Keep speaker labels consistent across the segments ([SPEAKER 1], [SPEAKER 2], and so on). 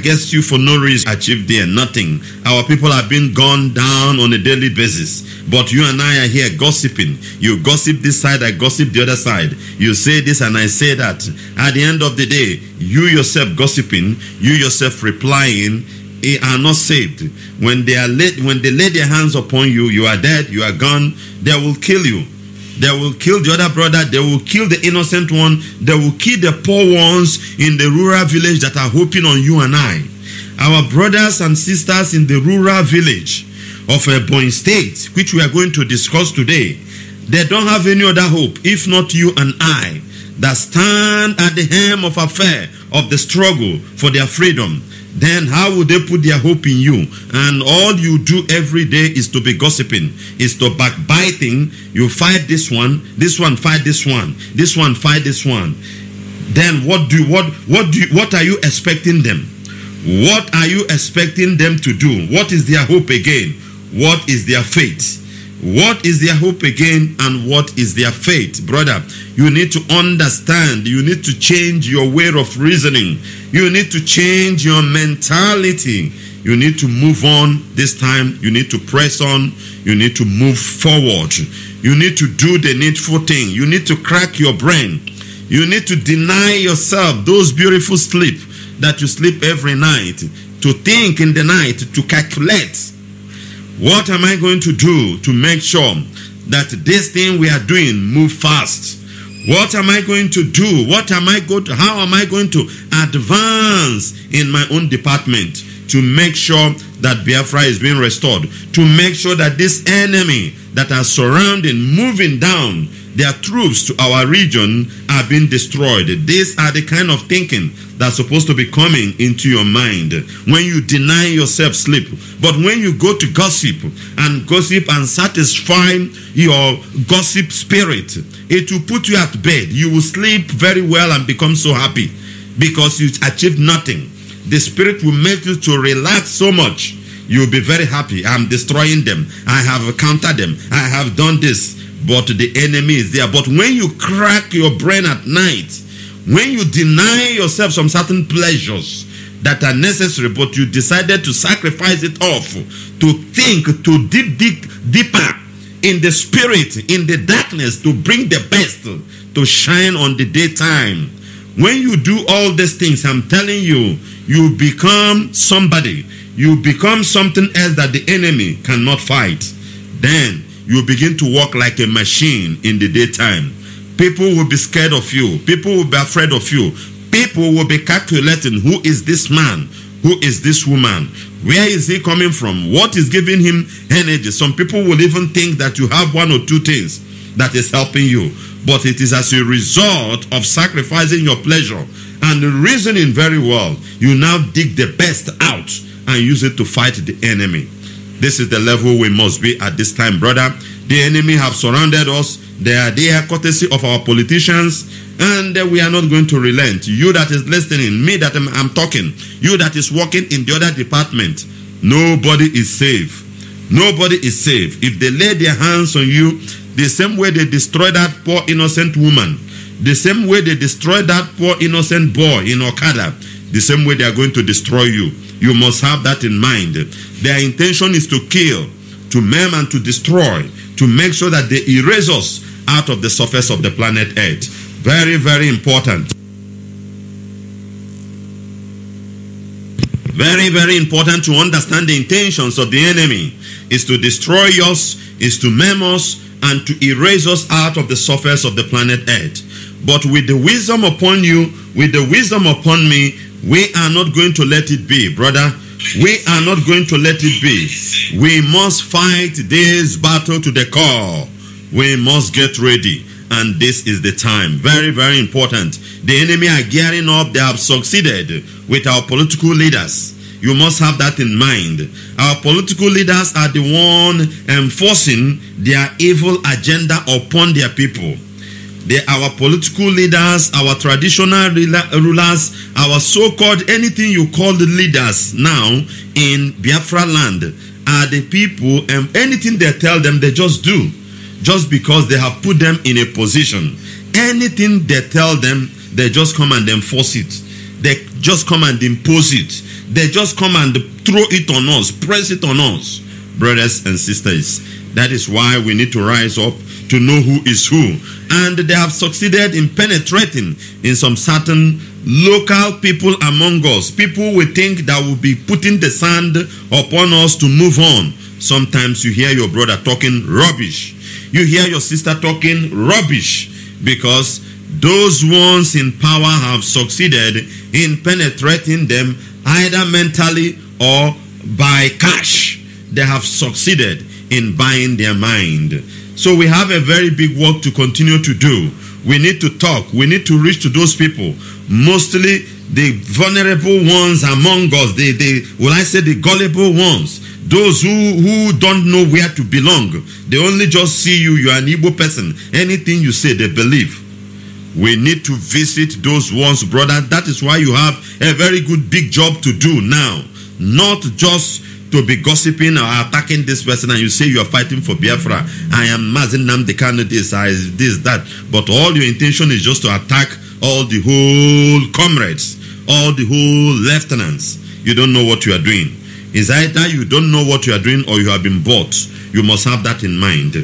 [SPEAKER 1] against you for no reason achieved there nothing our people have been gone down on a daily basis but you and i are here gossiping you gossip this side i gossip the other side you say this and i say that at the end of the day you yourself gossiping you yourself replying eh, are not saved when they are laid when they lay their hands upon you you are dead you are gone they will kill you they will kill the other brother. They will kill the innocent one. They will kill the poor ones in the rural village that are hoping on you and I. Our brothers and sisters in the rural village of a Ebony State, which we are going to discuss today, they don't have any other hope if not you and I that stand at the helm of affair of the struggle for their freedom then how would they put their hope in you? And all you do every day is to be gossiping, is to backbiting. You fight this one, this one fight this one, this one fight this one. Then what do what what do what are you expecting them? What are you expecting them to do? What is their hope again? What is their faith? What is their hope again and what is their faith? Brother, you need to understand. You need to change your way of reasoning. You need to change your mentality. You need to move on this time. You need to press on. You need to move forward. You need to do the needful thing. You need to crack your brain. You need to deny yourself those beautiful sleep that you sleep every night, to think in the night, to calculate what am I going to do to make sure that this thing we are doing move fast? What am I going to do? What am I going to, how am I going to advance in my own department to make sure that Biafra is being restored? To make sure that this enemy that are surrounding, moving down their troops to our region are being destroyed. These are the kind of thinking that's supposed to be coming into your mind when you deny yourself sleep. But when you go to gossip and gossip and satisfy your gossip spirit, it will put you at bed. You will sleep very well and become so happy because you achieve nothing. The spirit will make you to relax so much. You'll be very happy. I'm destroying them. I have countered them. I have done this. But the enemy is there. But when you crack your brain at night, when you deny yourself some certain pleasures that are necessary, but you decided to sacrifice it off, to think, to dig deep, deeper in the spirit, in the darkness, to bring the best, to shine on the daytime. When you do all these things, I'm telling you, you become somebody. You become something else that the enemy cannot fight. Then you begin to walk like a machine in the daytime People will be scared of you. People will be afraid of you. People will be calculating who is this man? Who is this woman? Where is he coming from? What is giving him energy? Some people will even think that you have one or two things that is helping you, but it is as a result of sacrificing your pleasure and reasoning very well. You now dig the best out and use it to fight the enemy. This is the level we must be at this time, brother. The enemy have surrounded us They are there courtesy of our politicians, and uh, we are not going to relent. You that is listening, me that I'm, I'm talking, you that is working in the other department, nobody is safe. Nobody is safe. If they lay their hands on you, the same way they destroyed that poor innocent woman, the same way they destroyed that poor innocent boy in Okada, the same way they are going to destroy you. You must have that in mind. Their intention is to kill, to maim, and to destroy, to make sure that they erase us out of the surface of the planet Earth. Very, very important. Very, very important to understand the intentions of the enemy is to destroy us, is to maim us, and to erase us out of the surface of the planet Earth. But with the wisdom upon you, with the wisdom upon me, we are not going to let it be, brother. We are not going to let it be. We must fight this battle to the core. we must get ready and this is the time. Very, very important. The enemy are gearing up, they have succeeded with our political leaders. You must have that in mind. Our political leaders are the one enforcing their evil agenda upon their people. They, our political leaders, our traditional rulers, our so called anything you call the leaders now in Biafra land are the people, and um, anything they tell them, they just do just because they have put them in a position. Anything they tell them, they just come and enforce it. They just come and impose it. They just come and throw it on us, press it on us. Brothers and sisters, that is why we need to rise up to know who is who. And they have succeeded in penetrating in some certain local people among us, people we think that will be putting the sand upon us to move on. Sometimes you hear your brother talking rubbish you hear your sister talking rubbish because those ones in power have succeeded in penetrating them either mentally or by cash. They have succeeded in buying their mind. So we have a very big work to continue to do. We need to talk. We need to reach to those people, mostly the vulnerable ones among us, the, the will I say the gullible ones, those who, who don't know where to belong. They only just see you, you're an evil person. Anything you say, they believe. We need to visit those ones, brother. That is why you have a very good big job to do now. Not just to be gossiping or attacking this person and you say you are fighting for Biafra. I am Mazin Namdekano this, I, this, that. But all your intention is just to attack all the whole comrades. all the whole lieutenants, you don't know what you are doing. It's either you don't know what you are doing or you have been bought. You must have that in mind.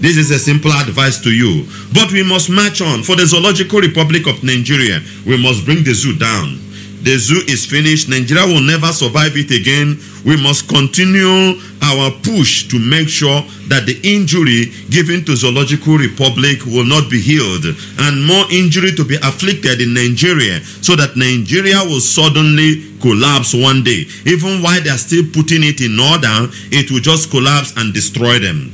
[SPEAKER 1] This is a simple advice to you. But we must march on for the Zoological Republic of Nigeria. We must bring the zoo down. The zoo is finished. Nigeria will never survive it again. We must continue our push to make sure that the injury given to Zoological Republic will not be healed and more injury to be afflicted in Nigeria so that Nigeria will suddenly collapse one day. Even while they are still putting it in order, it will just collapse and destroy them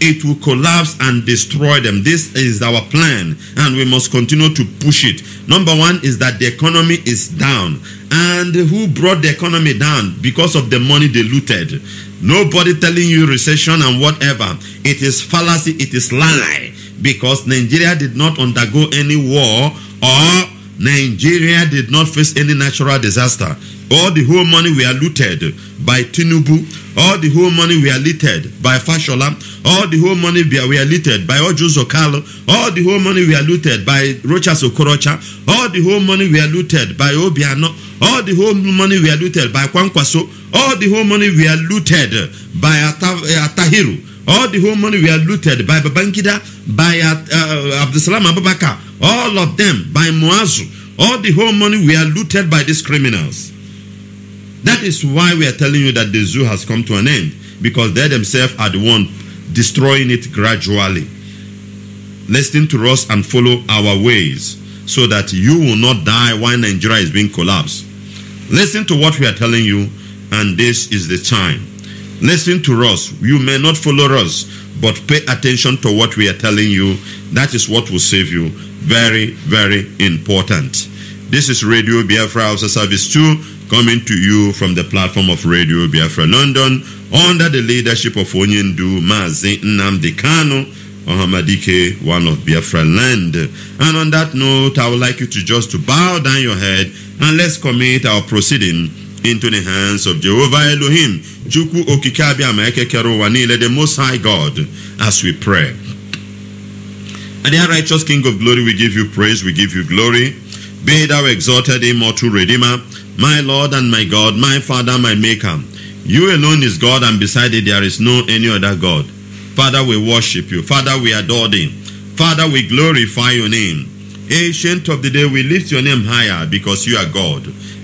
[SPEAKER 1] it will collapse and destroy them. This is our plan, and we must continue to push it. Number one is that the economy is down. And who brought the economy down? Because of the money they looted. Nobody telling you recession and whatever. It is fallacy, it is lie. Because Nigeria did not undergo any war or Nigeria did not face any natural disaster. All the whole money were looted by Tinubu. All the whole money were looted by Fashola. All the whole money were looted by Ojo Zokalo. All the whole money were looted by Rochas Okorocha. All the whole money were looted by Obiano. All the whole money were looted by Kwankwaso. All the whole money were looted by eh, Atahiru. All the whole money were looted by Babangida, by uh, uh Abdusalam Abubakar. All of them by Muazu. All the whole money were looted by these criminals. That is why we are telling you that the zoo has come to an end because they themselves are the one destroying it gradually. Listen to us and follow our ways so that you will not die while Nigeria is being collapsed. Listen to what we are telling you, and this is the time. Listen to us. You may not follow us, but pay attention to what we are telling you. That is what will save you. Very, very important. This is Radio Biafra House Service 2 coming to you from the platform of Radio Biafra London under the leadership of Onyendu Mazi Nnamdi Kano Ohamadike, one of Biafra land. And on that note, I would like you to just to bow down your head and let's commit our proceeding into the hands of Jehovah Elohim, Juku Okikabiama Ekekeruwanile, the Most High God, as we pray. And the righteous King of glory, we give you praise, we give you glory. Be thou exalted, immortal Redeemer, my Lord and my God, my Father, my Maker. You alone is God, and beside it there is no any other God. Father, we worship you. Father, we adore thee. Father, we glorify your name. Ancient of the day, we lift your name higher because you are God.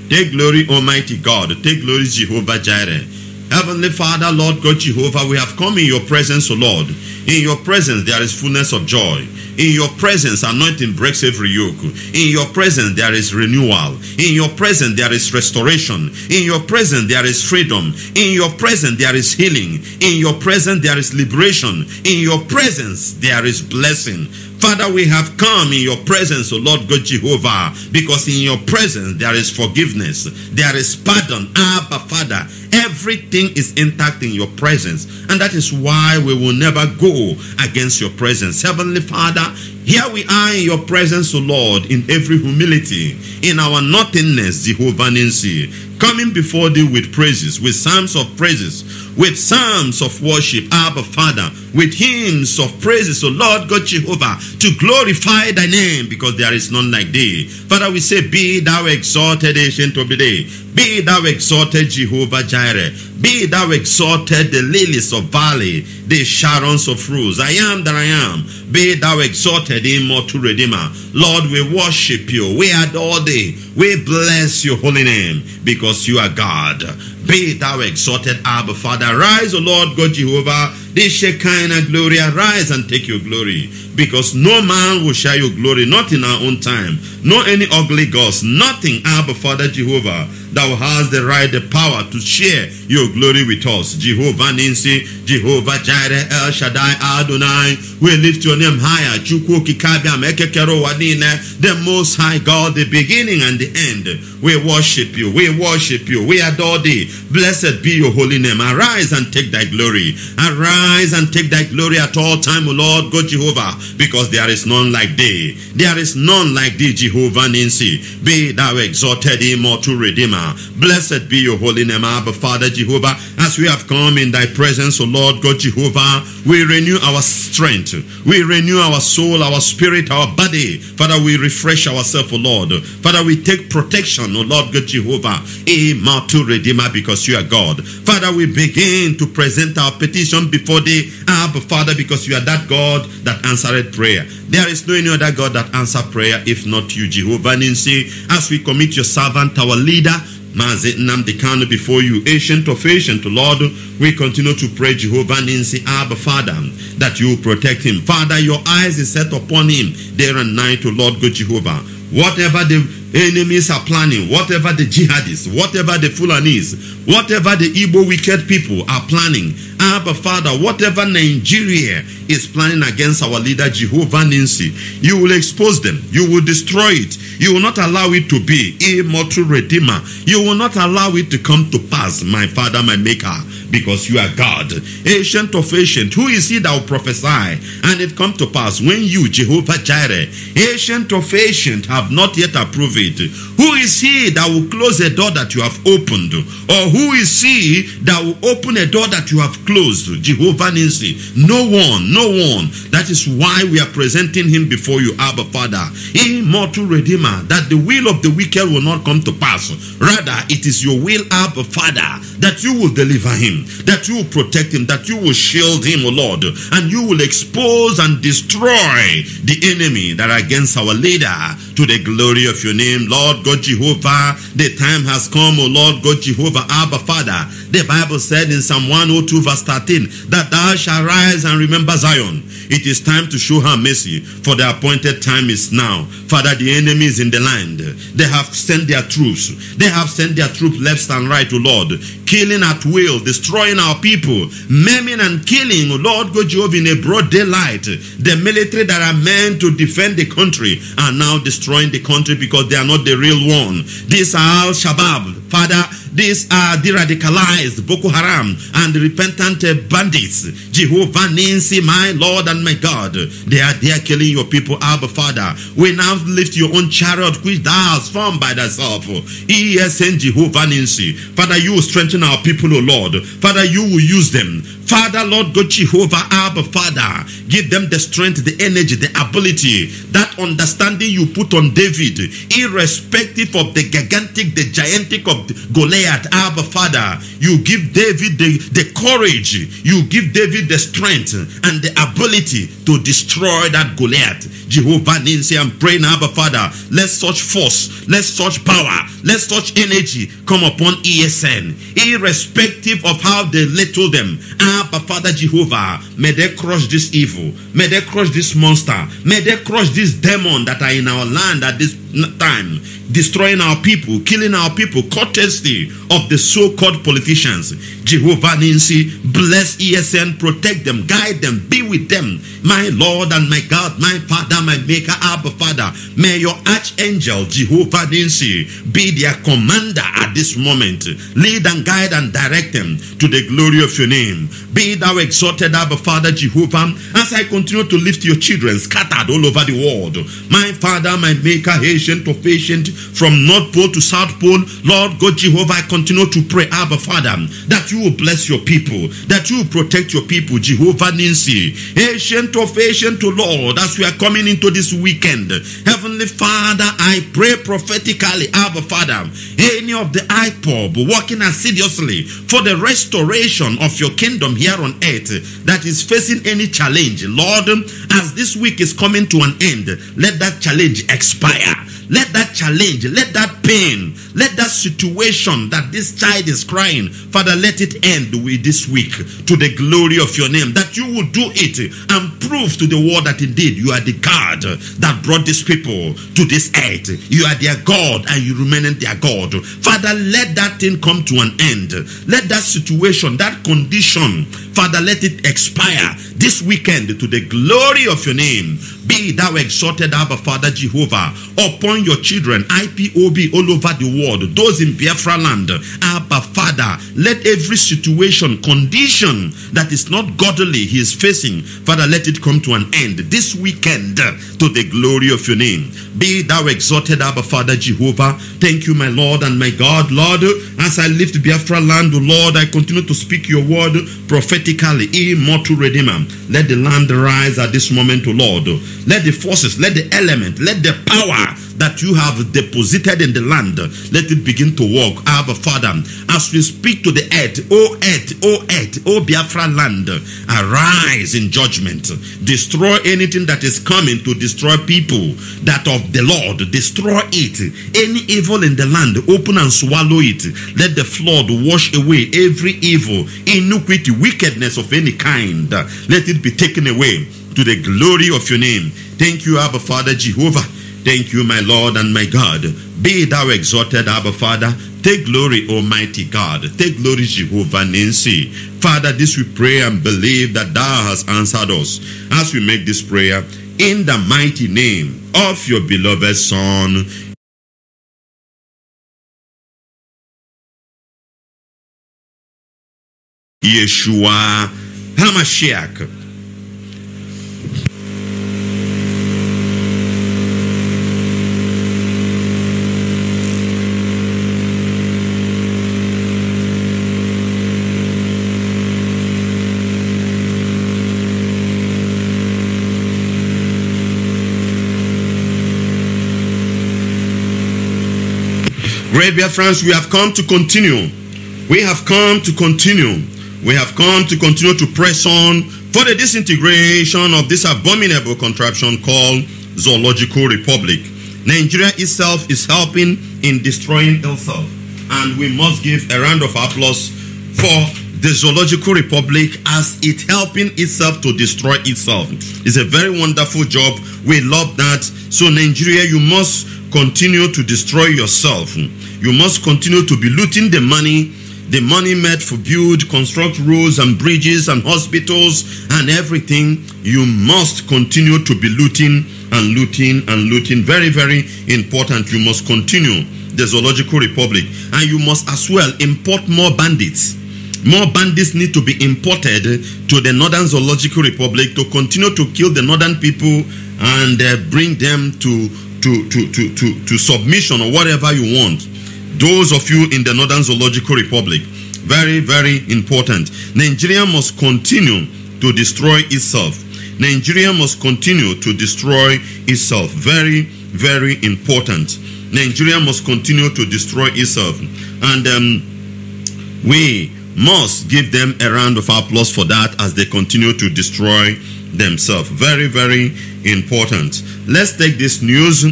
[SPEAKER 1] Take glory, Almighty God. Take glory, Jehovah Jireh. Heavenly Father, Lord God Jehovah, we have come in your presence, O Lord in your presence, there is fullness of joy. In your presence, anointing breaks every yoke. In your presence, there is renewal. In your presence, there is restoration. In your presence, there is freedom. In your presence, there is healing. In your presence, there is liberation. In your presence, there is blessing. Father, we have come in your presence, O Lord God Jehovah, because in your presence there is forgiveness, there is pardon. Abba, Father, everything is intact in your presence. And that is why we will never go against your presence. Heavenly Father, here we are in your presence, O Lord, in every humility, in our nothingness, Jehovah Nancy, coming before thee with praises, with psalms of praises, with psalms of worship, Abba Father, with hymns of praises, O Lord God Jehovah, to glorify thy name, because there is none like thee. Father, we say, Be thou exalted, ancient of the day. Be thou exalted, Jehovah Jireh. Be thou exalted, the lilies of valley, the Sharons of rose. I am that I am. Be thou exalted created Lord, we worship you. We adore thee. We bless your holy name because you are God. Be thou exalted, Abba Father. Rise, O Lord God Jehovah, this Shekinah glory. Arise and take your glory. Because no man will share your glory, not in our own time, no any ugly gods, nothing, Abba Father Jehovah thou hast the right, the power to share your glory with us. Jehovah Ninsi, Jehovah Jireh, El Shaddai, Adonai. We lift your name higher. The Most High God, the beginning and the end. We worship you. We worship you. We adore thee. Blessed be your holy name. Arise and take thy glory. Arise and take thy glory at all time, O Lord God Jehovah, because there is none like thee. There is none like thee, Jehovah Ninsi. Be thou exalted, immortal Redeemer are. Blessed be your holy name, Abba Father Jehovah. As we have come in thy presence, O Lord God Jehovah, we renew our strength. We renew our soul, our spirit, our body. Father, we refresh ourselves, O Lord. Father, we take protection, O Lord God Jehovah. Amen to Redeemer because you are God. Father, we begin to present our petition before thee, Abba Father, because you are that God that answered prayer. There is no any other God that answer prayer if not you, Jehovah And say, As we commit your servant, our leader, Maazị the Kanu before you, ancient of ancient Lord, we continue to pray Jehovah Ninsi Abba Father that you protect him. Father, your eyes is set upon him day and night, To Lord God Jehovah. Whatever the enemies are planning, whatever the jihadists, whatever the Fulanese, whatever the Igbo wicked people are planning, Abba Father, whatever Nigeria is planning against our leader Jehovah Ninsi, you will expose them, you will destroy it, you will not allow it to be, immortal Redeemer. You will not allow it to come to pass, my Father, my Maker, because you are God, ancient of ancient. Who is he that will prophesy? And it come to pass when you, Jehovah Jireh, ancient of ancient, have not yet approved it. Who is he that will close a door that you have opened? Or who is he that will open a door that you have closed? Jehovah Nissi. No one, no one. That is why we are presenting him before you, Abba Father, immortal Redeemer redeemer, that the will of the wicked will not come to pass. Rather, it is your will, Abba Father, that you will deliver him, that you will protect him, that you will shield him, O Lord, and you will expose and destroy the enemy that are against our leader to the glory of your name, Lord God Jehovah. The time has come, O Lord God Jehovah, Abba Father. The Bible said in Psalm 102, verse 13, that thou shalt rise and remember Zion. It is time to show her mercy, for the appointed time is now. Father, the enemy is in the land. They have sent their troops. They have sent their troops left and right, O Lord, killing at will, destroying our people, maiming and killing, O Lord God Jehovah, in a broad daylight. The military that are meant to defend the country are now destroying the country because they are not the real one. These are Al Shabaab. Father, these are the radicalized Boko Haram and repentant bandits. Jehovah Nancy, my Lord and my God. They are there killing your people, Abba Father. We now lift your own chariot which thou hast formed by thyself. ESN Jehovah Nancy. Father, you strengthen our people, O Lord. Father, you will use them. Father, Lord God, Jehovah, Abba, Father, give them the strength, the energy, the ability, that understanding you put on David, irrespective of the gigantic, the gigantic of Goliath at Abba Father. You give David the, the courage. You give David the strength and the ability to destroy that Goliath. Jehovah Ninsi, I'm praying, Abba Father. Let such force, let such power, let such energy come upon ESN, irrespective of how they little them. Abba Father Jehovah, may they crush this evil, may they crush this monster, may they crush this demon that are in our land at this time, destroying our people, killing our people, courtesy of the so called politicians. Jehovah Nancy, bless ESN, protect them, guide them, be with them. My Lord and my God, my Father, my Maker, Abba Father, may your archangel, Jehovah Nancy, be their commander at this moment. Lead and guide and direct them to the glory of your name. Be thou exalted, Abba Father, Jehovah, as I continue to lift your children scattered all over the world. My Father, my Maker, patient to patient, from North Pole to South Pole. Lord God Jehovah, I continue to pray, Abba Father, that you will bless your people, that you will protect your people, Jehovah Nancy. Patient of patient to Lord, as we are coming into this weekend. Heavenly Father, I pray prophetically, Abba Father, any of the IPOB working assiduously for the restoration of your kingdom here on earth that is facing any challenge, Lord, as this week is coming to an end, let that challenge expire let that challenge, let that pain, let that situation that this child is crying, Father, let it end with this week to the glory of your name. That you will do it and prove to the world that indeed you are the God that brought these people to this earth. You are their God and you remain their God. Father, let that thing come to an end. Let that situation, that condition, Father, let it expire this weekend to the glory of your name. Be thou exalted, Abba Father Jehovah, upon your children, IPOB all over the world those in Biafra land, Abba Father, let every situation, condition that is not godly he is facing, Father, let it come to an end this weekend to the glory of your name. Be thou exalted, Abba Father Jehovah. Thank you, my Lord and my God, Lord. As I lift Biafra land, Lord, I continue to speak your word prophetically, immortal Redeemer. Let the land rise at this moment, Lord. Let the forces, let the element, let the power that you have deposited in the land, let it begin to walk. Our Father, as we speak to the earth, O earth, O earth, O Biafra land, arise in judgment. Destroy anything that is coming to destroy people, that of the Lord, destroy it. Any evil in the land, open and swallow it. Let the flood wash away every evil, iniquity, wickedness of any kind. Let it be taken away to the glory of your name. Thank you, Abba Father Jehovah. Thank you, my Lord and my God. Be thou exalted, Abba Father. Take glory, Almighty God. Take glory, Jehovah Nancy. Father, this we pray and believe that thou hast answered us. As we make this prayer, in the mighty name of your beloved
[SPEAKER 2] Son,
[SPEAKER 1] Yeshua HaMashiach. Arabia, France, we have come to continue. We have come to continue. We have come to continue to press on for the disintegration of this abominable contraption called Zoological Republic. Nigeria itself is helping in destroying itself. And we must give a round of applause for the zoological republic as it helping itself to destroy itself it's a very wonderful job we love that so nigeria you must continue to destroy yourself you must continue to be looting the money, the money made for build, construct roads and bridges and hospitals and everything. You must continue to be looting and looting and looting. Very, very important. You must continue the Zoological Republic. And you must as well import more bandits. More bandits need to be imported to the Northern Zoological Republic to continue to kill the Northern people and uh, bring them to, to, to, to, to, to submission or whatever you want those of you in the Northern Zoological Republic, very, very important. Nigeria must continue to destroy itself. Nigeria must continue to destroy itself. Very, very important. Nigeria must continue to destroy itself. And um, we must give them a round of applause for that as they continue to destroy themselves. Very, very important. Let's take this news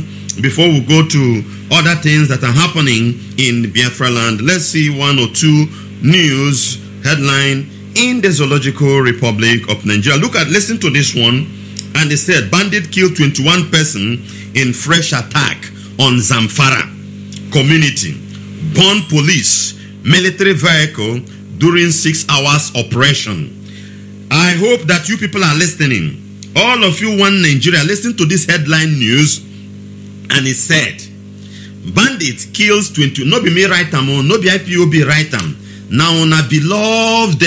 [SPEAKER 1] before we go to other things that are happening in Biafra land. Let's see one or two news headline in the Zoological Republic of Nigeria. Look at, listen to this one. And they said, bandit killed 21 person in fresh attack on Zamfara community. Born police, military vehicle during six hours operation. I hope that you people are listening. All of you one Nigeria, listen to this headline news. And it said, bandit kills 20 no be me write am no be ipob write am na beloved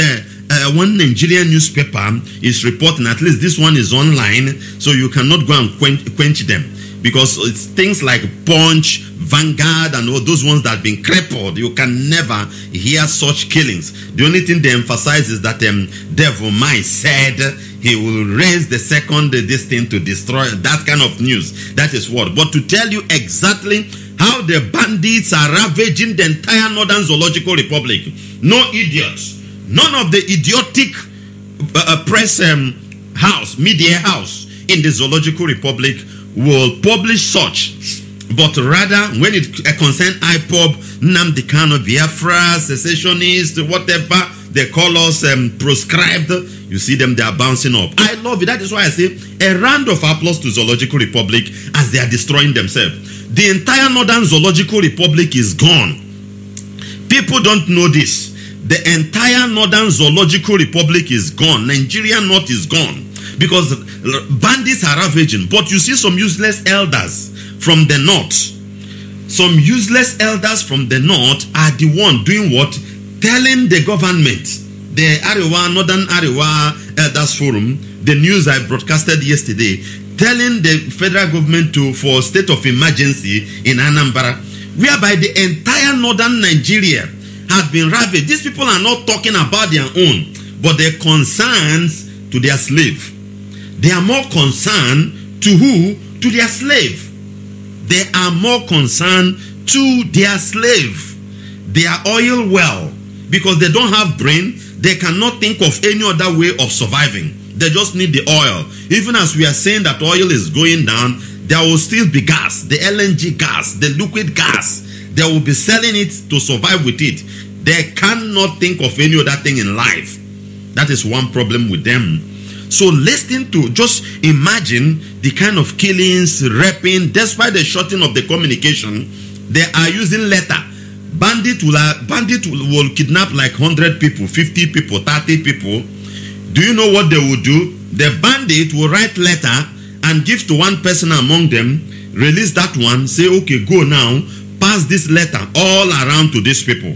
[SPEAKER 1] uh, one nigerian newspaper is reporting at least this one is online so you cannot go and quench, quench them because it's things like punch vanguard and all those ones that have been crippled you can never hear such killings the only thing they emphasize is that um, devil mind said he will raise the second uh, this thing to destroy that kind of news that is what but to tell you exactly how the bandits are ravaging the entire northern zoological republic. No idiots. None of the idiotic uh, uh, press um, house, media house in the zoological republic will publish such. But rather, when it uh, concerns IPOB, Namdekano, Biafra, secessionist, whatever, They call us um, proscribed. You see them, they are bouncing up. I love it. That is why I say a round of applause to Zoological Republic as they are destroying themselves. The entire Northern Zoological Republic is gone. People don't know this. The entire Northern Zoological Republic is gone. Nigeria North is gone because bandits are ravaging. But you see some useless elders from the north. Some useless elders from the north are the one doing what? telling the government, the Ariwa, Northern Ariwa Elders Forum, the news I broadcasted yesterday, telling the federal government to for state of emergency in Anambra, whereby the entire northern Nigeria has been ravaged. These people are not talking about their own, but their concerns to their slave. They are more concerned to who? To their slave. They are more concerned to their slave. Their oil well, because they don't have brain, they cannot think of any other way of surviving. They just need the oil. Even as we are saying that oil is going down, there will still be gas, the LNG gas, the liquid gas. They will be selling it to survive with it. They cannot think of any other thing in life. That is one problem with them. So listening to just imagine the kind of killings, raping, despite the shortening of the communication, they are using letter bandit will bandit will, will kidnap like 100 people 50 people 30 people do you know what they will do the bandit will write letter and give to one person among them release that one say okay go now pass this letter all around to these people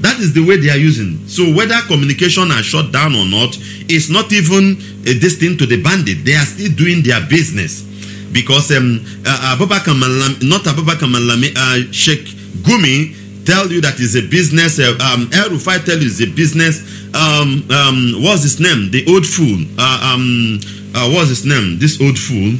[SPEAKER 1] that is the way they are using so whether communication are shut down or not it's not even a distinct to the bandit they are still doing their business because um, uh, Abubakar Malami, not Abubakar Malami, uh, Sheikh Gumi tell you that is a business. Uh, um, El Rufai tell you it's a business. Um, um, what's his name? The old fool. Uh, um, uh, what's his name? This old fool.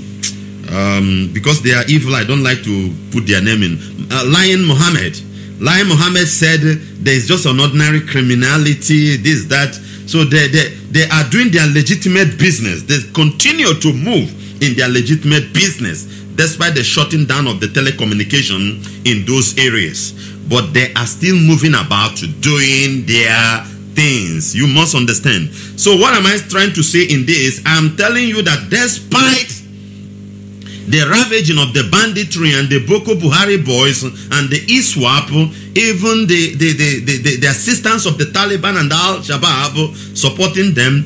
[SPEAKER 1] Um, because they are evil, I don't like to put their name in. Uh, Lion Mohammed. Lion Mohammed said there's just an ordinary criminality, this, that. So they, they, they are doing their legitimate business. They continue to move in their legitimate business despite the shutting down of the telecommunication in those areas. but they are still moving about doing their things. You must understand. So, what am I trying to say in this? I'm telling you that despite the ravaging of the banditry and the Boko Buhari boys and the ISWAP, even the, the, the, the, the assistance of the Taliban and Al Shabaab supporting them,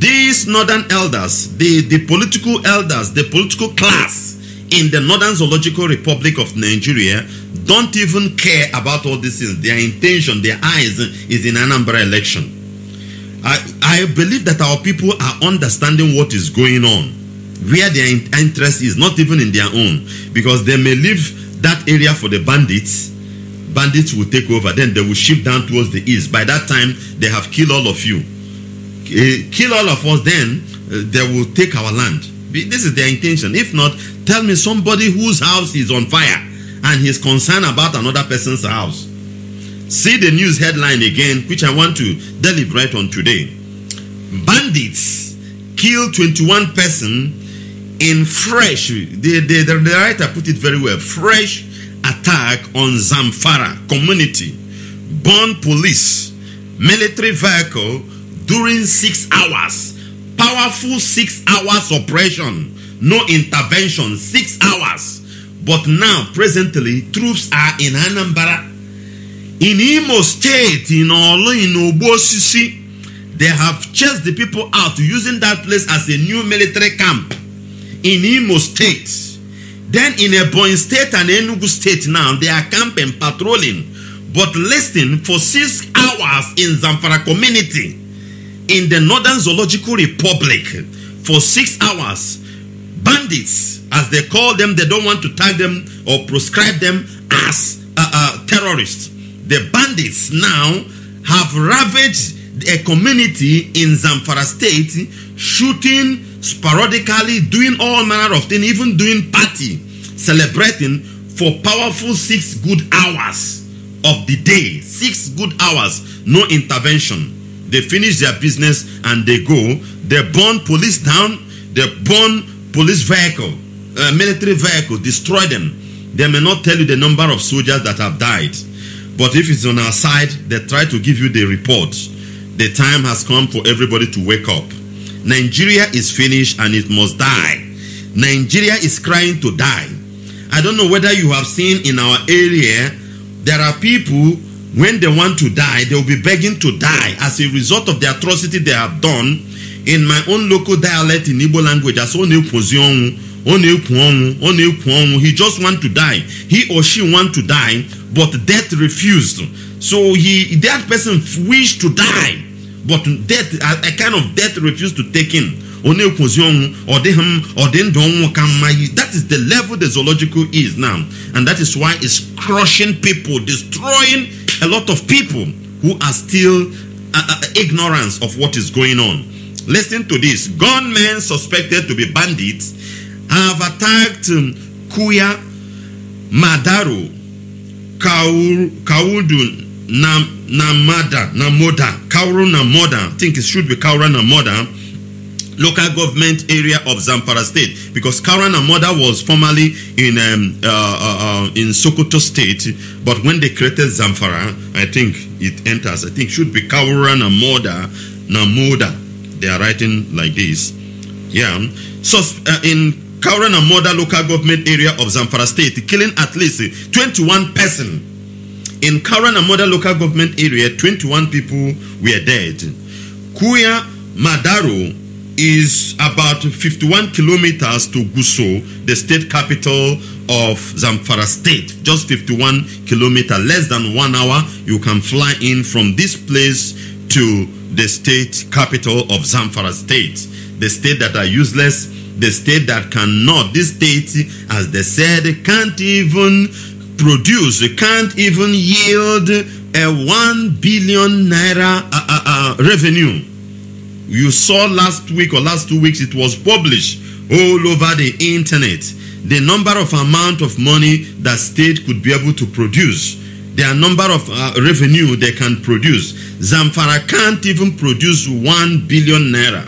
[SPEAKER 1] these northern elders, the, the political elders, the political class, in the Northern Zoological Republic of Nigeria don't even care about all these things. Their intention, their eyes is in Anambra election. I, I believe that our people are understanding what is going on, where their interest is, not even in their own, because they may leave that area for the bandits. Bandits will take over, then they will shift down towards the east. By that time, they have killed all of you. Eh, kill all of us, then eh, they will take our land. This is their intention. If not, Tell me somebody whose house is on fire and he's concerned about another person's house. See the news headline again, which I want to deliberate on today. Bandits kill 21 person in fresh, the, the, the, the writer put it very well, fresh attack on Zamfara community. Burn police, military vehicle during six hours. Powerful six hours operation no intervention, six hours. But now, presently, troops are in Anambra. In Imo State, in Olo, in Obosisi, they have chased the people out using that place as a new military camp in Imo State. Then in Ebonyi State and Enugu State now, they are camping, patrolling, but listen for six hours in Zamfara community in the Northern Zoological Republic for six hours bandits, as they call them, they don't want to tag them or proscribe them as uh, uh, terrorists. The bandits now have ravaged a community in Zamfara state, shooting sporadically, doing all manner of things, even doing party, celebrating for powerful six good hours of the day. Six good hours, no intervention. They finish their business and they go. They burn police down. They burn police vehicle, uh, military vehicle, destroy them. They may not tell you the number of soldiers that have died. But if it's on our side, they try to give you the report. The time has come for everybody to wake up. Nigeria is finished and it must die. Nigeria is crying to die. I don't know whether you have seen in our area, there are people when they want to die, they will be begging to die as a result of the atrocity they have done in my own local dialect in igbo language as ọ na-ekwozi ọnwụ ọ na-ekwu ọnwụ ọ na-ekwu ọnwụ he just want to die he or she want to die but death refused so he that person wished to die but death a, a kind of death refused to take him ọ na-ekwozi ọnwụ ọ dịghị m ọ dị ndụ ọnwụ ka mma that is the level the zoological is now and that is why it's crushing people destroying a lot of people who are still uh, uh, ignorance of what is going on. Listen to this. Gunmen suspected to be bandits have attacked um, Kuya, Madaru, Kaul, Kaudun, Nam, Namada, Namoda, Kauru Namoda. I think it should be Kaura Namoda. Local government area of Zamfara State because Kaura Namoda was formerly in um, uh, uh, uh, in Sokoto State, but when they created Zamfara, I think it enters. I think it should be Kaura Namoda, Namoda they are writing like this. Yeah. So uh, in and Moda local government area of Zamfara state, killing at least 21 person. In and Moda local government area, 21 people were dead. Kuya Madaro is about 51 kilometers to Guso, the state capital of Zamfara state. Just 51 kilometers, less than one hour, you can fly in from this place to the state capital of Zamfara state, the state that are useless, the state that cannot, this state, as they said, can't even produce, can't even yield a 1 billion naira uh, uh, uh, revenue. You saw last week or last two weeks, it was published all over the internet the number of amount of money that state could be able to produce their number of uh, revenue they can produce. Zamfara can't even produce 1 billion naira.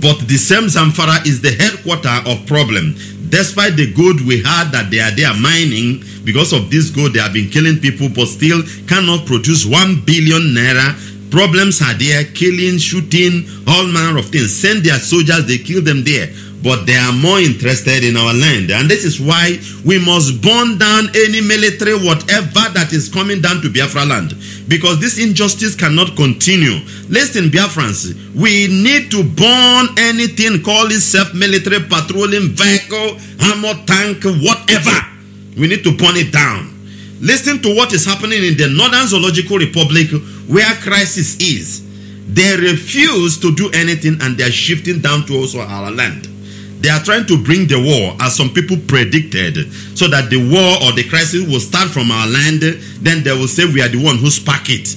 [SPEAKER 1] But the same Zamfara is the headquarter of problem. Despite the good we had that they are there mining, because of this gold they have been killing people but still cannot produce 1 billion naira problems are there killing shooting all manner of things send their soldiers they kill them there but they are more interested in our land. And this is why we must burn down any military, whatever that is coming down to Biafra land, because this injustice cannot continue. Listen, Biafrans, we need to burn anything called itself military patrolling vehicle, armor tank, whatever. We need to burn it down. Listen to what is happening in the Northern Zoological Republic where crisis is. They refuse to do anything and they are shifting down to also our land. They are trying to bring the war, as some people predicted, so that the war or the crisis will start from our land. Then they will say we are the one who spark it.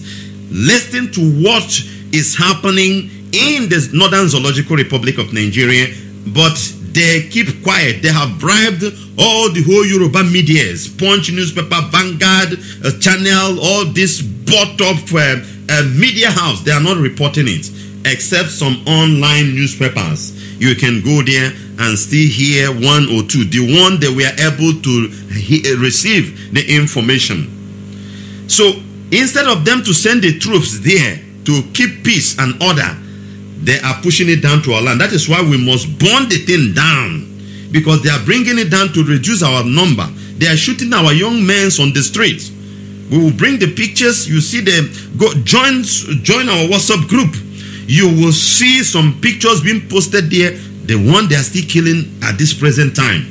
[SPEAKER 1] Listen to what is happening in the Northern Zoological Republic of Nigeria, but they keep quiet. They have bribed all the whole Yoruba medias, Punch newspaper, Vanguard uh, channel, all this bought up uh, uh, media house. They are not reporting it except some online newspapers. You can go there and still hear one or two. The one that we are able to he- eh, receive the information. So instead of them to send the troops there to keep peace and order, they are pushing it down to our land. That is why we must burn the thing down because they are bringing it down to reduce our number. They are shooting our young men on the streets. We will bring the pictures. You see them. Go join join our WhatsApp group you will see some pictures being posted there. The one they are still killing at this present time.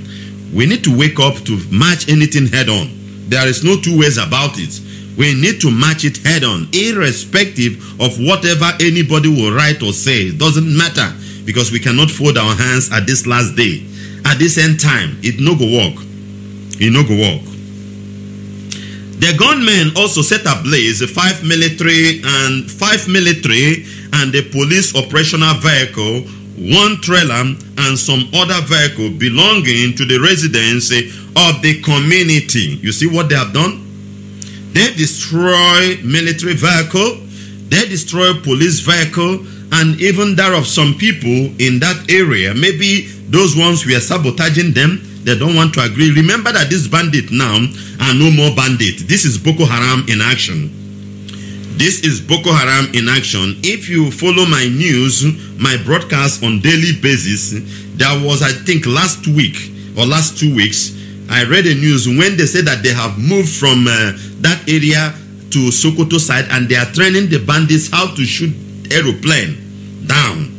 [SPEAKER 1] We need to wake up to match anything head on. There is no two ways about it. We need to match it head on, irrespective of whatever anybody will write or say. It doesn't matter because we cannot fold our hands at this last day. At this end time, it no go work. It no go work. The gunmen also set ablaze five military and five military and a police operational vehicle, one trailer, and some other vehicle belonging to the residency of the community. You see what they have done? They destroy military vehicle, they destroy police vehicle, and even that of some people in that area. Maybe those ones were sabotaging them. They don't want to agree. Remember that this bandit now are no more bandit. This is Boko Haram in action. This is Boko Haram in action. If you follow my news, my broadcast on daily basis, there was I think last week or last two weeks, I read the news when they said that they have moved from uh, that area to Sokoto side and they are training the bandits how to shoot aeroplane down.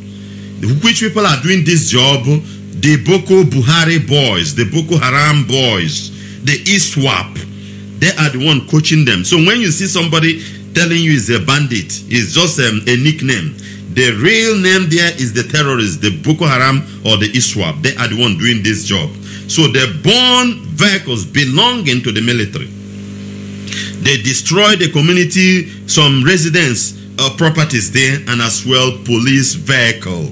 [SPEAKER 1] Which people are doing this job? The Boko Buhari boys, the Boko Haram boys, the ISWAP. They are the one coaching them. So when you see somebody telling you he's a bandit. It's just um, a nickname. The real name there is the terrorists, the Boko Haram or the ISWAP. They are the one doing this job. So they're born vehicles belonging to the military. They destroy the community, some residents, uh, properties there, and as well police vehicle.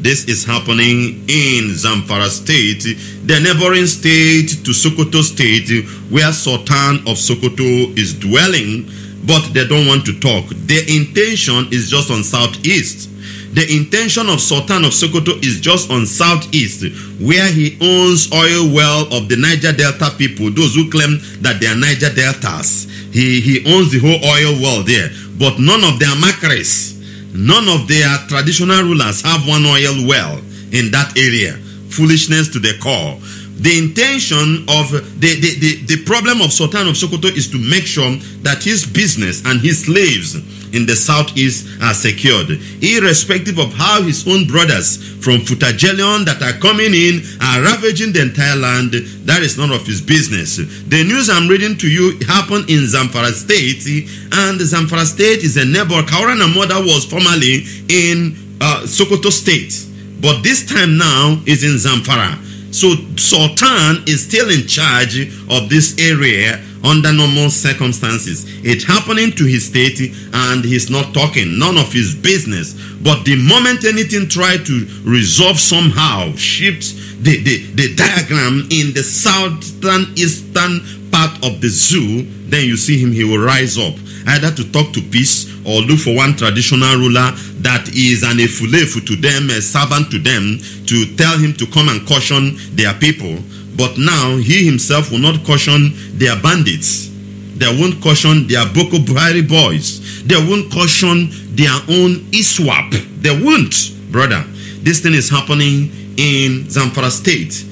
[SPEAKER 1] This is happening in Zamfara state, the neighboring state to Sokoto state, where Sultan of Sokoto is dwelling but they don't want to talk. Their intention is just on southeast. The intention of Sultan of Sokoto is just on southeast, where he owns oil well of the Niger Delta people, those who claim that they are Niger Deltas. He, he owns the whole oil well there, but none of their macraes, none of their traditional rulers have one oil well in that area. Foolishness to the core. The intention of the, the, the, the problem of Sultan of Sokoto is to make sure that his business and his slaves in the southeast are secured, irrespective of how his own brothers from Futajelion that are coming in are ravaging the entire land. That is none of his business. The news I'm reading to you happened in Zamfara State, and Zamfara State is a neighbor. Kaurana mother was formerly in uh, Sokoto State, but this time now is in Zamfara. So Sultan is still in charge of this area under normal circumstances. It happening to his state and he's not talking, none of his business. But the moment anything try to resolve somehow, shift the, the, the diagram in the southern eastern part of the zoo, then you see him, he will rise up either to talk to peace or look for one traditional ruler that is an efulefu to them, a servant to them, to tell him to come and caution their people. But now he himself will not caution their bandits. They won't caution their Boko Haram boys. They won't caution their own ISWAP. They won't, brother. This thing is happening in Zamfara state.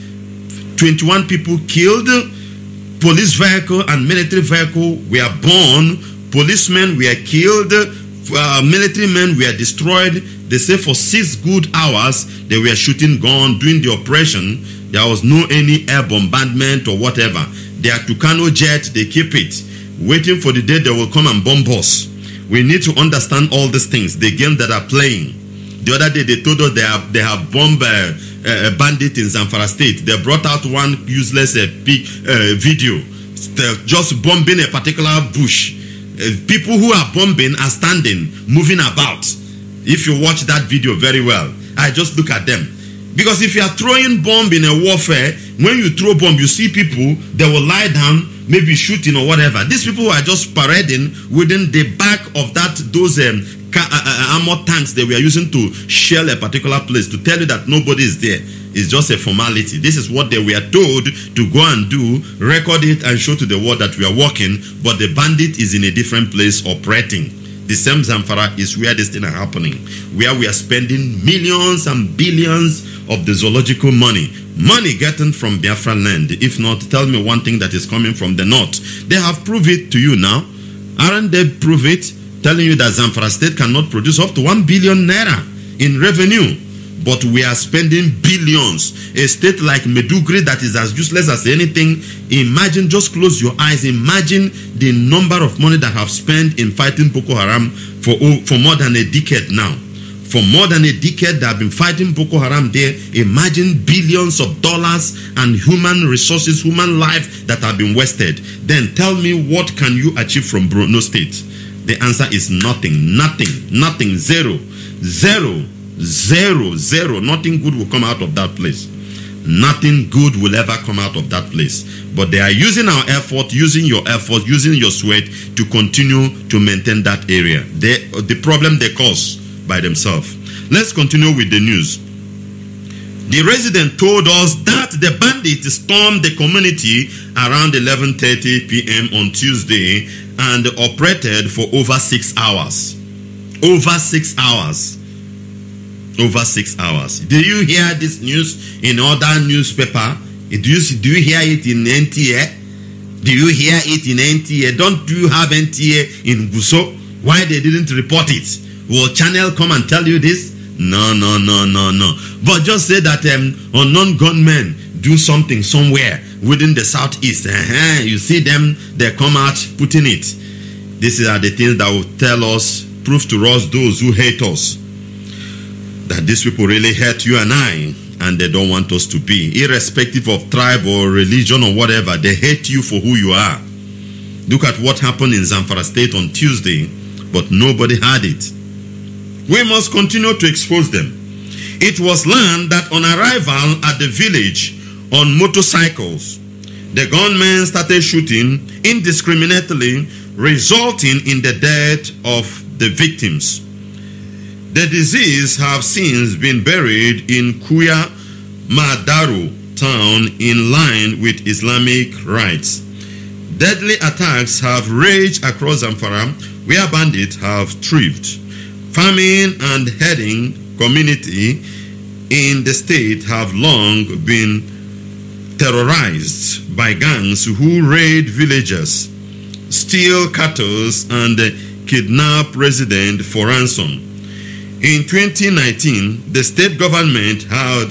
[SPEAKER 1] 21 people killed, police vehicle and military vehicle were burned Policemen were killed, uh, military men were destroyed. They say for six good hours they were shooting guns during the operation. There was no any air bombardment or whatever. Their Tucano jet, they keep it, waiting for the day they will come and bomb us. We need to understand all these things, the game that are playing. The other day they told us they have, they have bombed uh, uh bandits in Zamfara State. They brought out one useless uh, big, uh, video, They're just bombing a particular bush Eh, people who are bombing are standing, moving about. If you watch that video very well, I just look at them. Because if you are throwing bomb in a warfare, when you throw bomb, you see people, they will lie down, maybe shooting or whatever. These people are just parading within the back of that those um, ca- uh, uh, uh armored tanks they were using to shell a particular place to tell you that nobody is there. It's just a formality. This is what they were told to go and do, record it, and show to the world that we are working, but the bandit is in a different place operating. The same Zamfara is where this thing are happening, where we are spending millions and billions of the zoological money. Money gotten from Biafra land. If not, tell me one thing that is coming from the north. They have proved it to you now. Aren't they prove it? Telling you that Zamfara state cannot produce up to 1 billion naira in revenue but we are spending billions. A state like Medugri that is as useless as anything. Imagine, just close your eyes, imagine the number of money that have spent in fighting Boko Haram for, oh, for more than a decade now. For more than a decade, they have been fighting Boko Haram there. Imagine billions of dollars and human resources, human life that have been wasted. Then tell me what can you achieve from Bruno State? The answer is nothing, nothing, nothing, zero, zero. Zero, zero. Nothing good will come out of that place. Nothing good will ever come out of that place. But they are using our effort, using your effort, using your sweat to continue to maintain that area. They, the problem they cause by themselves. Let's continue with the news. The resident told us that the bandits stormed the community around 11:30 p.m. on Tuesday and operated for over 6 hours. Over 6 hours over six hours. Do you hear this news in other newspaper? Do you, do you hear it in NTA? Do you hear it in NTA? Don't you have NTA in Guso? Why they didn't report it? Will Channel come and tell you this? No, no, no, no, no. But just say that um, unknown gunmen do something somewhere within the southeast. Uh-huh. You see them, they come out putting it. These are the things that will tell us, prove to us those who hate us that these people really hurt you and I, and they don't want us to be, irrespective of tribe or religion or whatever. They hate you for who you are. Look at what happened in Zamfara State on Tuesday, but nobody had it. We must continue to expose them. It was learned that on arrival at the village on motorcycles, the gunmen started shooting indiscriminately, resulting in the death of the victims. The disease have since been buried in Kuya Madaru town in line with Islamic rites. Deadly attacks have raged across Zamfara where bandits have thrived. Famine and herding community in the state have long been terrorized by gangs who raid villages, steal cattle, and kidnap residents for ransom. In 2019, the state government had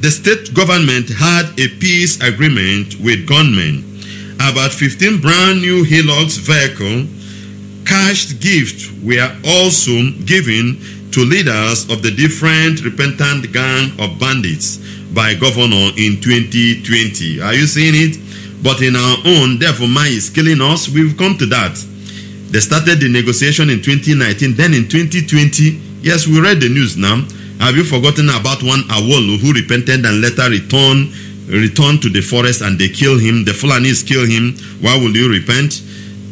[SPEAKER 1] the state government had a peace agreement with gunmen. About 15 brand new Hilux vehicle cashed gifts were also given to leaders of the different repentant gang of bandits by governor in 2020. Are you seeing it? But in our own, therefore, man is killing us. We've come to that. They started the negotiation in 2019. Then in 2020, Yes, we read the news now. Have you forgotten about one Awolo who repented and later returned returned to the forest and they killed him? The Fulanis killed him. Why will you repent?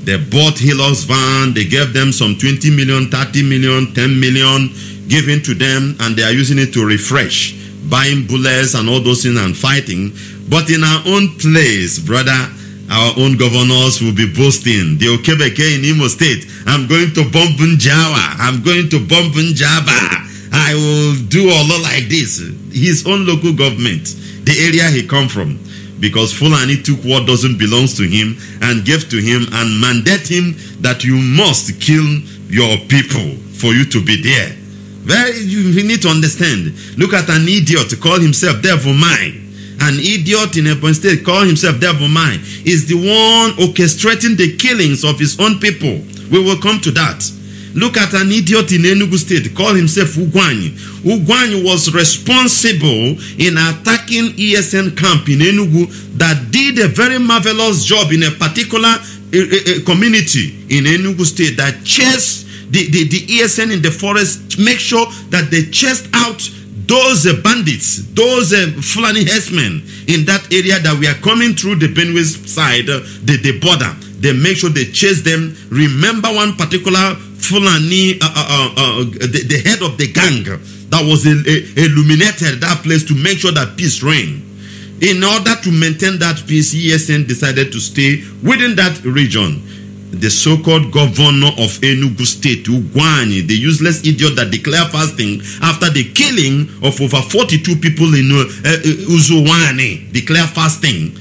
[SPEAKER 1] They bought Hillel's van. They gave them some 20 million, 30 million, 10 million given to them and they are using it to refresh, buying bullets and all those things and fighting. But in our own place, brother, Our own governors will be boasting. The Okebeke in Imo State, I'm going to bomb I'm going to bomb I will do a lot like this. His own local government, the area he come from, because Fulani took what doesn't belong to him and gave to him and mandate him that you must kill your people for you to be there. Well, you, you need to understand. Look at an idiot to call himself Devil Mine an idiot in Enugu State call himself Devil Devomai, is the one orchestrating the killings of his own people. We will come to that. Look at an idiot in Enugu State call himself Ugwany. Ugwany was responsible in attacking ESN camp in Enugu that did a very marvelous job in a particular a, eh, a eh, eh, community in Enugu State that chased the, the, the ESN in the forest, make sure that they chased out those uh, bandits, those uh, Fulani herdsmen in that area that we are coming through the Benue side, uh, the, the border, they make sure they chase them. Remember one particular Fulani, uh, uh, uh, uh the, the, head of the gang that was uh, uh, illuminated that place to make sure that peace reigned. In order to maintain that peace, ESN decided to stay within that region. the so-called governor of Enugu State, Ugwani, the useless idiot that declared fasting after the killing of over 42 people in uh, uh, Uzuwani, declare fasting,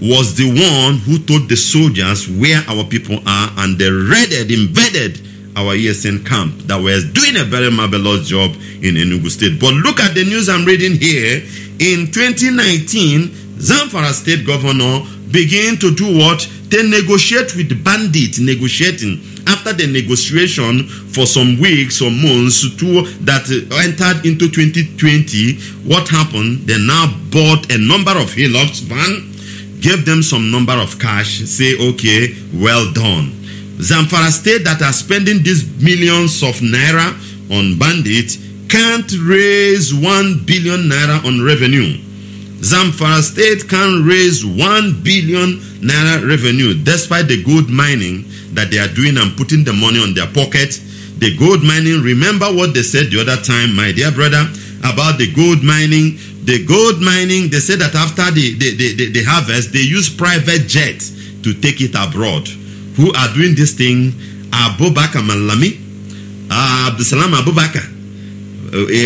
[SPEAKER 1] was the one who told the soldiers where our people are and they raided, invaded our ESN camp that was doing a very marvelous job in Enugu State. But look at the news I'm reading here. In 2019, Zamfara State Governor began to do what? They negotiate with the bandit negotiating. After the negotiation for some weeks or months to, that uh, entered into 2020, what happened? They now bought a number of hillocks van, gave them some number of cash, say, okay, well done. Zamfara state that are spending these millions of naira on bandits can't raise 1 billion naira on revenue Zamfara state can raise 1 billion naira revenue despite the gold mining that they are doing and putting the money on their pocket. The gold mining, remember what they said the other time, my dear brother, about the gold mining. The gold mining, they said that after the, the, the, the, the harvest, they use private jets to take it abroad. Who are doing this thing? Abubakar Malami, uh, Abdusalam Abubakar,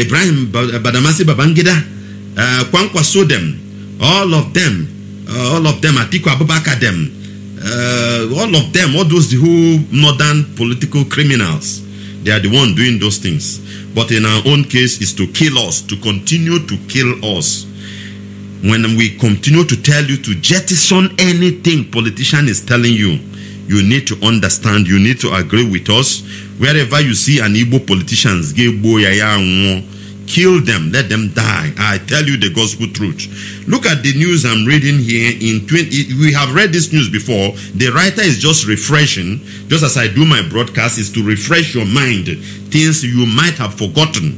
[SPEAKER 1] Ibrahim Badamasi Babangida uh, eh, Kwankwaso them, all of them, uh, all of them, Atiku Abubakar them, uh, all of them, all those who northern political criminals, they are the one doing those things. But in our own case, is to kill us, to continue to kill us. When we continue to tell you to jettison anything politician is telling you, you need to understand, you need to agree with us. Wherever you see an Igbo politician, Kill them, let them die. I tell you the gospel truth. Look at the news I'm reading here in 20 we have read this news before. The writer is just refreshing, just as I do my broadcast is to refresh your mind things you might have forgotten.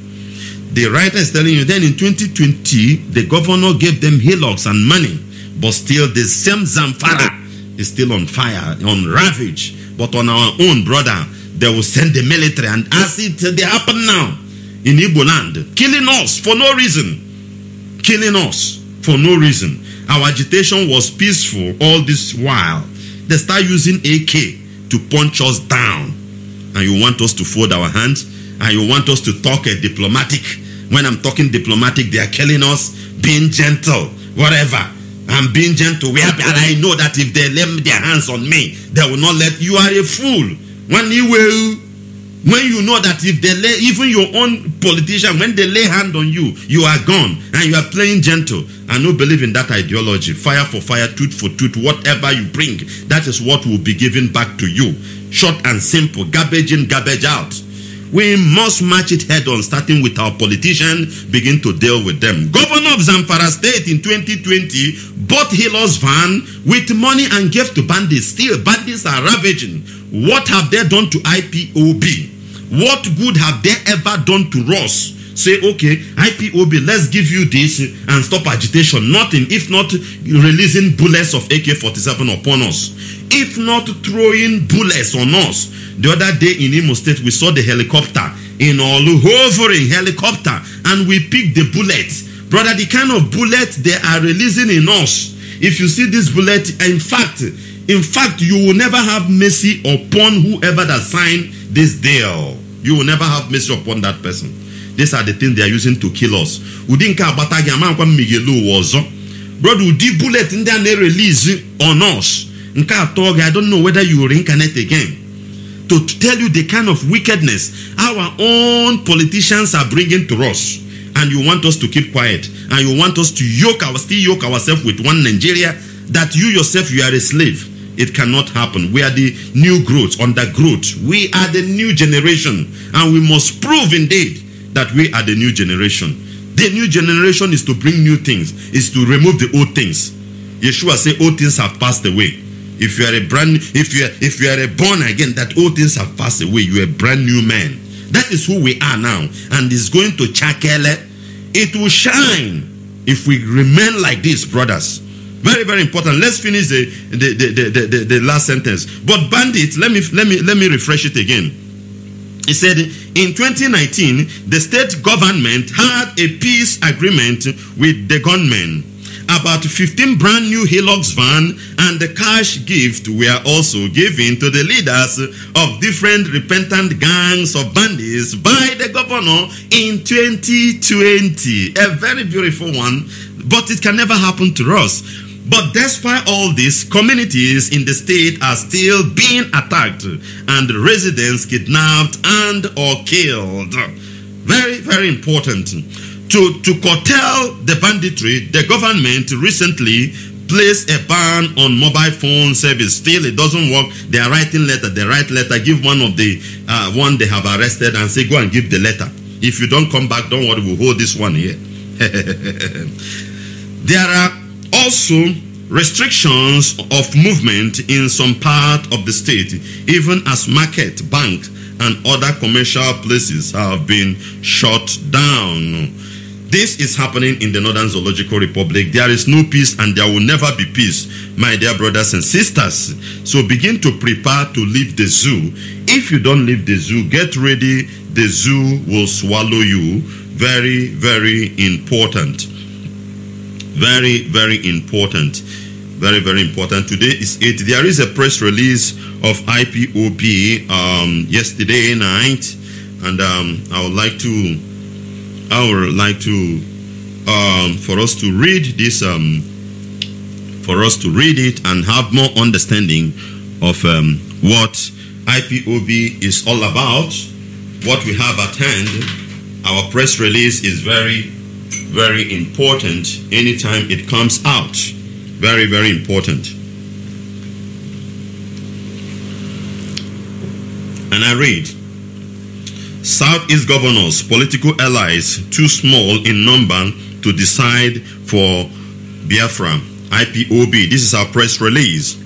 [SPEAKER 1] The writer is telling you then in 2020 the governor gave them hillocks and money, but still the same Zamfara is still on fire, on ravage. But on our own brother, they will send the military and as it they happen now in Igbo land, killing us for no reason. Killing us for no reason. Our agitation was peaceful all this while. They start using AK to punch us down. And you want us to fold our hands? And you want us to talk a diplomatic? When I'm talking diplomatic, they are killing us, being gentle, whatever. I'm being gentle. We Where, and I know that if they lay their hands on me, they will not let you are a fool. When you will When you know that if they lay, even your own politician, when they lay hand on you, you are gone and you are playing gentle. I don't believe in that ideology. Fire for fire, tooth for tooth, whatever you bring, that is what will be given back to you. Short and simple, garbage in, garbage out. We must match it head on, starting with our politician, begin to deal with them. Governor of Zamfara State in 2020 bought Hilos van with money and gave to bandits. Still, bandits are ravaging. What have they done to IPOB? What good have they ever done to us? Say, okay, IPOB, let's give you this and stop agitation. Nothing, if not releasing bullets of AK 47 upon us, if not throwing bullets on us. The other day in Imo State, we saw the helicopter in all hovering helicopter and we picked the bullet. Brother, the kind of bullet they are releasing in us. If you see this bullet, in fact, in fact, you will never have mercy upon whoever that sign this deal oh, you will never have mercy upon that person these are the things they are using to kill us ụdị nke agbata gị amakwa mmegelu ụwa ọzọ brother ụdị bullet ndị a na-erelease on us nke atọ gị i don't know whether you will reincarnate again to tell you the kind of wickedness our own politicians are bringing to us and you want us to keep quiet and you want us to yoke our still yoke ourselves with one nigeria that you yourself you are a slave it cannot happen. We are the new growth, undergrowth. We are the new generation, and we must prove indeed that we are the new generation. The new generation is to bring new things, is to remove the old things. Yeshua said, Old things have passed away. If you are a brand if you are if you are a born again, that old things have passed away. You are a brand new man. That is who we are now. And it's going to chakele. It will shine if we remain like this, brothers. Very, very important. Let's finish the, the, the, the, the, last sentence. But bandits, let me, let, me, let me refresh it again. He said, in 2019, the state government had a peace agreement with the gunmen. About 15 brand new Hilux van and the cash gift were also given to the leaders of different repentant gangs of bandits by the governor in 2020. A very beautiful one, but it can never happen to us but despite all this, communities in the state are still being attacked and residents kidnapped and or killed. Very, very important. To, to curtail the banditry, the government recently placed a ban on mobile phone service. Still, it doesn't work. They are writing letter. They write letter. Give one of the uh, one they have arrested and say, go and give the letter. If you don't come back, don't worry. We'll hold this one here. there are also restrictions of movement in some part of the state, even as market, bank, and other commercial places have been shut down. This is happening in the Northern Zoological Republic. There is no peace and there will never be peace, my dear brothers and sisters. So begin to prepare to leave the zoo. If you don't leave the zoo, get ready. The zoo will swallow you. Very, very important. Very, very important. Very, very important. Today is it. There is a press release of IPOB um, yesterday night, and um, I would like to, I would like to, um, for us to read this, um, for us to read it and have more understanding of um, what IPOB is all about, what we have at hand. Our press release is very very important anytime it comes out. Very, very important. And I read Southeast governors, political allies too small in number to decide for Biafra, IPOB. This is our press release.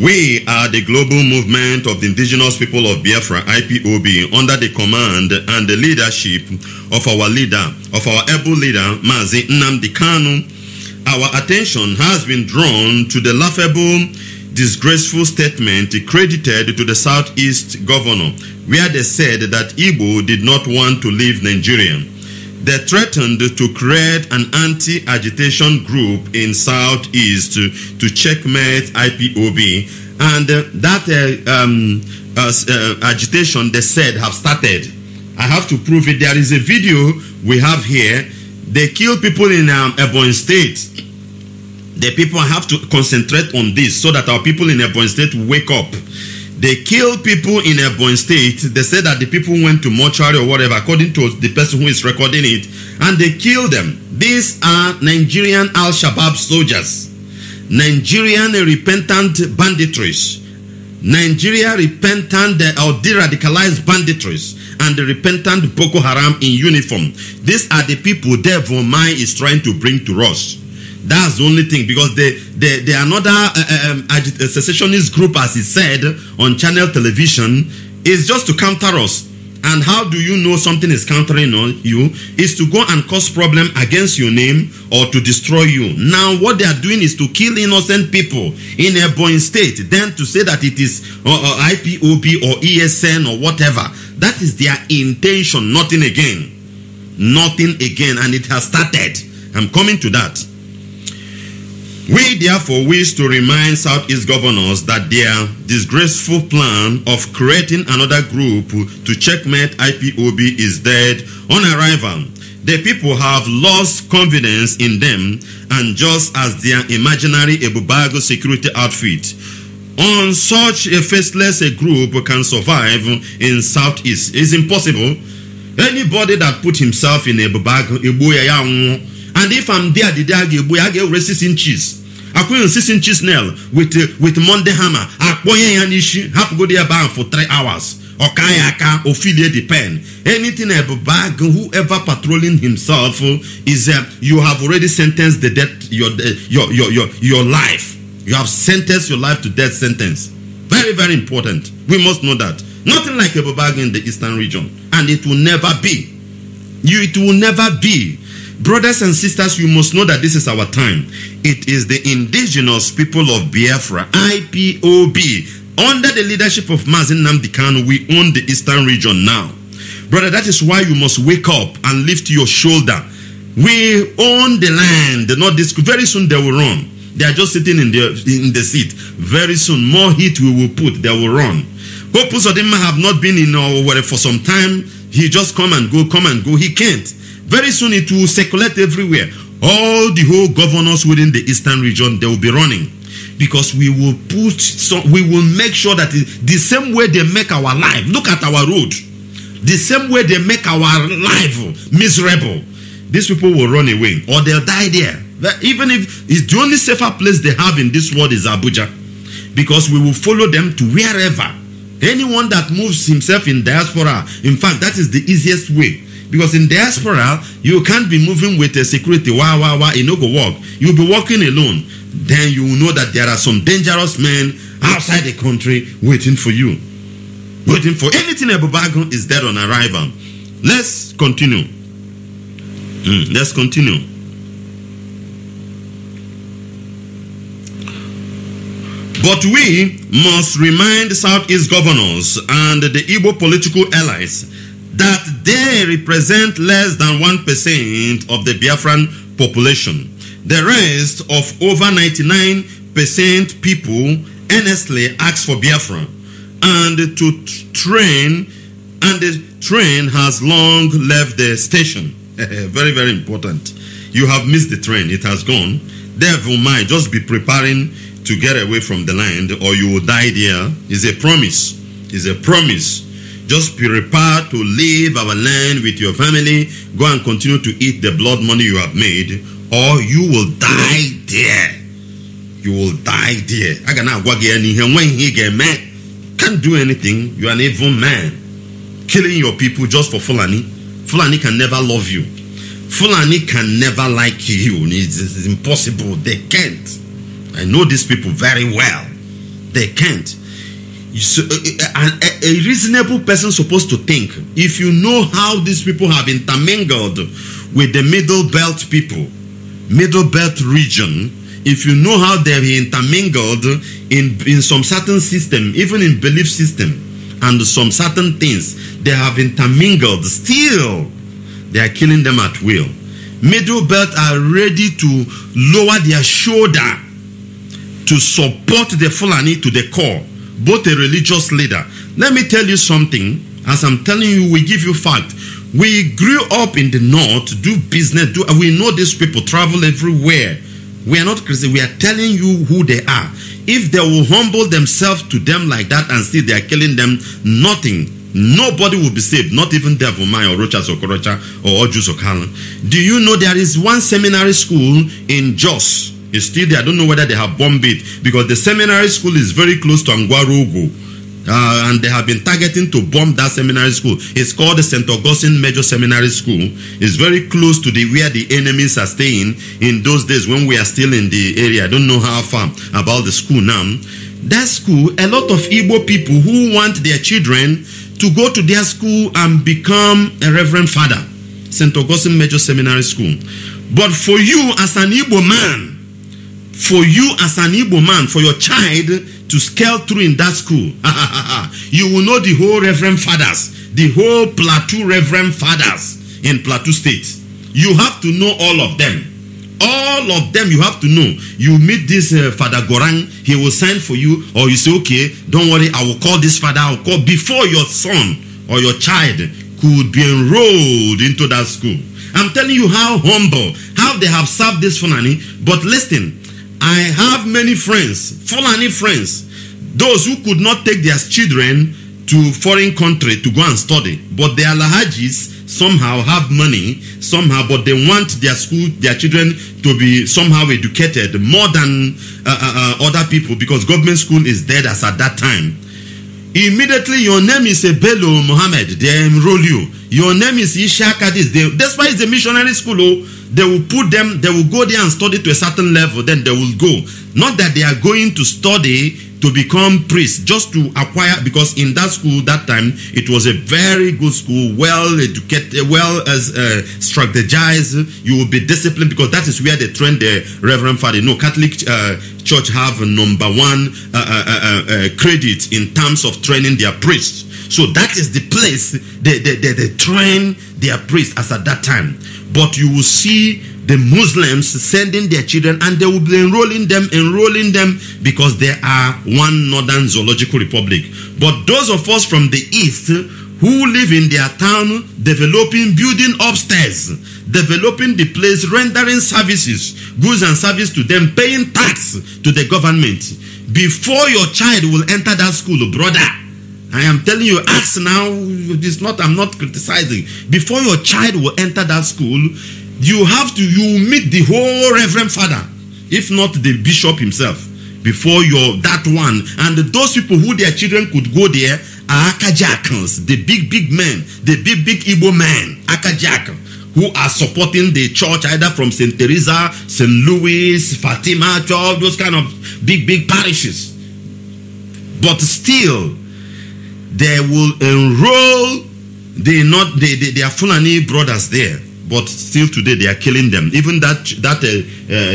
[SPEAKER 1] We are the global movement of the indigenous people of Biafra, IPOB, under the command and the leadership of our leader, of our able leader, Mazi Nnamdi Kanu. Our attention has been drawn to the laughable, disgraceful statement credited to the Southeast governor, where they said that Igbo did not want to leave Nigeria. They threatened to create an anti agitation group in Southeast to, to checkmate IPOB. And uh, that uh, um, uh, agitation, they said, have started. I have to prove it. There is a video we have here. They kill people in um, Ebony State. The people have to concentrate on this so that our people in Ebony State wake up. They killed people in Ebony State. They said that the people went to mortuary or whatever, according to the person who is recording it, and they killed them. These are Nigerian Al Shabaab soldiers, Nigerian repentant banditries, Nigeria repentant or de radicalized banditries, and the repentant Boko Haram in uniform. These are the people Devil Mai is trying to bring to us. That's the only thing because the the, the another uh, um, uh, secessionist group, as he said on channel television, is just to counter us. And how do you know something is countering on you? Is to go and cause problem against your name or to destroy you. Now, what they are doing is to kill innocent people in a Ebonyi state. Then to say that it is uh, uh, IPOB or ESN or whatever. That is their intention. Nothing again. Nothing again. And it has started. I'm coming to that. We therefore wish to remind Southeast governors that their disgraceful plan of creating another group to checkmate IPOB is dead on arrival. The people have lost confidence in them and just as their imaginary Ebubago security outfit. On such a faceless a group can survive in Southeast. is impossible. Anybody that put himself in Ebubago, Ebuya And if I'm there the day I get boy, I get already six inches. I put six inches nail with uh, with Monday hammer. I put an issue. Have to go there bound for three hours. Okayaka, Ophelia depend. Anything about bag, whoever patrolling himself uh, is uh, you have already sentenced the death your, uh, your your your your life. You have sentenced your life to death sentence. Very very important. We must know that nothing like a bag in the eastern region, and it will never be. You, it will never be Brothers and sisters, you must know that this is our time. It is the indigenous people of Biafra, IPOB, under the leadership of Mazin Namdekanu, we own the eastern region now. Brother, that is why you must wake up and lift your shoulder. We own the land, the this. Very soon they will run. They are just sitting in the in the seat. Very soon, more heat we will put. They will run. Hope Uzodinma have not been in our for some time. He just come and go, come and go. He can't. Very soon it will circulate everywhere. All the whole governors within the eastern region, they will be running. Because we will put, so we will make sure that the same way they make our life, look at our road, the same way they make our life miserable, these people will run away or they'll die there. That even if it's the only safer place they have in this world is Abuja, because we will follow them to wherever. Anyone that moves himself in diaspora, in fact, that is the easiest way because in diaspora, you can't be moving with a security. Wah wah wah! it no go walk. You'll be walking alone. Then you will know that there are some dangerous men outside the country waiting for you. Waiting for anything Abubagun is dead on arrival. Let's continue. Mm, let's continue. But we must remind Southeast governors and the Igbo political allies that they represent less than 1% of the Biafran population. The rest of over 99% people earnestly ask for Biafra and to train and the train has long left the station. very, very important. You have missed the train. It has gone. Devil might just be preparing to get away from the land or you will die there. Is a promise. Is a promise just prepare to leave our land with your family. Go and continue to eat the blood money you have made, or you will die there. You will die there. I cannot work here. When he get mad, can't do anything. You are an evil man. Killing your people just for Fulani. Fulani can never love you. Fulani can never like you. It's, impossible. They can't. I know these people very well. They can't. So, uh, uh, a, a, a reasonable person supposed to think if you know how these people have intermingled with the middle belt people, middle belt region, if you know how they're intermingled in, in some certain system, even in belief system, and some certain things, they have intermingled. Still, they are killing them at will. Middle belt are ready to lower their shoulder to support the Fulani to the core. both a religious leader. Let me tell you something. As I'm telling you, we give you fact. We grew up in the north, do business, do we know these people travel everywhere. We are not crazy. We are telling you who they are. If they will humble themselves to them like that and see they are killing them, nothing. Nobody will be saved, not even Devil Man or Rochas or Korocha or Ojus or Kalan. Do you know there is one seminary school in Jos? is still there. I don't know whether they have bombed it because the seminary school is very close to Angwarogo. Uh, and they have been targeting to bomb that seminary school. It's called the St. Augustine Major Seminary School. It's very close to the where the enemies are staying in those days when we are still in the area. I don't know how far about the school now. That school, a lot of Igbo people who want their children to go to their school and become a reverend father. St. Augustine Major Seminary School. But for you as an Igbo man, for you as an Igbo man, for your child to scale through in that school, you will know the whole Reverend Fathers, the whole Plateau Reverend Fathers in Plateau State. You have to know all of them. All of them you have to know. You meet this uh, Father Gorang, he will sign for you, or you say, Okay, don't worry, I will call this father, I'll call before your son or your child could be enrolled into that school. I'm telling you how humble, how they have served this Funani. But listen, I have many friends, Fulani friends, those who could not take their children to foreign country to go and study, but the lahajis somehow have money somehow, but they want their school, their children to be somehow educated more than uh, uh, uh, other people because government school is dead as at that time. Immediately, your name is Ebelo Mohammed. They enroll you. Your name is Ishaka. This, they, that's why it's a missionary school. Oh, they will put them, they will go there and study to a certain level, then they will go. Not that they are going to study to become priests, just to acquire, because in that school, that time, it was a very good school, well educated, well as uh, uh, strategized. You will be disciplined because that is where they train the Reverend Father. No, Catholic uh, Church have number one uh, uh, uh, credit in terms of training their priests. So that is the place they, they, they, they train their priests as at that time. But you will see the Muslims sending their children and they will be enrolling them, enrolling them because they are one northern zoological republic. But those of us from the east who live in their town, developing building upstairs, developing the place, rendering services, goods and service to them, paying tax to the government. Before your child will enter that school, brother, I am telling you, ask now. It's not, I'm not criticizing. Before your child will enter that school, you have to, you meet the whole Reverend Father, if not the bishop himself, before your that one. And those people who their children could go there are Akajakans, the big, big men, the big, big Igbo men, Akajak, who are supporting the church either from St. Teresa, St. Louis, Fatima, all those kind of big, big parishes. But still, they will enroll they not they, they, they are Fulani brothers there, but still today they are killing them. Even that that uh,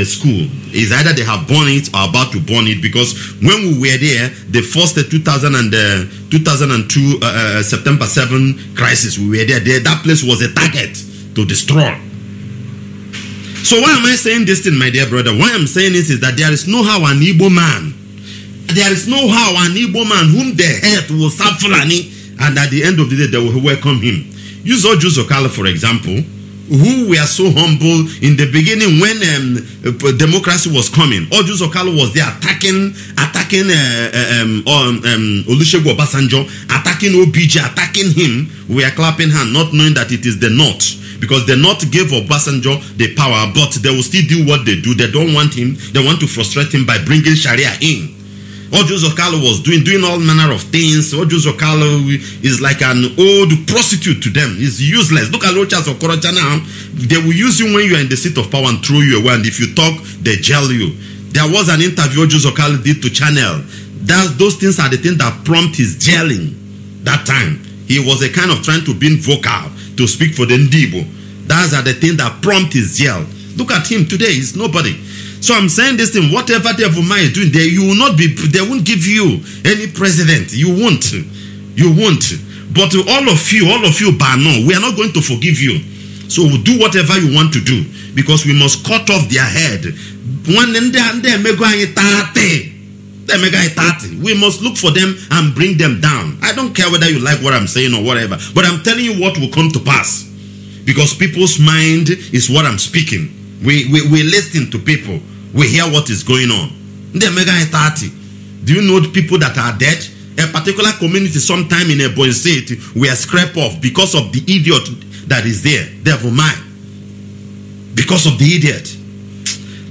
[SPEAKER 1] uh, school is either they have burned it or about to burn it because when we were there, the first uh, 2000 and uh, 2002 uh, uh, September 7 crisis, we were there, there. That place was a target to destroy. So why am I saying this thing, my dear brother? Why I'm saying this is that there is no how an Igbo man There is no how an Igbo man whom the earth will serve Fulani and at the end of the day they will welcome him. You saw Jews Okala, for example, who were so humble in the beginning when um, uh, democracy was coming. All Jews Okala was there attacking, attacking uh, uh um, um, um, Olusegun Obasanjo, attacking OBJ, attacking him. We are clapping hand, not knowing that it is the North because the not gave Obasanjo the power, but they will still do what they do. They don't want him. They want to frustrate him by bringing Sharia in. What Joseph was doing, doing all manner of things. What Joseph is like an old prostitute to them. He's useless. Look at Rochas Okorocha now. They will use you when you are in the seat of power and throw you away. And if you talk, they jail you. There was an interview Joseph Carlo did to Channel. That, those things are the things that prompt his jailing that time. He was a kind of trying to be vocal to speak for the Ndibo. Those are the things that prompt his jail. Look at him today. He's nobody. So I'm saying this thing, whatever Devuma is doing there, you will not be, they won't give you any president. You won't. You won't. But all of you, all of you, by now, we are not going to forgive you. So do whatever you want to do because we must cut off their head. We must look for them and bring them down. I don't care whether you like what I'm saying or whatever, but I'm telling you what will come to pass because people's mind is what I'm speaking. We, we, we listen to people. We hear what is going on. The mega 30. Do you know the people that are dead? A particular community, sometime in a boy State, are scraped off because of the idiot that is there. Devil mind. Because of the idiot.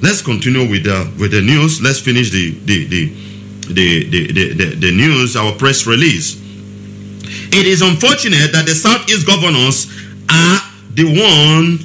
[SPEAKER 1] Let's continue with the uh, with the news. Let's finish the the the the, the, the, the, the news, our press release. It is unfortunate that the Southeast governors are the one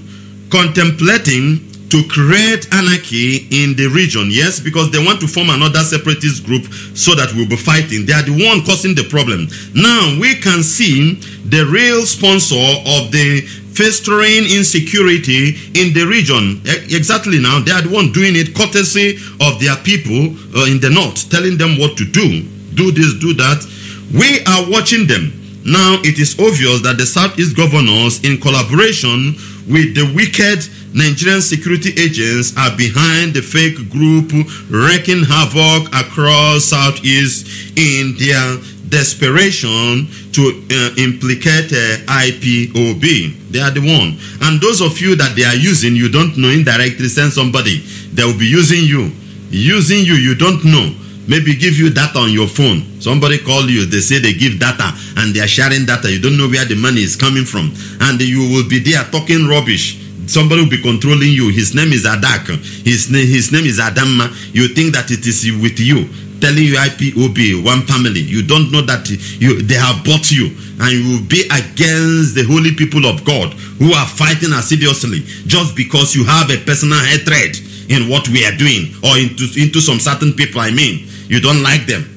[SPEAKER 1] contemplating to create anarchy in the region. Yes, because they want to form another separatist group so that we'll be fighting. They are the one causing the problem. Now we can see the real sponsor of the festering insecurity in the region. exactly now, they are the one doing it courtesy of their people uh, in the north, telling them what to do. Do this, do that. We are watching them. Now, it is obvious that the Southeast governors, in collaboration with the wicked Nigerian security agents are behind the fake group wreaking havoc across Southeast India desperation to uh, implicate uh, IPOB. They are the one. And those of you that they are using, you don't know indirectly, send somebody. They will be using you. Using you, you don't know. Maybe give you data on your phone. Somebody call you, they say they give data and they are sharing data. You don't know where the money is coming from. And you will be there talking rubbish somebody will be controlling you. His name is Adak. His, his name is Adama. You think that it is with you telling you IPOB, one family. You don't know that you they have bought you, and you will be against the holy people of God who are fighting assiduously just because you have a personal hatred in what we are doing or into, into some certain people. I mean, you don't like them.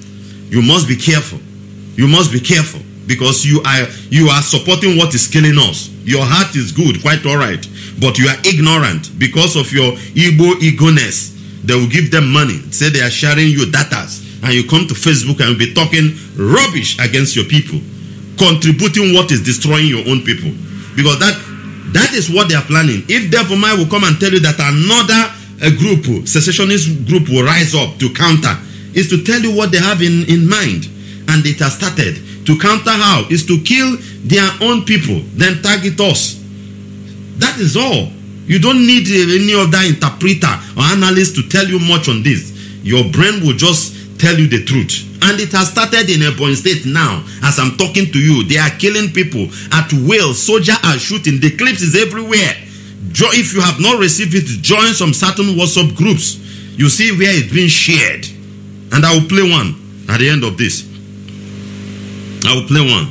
[SPEAKER 1] You must be careful. You must be careful because you are you are supporting what is killing us. Your heart is good, quite all right but you are ignorant because of your Igbo egoness. They will give them money, say they are sharing your data, and you come to Facebook and be talking rubbish against your people, contributing what is destroying your own people. Because that that is what they are planning. If therefore my will come and tell you that another a eh, group, secessionist group will rise up to counter, is to tell you what they have in, in mind. And it has started. To counter how? Is to kill their own people, then target us That is all. You don't need any other interpreter or analyst to tell you much on this. Your brain will just tell you the truth. And it has started in Ebonyi State now. As I'm talking to you, they are killing people at will. Soldiers are shooting. The clips is everywhere. If you have not received it, join some certain WhatsApp groups. You see where it's being shared. And I will play one at the end of this. I will play one.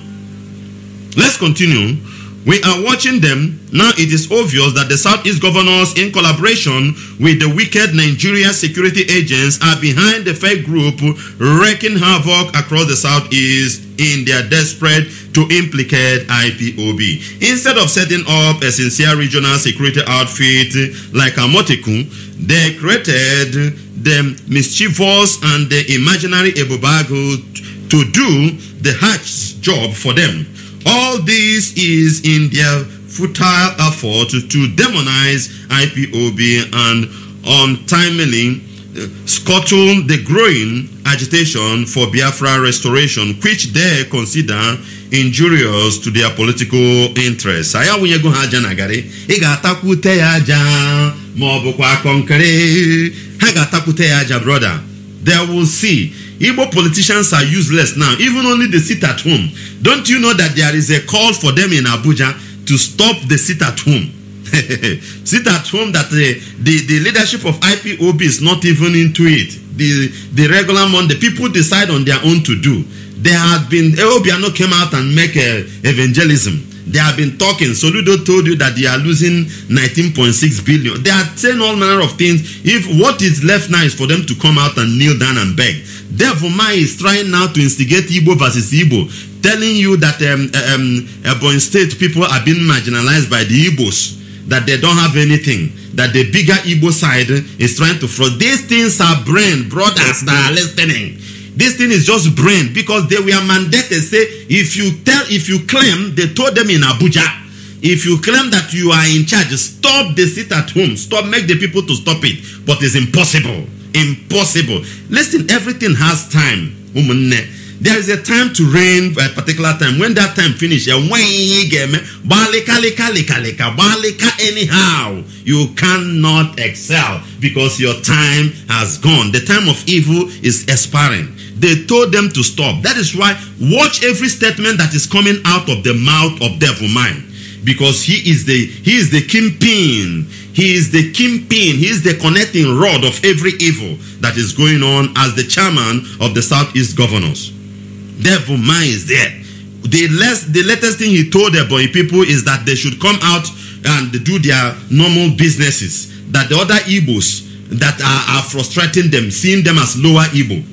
[SPEAKER 1] Let's continue. We are watching them. Now it is obvious that the Southeast governors, in collaboration with the wicked Nigerian security agents, are behind the fake group wreaking havoc across the Southeast in their desperate to implicate IPOB. Instead of setting up a sincere regional security outfit like Amotikun, they created the mischievous and the imaginary Abubakar to do the hatch job for them. All this is in their futile effort to demonize IPOB and untimely uh, scuttle the growing agitation for Biafra restoration, which they consider injurious to their political interests. Ayawunyego ha aja na garị, ị ga-atakwute ya aja ma ọ bụkwa kọnkịrị, ha ga-atakwute aja brọda. They will see Igbo politicians are useless now. Even only they sit at home. Don't you know that there is a call for them in Abuja to stop the sit at home? sit at home that the, uh, the, the leadership of IPOB is not even into it. The, the regular one, the people decide on their own to do. There had been, Obiano came out and make uh, evangelism. They have been talking. Soludo told you that they are losing 19.6 billion. They are saying all manner of things. If what is left now is for them to come out and kneel down and beg. Therefore, Mai is trying now to instigate Igbo versus Igbo, telling you that um, uh, um, uh, Ebon State people are being marginalized by the Igbos, that they don't have anything, that the bigger Igbo side is trying to fraud. These things are brain brothers that are listening. This thing is just brain because they were mandated. Say, if you tell, if you claim, they told them in Abuja, if you claim that you are in charge, stop the sit at home. Stop, make the people to stop it. But it's impossible. Impossible. Listen, everything has time. There is a time to rain a particular time. When that time finishes, anyhow, you cannot excel because your time has gone. The time of evil is expiring. They told them to stop. That is why watch every statement that is coming out of the mouth of devil mind. Because he is the he is the kingpin. He is the kingpin. He is the connecting rod of every evil that is going on as the chairman of the Southeast governors. Devil mind is there. The less the latest thing he told the boy people is that they should come out and do their normal businesses. That the other Igbos that are, are frustrating them, seeing them as lower evil.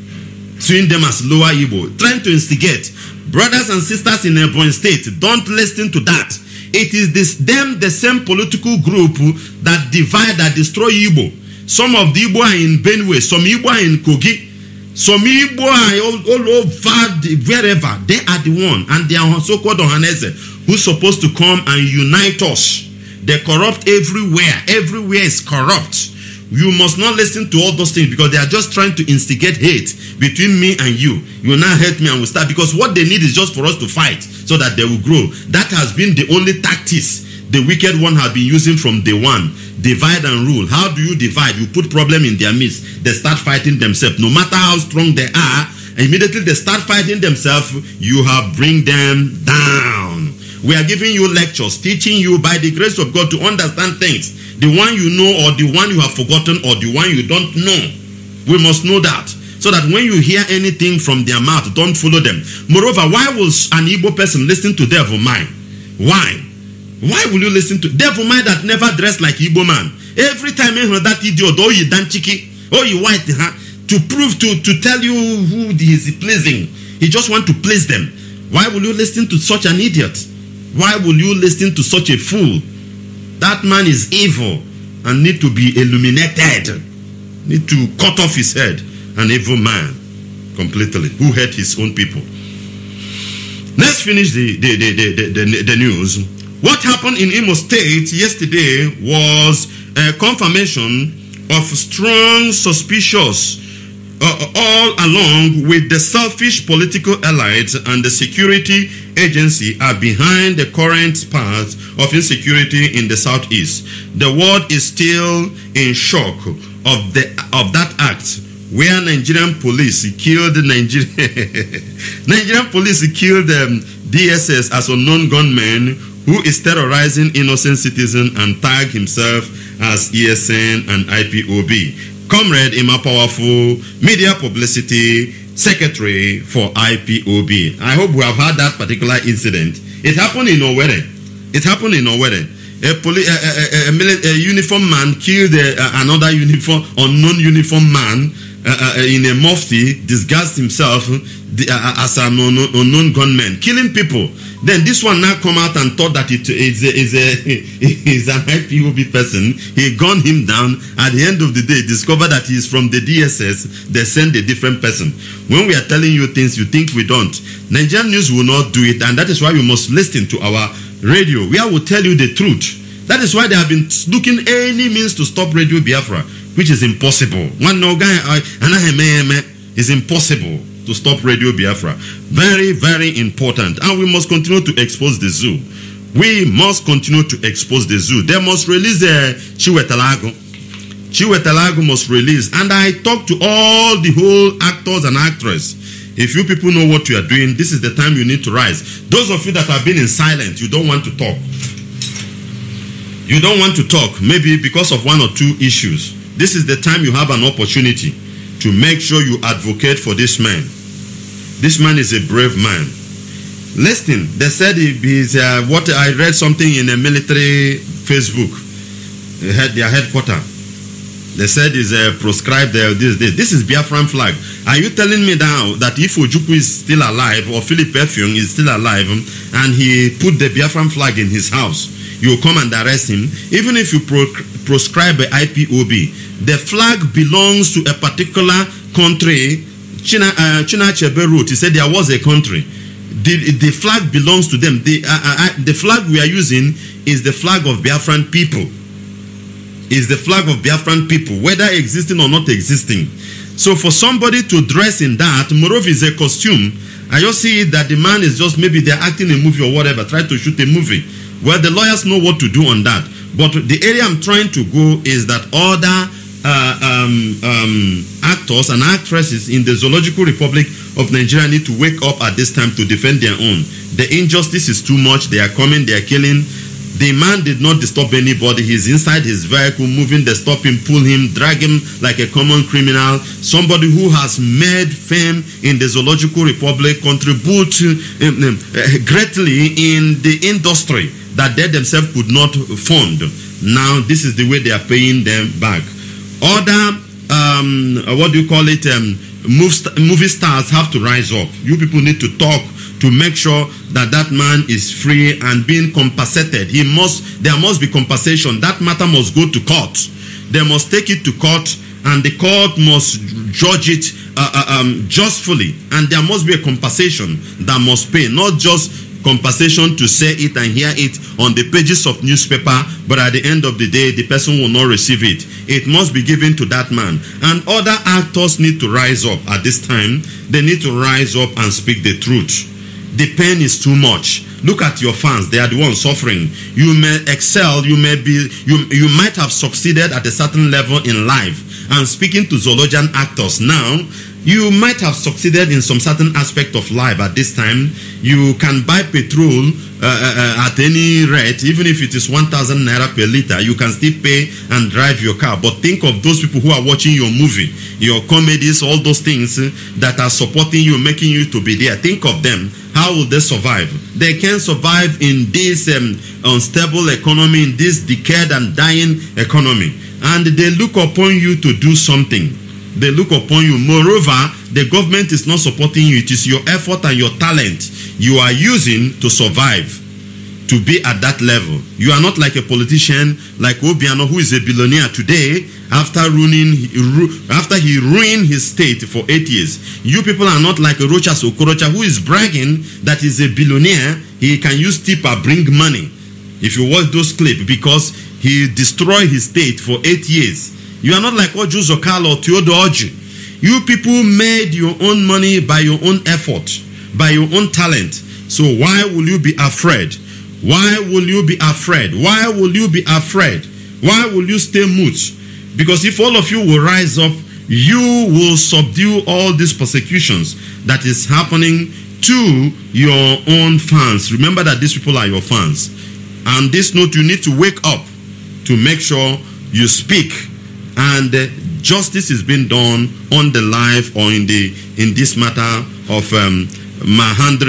[SPEAKER 1] suing them as lower Igbo, trying to instigate. Brothers and sisters in Ebony State, don't listen to that. It is this them, the same political group that divide, that destroy Igbo. Some of the Igbo are in Benue, some Igbo are in Kogi, some Igbo are all, all over, wherever. They are the one, and they are so-called Ohanese, who supposed to come and unite us. They corrupt everywhere. Everywhere is corrupt you must not listen to all those things because they are just trying to instigate hate between me and you. You will now hate me and we start because what they need is just for us to fight so that they will grow. That has been the only tactics the wicked one have been using from day one. Divide and rule. How do you divide? You put problem in their midst. They start fighting themselves. No matter how strong they are, immediately they start fighting themselves. You have bring them down. We are giving you lectures, teaching you by the grace of God to understand things. The one you know or the one you have forgotten or the one you don't know. We must know that. So that when you hear anything from their mouth, don't follow them. Moreover, why will an Igbo person listen to devil mind? Why? Why will you listen to devil mind that never dressed like Igbo man? Every time you heard that idiot, oh you danchiki, oh you white, huh? to prove to to tell you who he is pleasing. He just want to please them. Why will you listen to such an idiot? Why will you listen to such a fool? That man is evil and need to be illuminated. Need to cut off his head. An evil man completely who hurt his own people. Let's finish the, the, the, the, the, the news. What happened in Imo State yesterday was a confirmation of strong suspicions uh, all along with the selfish political allies and the security agency are behind the current path of insecurity in the southeast. The world is still in shock of the of that act where Nigerian police killed Nigerian Nigerian police killed um, DSS as unknown gunman who is terrorizing innocent citizens and tag himself as ESN and IPOB. Comrade in my powerful media publicity secretary for IPOB. I hope we have had that particular incident. It happened in Owerri. It happened in Owerri. A, poli- a, a, a, a, a uniform man killed a, uh, a, another uniform, unknown uniform man Uh, uh, in a mufti disguised himself uh, uh, as an un, unknown gunman, killing people. Then this one now come out and thought that it is a, is a is an IPOB person. He gunned him down. At the end of the day, discovered that he is from the DSS. They send a different person. When we are telling you things, you think we don't. Nigerian news will not do it, and that is why you must listen to our radio. We will tell you the truth. That is why they have been looking any means to stop Radio Biafra. which is impossible. One no guy, it's impossible to stop Radio Biafra. Very, very important. And we must continue to expose the zoo. We must continue to expose the zoo. They must release the Chiwetalago. Chiwetalago must release. And I talk to all the whole actors and actresses. If you people know what you are doing, this is the time you need to rise. Those of you that have been in silence, you don't want to talk. You don't want to talk, maybe because of one or two issues. This is the time you have an opportunity to make sure you advocate for this man. This man is a brave man. Listen, they said he is uh, what I read something in a military Facebook, They uh, had their headquarters. They said is uh, proscribed uh, this, this. This is Biafran flag. Are you telling me now that if Ojukwu is still alive or Philip Efion is still alive um, and he put the Biafran flag in his house, you will come and arrest him? Even if you pro proscribed by IPOB. The flag belongs to a particular country. China, uh, China wrote, he said there was a country. The, the flag belongs to them. The, uh, uh, uh, the flag we are using is the flag of Biafran people. Is the flag of Biafran people, whether existing or not existing. So for somebody to dress in that, moreover, is a costume. I just see that the man is just maybe they're acting a movie or whatever, try to shoot a movie. Well, the lawyers know what to do on that. But the area I'm trying to go is that other uh, um, um, actors and actresses in the Zoological Republic of Nigeria need to wake up at this time to defend their own. The injustice is too much. They are coming, they are killing. The man did not disturb anybody. He's inside his vehicle, moving They stop him, pull him, drag him like a common criminal. Somebody who has made fame in the Zoological Republic, contribute um, um uh, greatly in the industry that they themselves could not fund. Now, this is the way they are paying them back. Other, um, uh, what do you call it? Um, movie stars have to rise up. You people need to talk to make sure that that man is free and being compensated. He must. There must be compensation. That matter must go to court. They must take it to court, and the court must judge it uh, uh um, justfully. And there must be a compensation that must pay, not just Conversation to say it and hear it on the pages of newspaper, but at the end of the day, the person will not receive it. It must be given to that man. And other actors need to rise up at this time. They need to rise up and speak the truth. The pain is too much. Look at your fans; they are the ones suffering. You may excel, you may be, you you might have succeeded at a certain level in life. And speaking to zoologian actors now. You might have succeeded in some certain aspect of life at this time. You can buy petrol uh, uh, uh at any rate, even if it is 1,000 naira per liter, you can still pay and drive your car. But think of those people who are watching your movie, your comedies, all those things uh, that are supporting you, making you to be there. Think of them. How will they survive? They can survive in this um, unstable economy, in this decayed and dying economy. And they look upon you to do something they look upon you. Moreover, the government is not supporting you. It is your effort and your talent you are using to survive, to be at that level. You are not like a politician like Obiano, who is a billionaire today after ruining after he ruined his state for eight years. You people are not like Rochas Okorocha, who is bragging that he's a billionaire. He can use tipper, bring money. If you watch those clips, because he destroyed his state for eight years You are not like what Jews or Carl or Theodore. You people made your own money by your own effort, by your own talent. So why will you be afraid? Why will you be afraid? Why will you be afraid? Why will you stay mute? Because if all of you will rise up, you will subdue all these persecutions that is happening to your own fans. Remember that these people are your fans. And this note, you need to wake up to make sure you speak and uh, justice is being done on the life or in the in this matter of um, and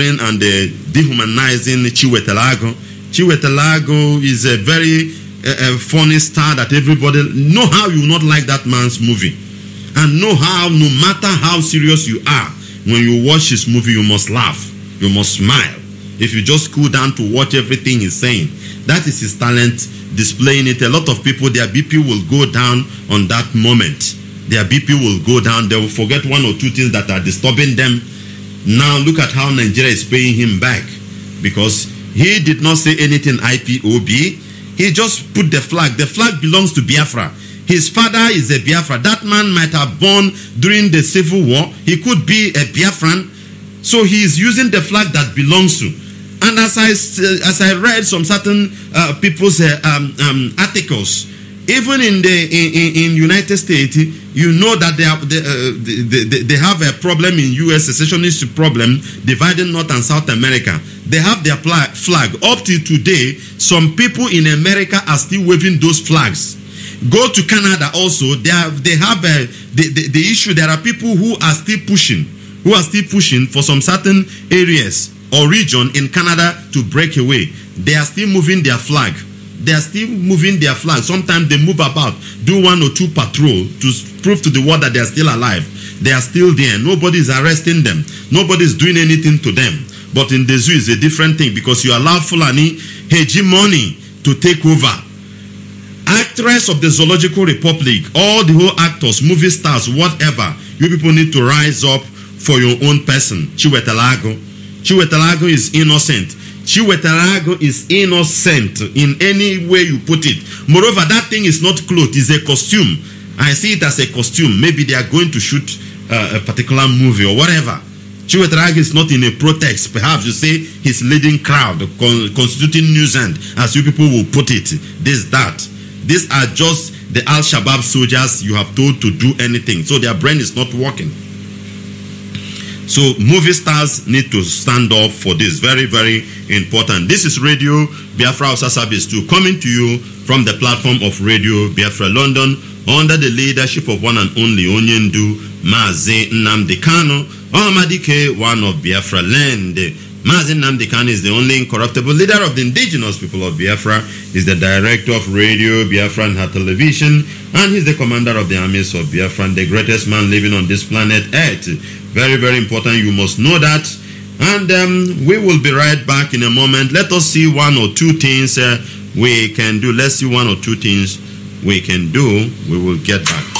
[SPEAKER 1] the uh, dehumanizing Chiwetelago. Chiwetelago is a very uh, funny star that everybody know how you not like that man's movie, and know how no matter how serious you are, when you watch his movie, you must laugh, you must smile. If you just cool down to watch everything he's saying, that is his talent displaying it, a lot of people, their BP will go down on that moment. Their BP will go down. They will forget one or two things that are disturbing them. Now look at how Nigeria is paying him back because he did not say anything IPOB. He just put the flag. The flag belongs to Biafra. His father is a Biafra. That man might have born during the civil war. He could be a Biafran. So he is using the flag that belongs to. And as I, as I read some certain uh, people's uh, um, um, articles, even in the in, in, United States, you know that they have they, uh, they, they, have a problem in U.S. secessionist problem dividing North and South America. They have their flag up till today. Some people in America are still waving those flags. Go to Canada also. They have they have a, the, the the issue. There are people who are still pushing, who are still pushing for some certain areas or region in Canada to break away. They are still moving their flag. They are still moving their flag. Sometimes they move about, do one or two patrol to prove to the world that they are still alive. They are still there. Nobody is arresting them. Nobody is doing anything to them. But in the zoo, it's a different thing because you allow Fulani hegemony to take over. Actress of the Zoological Republic, all the whole actors, movie stars, whatever, you people need to rise up for your own person. Chiwetalago Chiwetalago is innocent. Chiwetalago is innocent in any way you put it. Moreover, that thing is not cloth; it's a costume. I see it as a costume. Maybe they are going to shoot uh, a particular movie or whatever. Chiwetalago is not in a protest. Perhaps you say he's leading crowd, con constituting nuisance, as you people will put it. This, that. These are just the Al Shabaab soldiers you have told to do anything. So their brain is not working. So movie stars need to stand up for this. Very, very important. This is Radio Biafra Service 2 coming to you from the platform of Radio Biafra London under the leadership of one and only Onyendu Mazi Namdekano Omadike, one of Biafra land. Mazi Namdekano is the only incorruptible leader of the indigenous people of Biafra, is the director of Radio Biafra and her television, and he's the commander of the armies of Biafra the greatest man living on this planet Earth. Very, very important. You must know that. And um, we will be right back in a moment. Let us see one or two things uh, we can do. Let's see one or two things we can do. We will get back.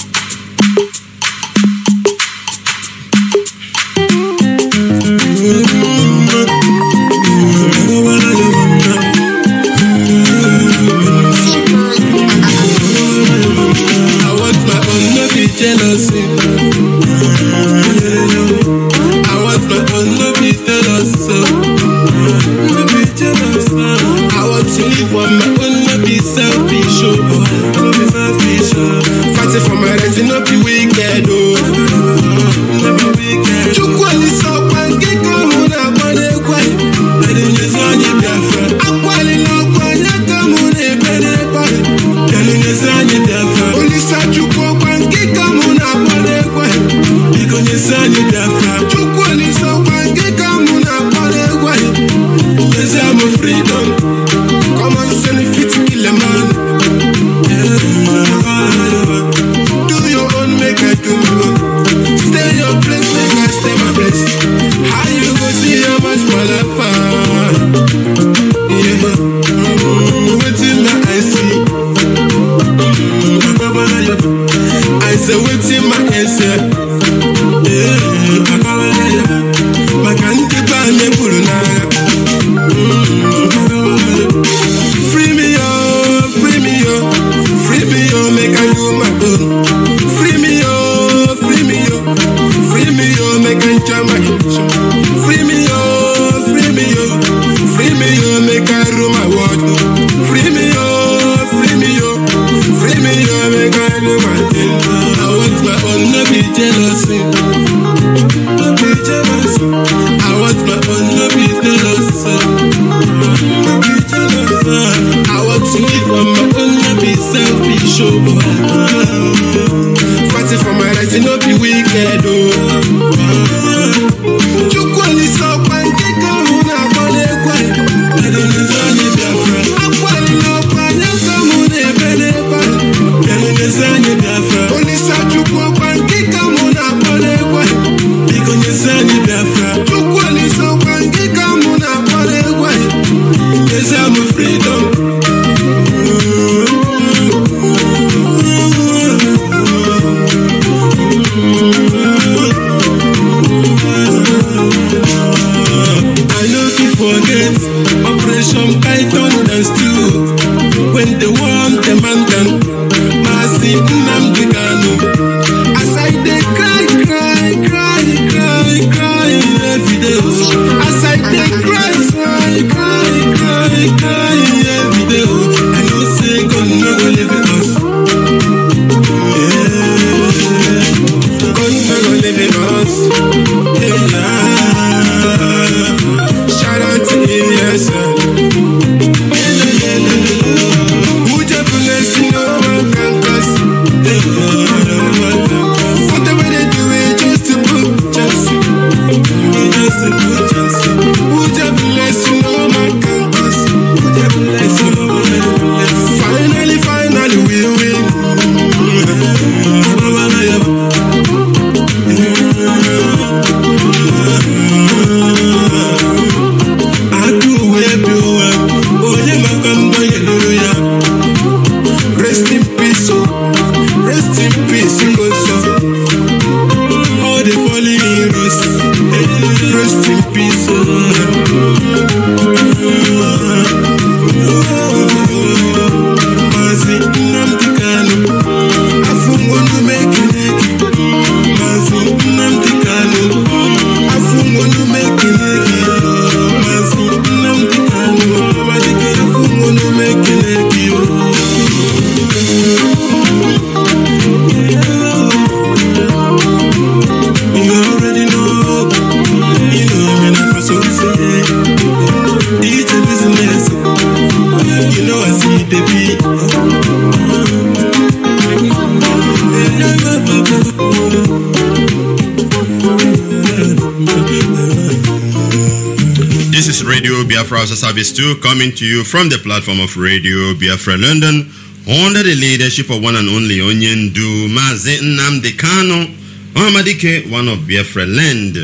[SPEAKER 1] This is Radio Biafra Service 2 coming to you from the platform of Radio Biafra London under the leadership of one and only Onion Du Mazi Nnamdi Kano, one of Biafra land.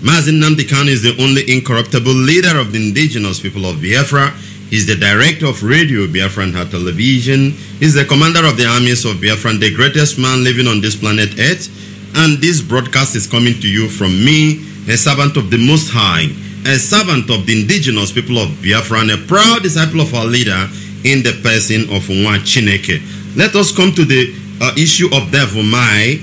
[SPEAKER 1] Mazin Nnamdi is the only incorruptible leader of the indigenous people of Biafra He's the director of Radio Biafran Television. He's the commander of the armies of Biafran, the greatest man living on this planet Earth. And this broadcast is coming to you from me, a servant of the Most High, a servant of the indigenous people of Biafran, a proud disciple of our leader in the person of Nwa Chineke. Let us come to the uh, issue of Devil oh Mai.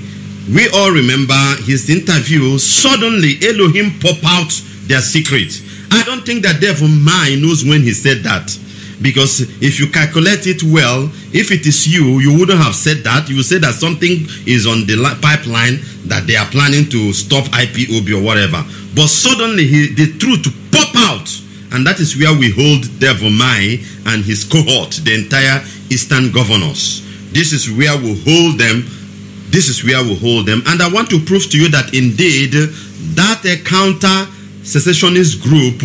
[SPEAKER 1] We all remember his interview. Suddenly, Elohim pop out their secret I don't think that devil mind knows when he said that. Because if you calculate it well, if it is you, you wouldn't have said that. You say that something is on the pipeline that they are planning to stop IPOB or whatever. But suddenly he, the truth pop out. And that is where we hold Devil Mai and his cohort, the entire Eastern governors. This is where we hold them. This is where we hold them. And I want to prove to you that indeed that encounter secessionist group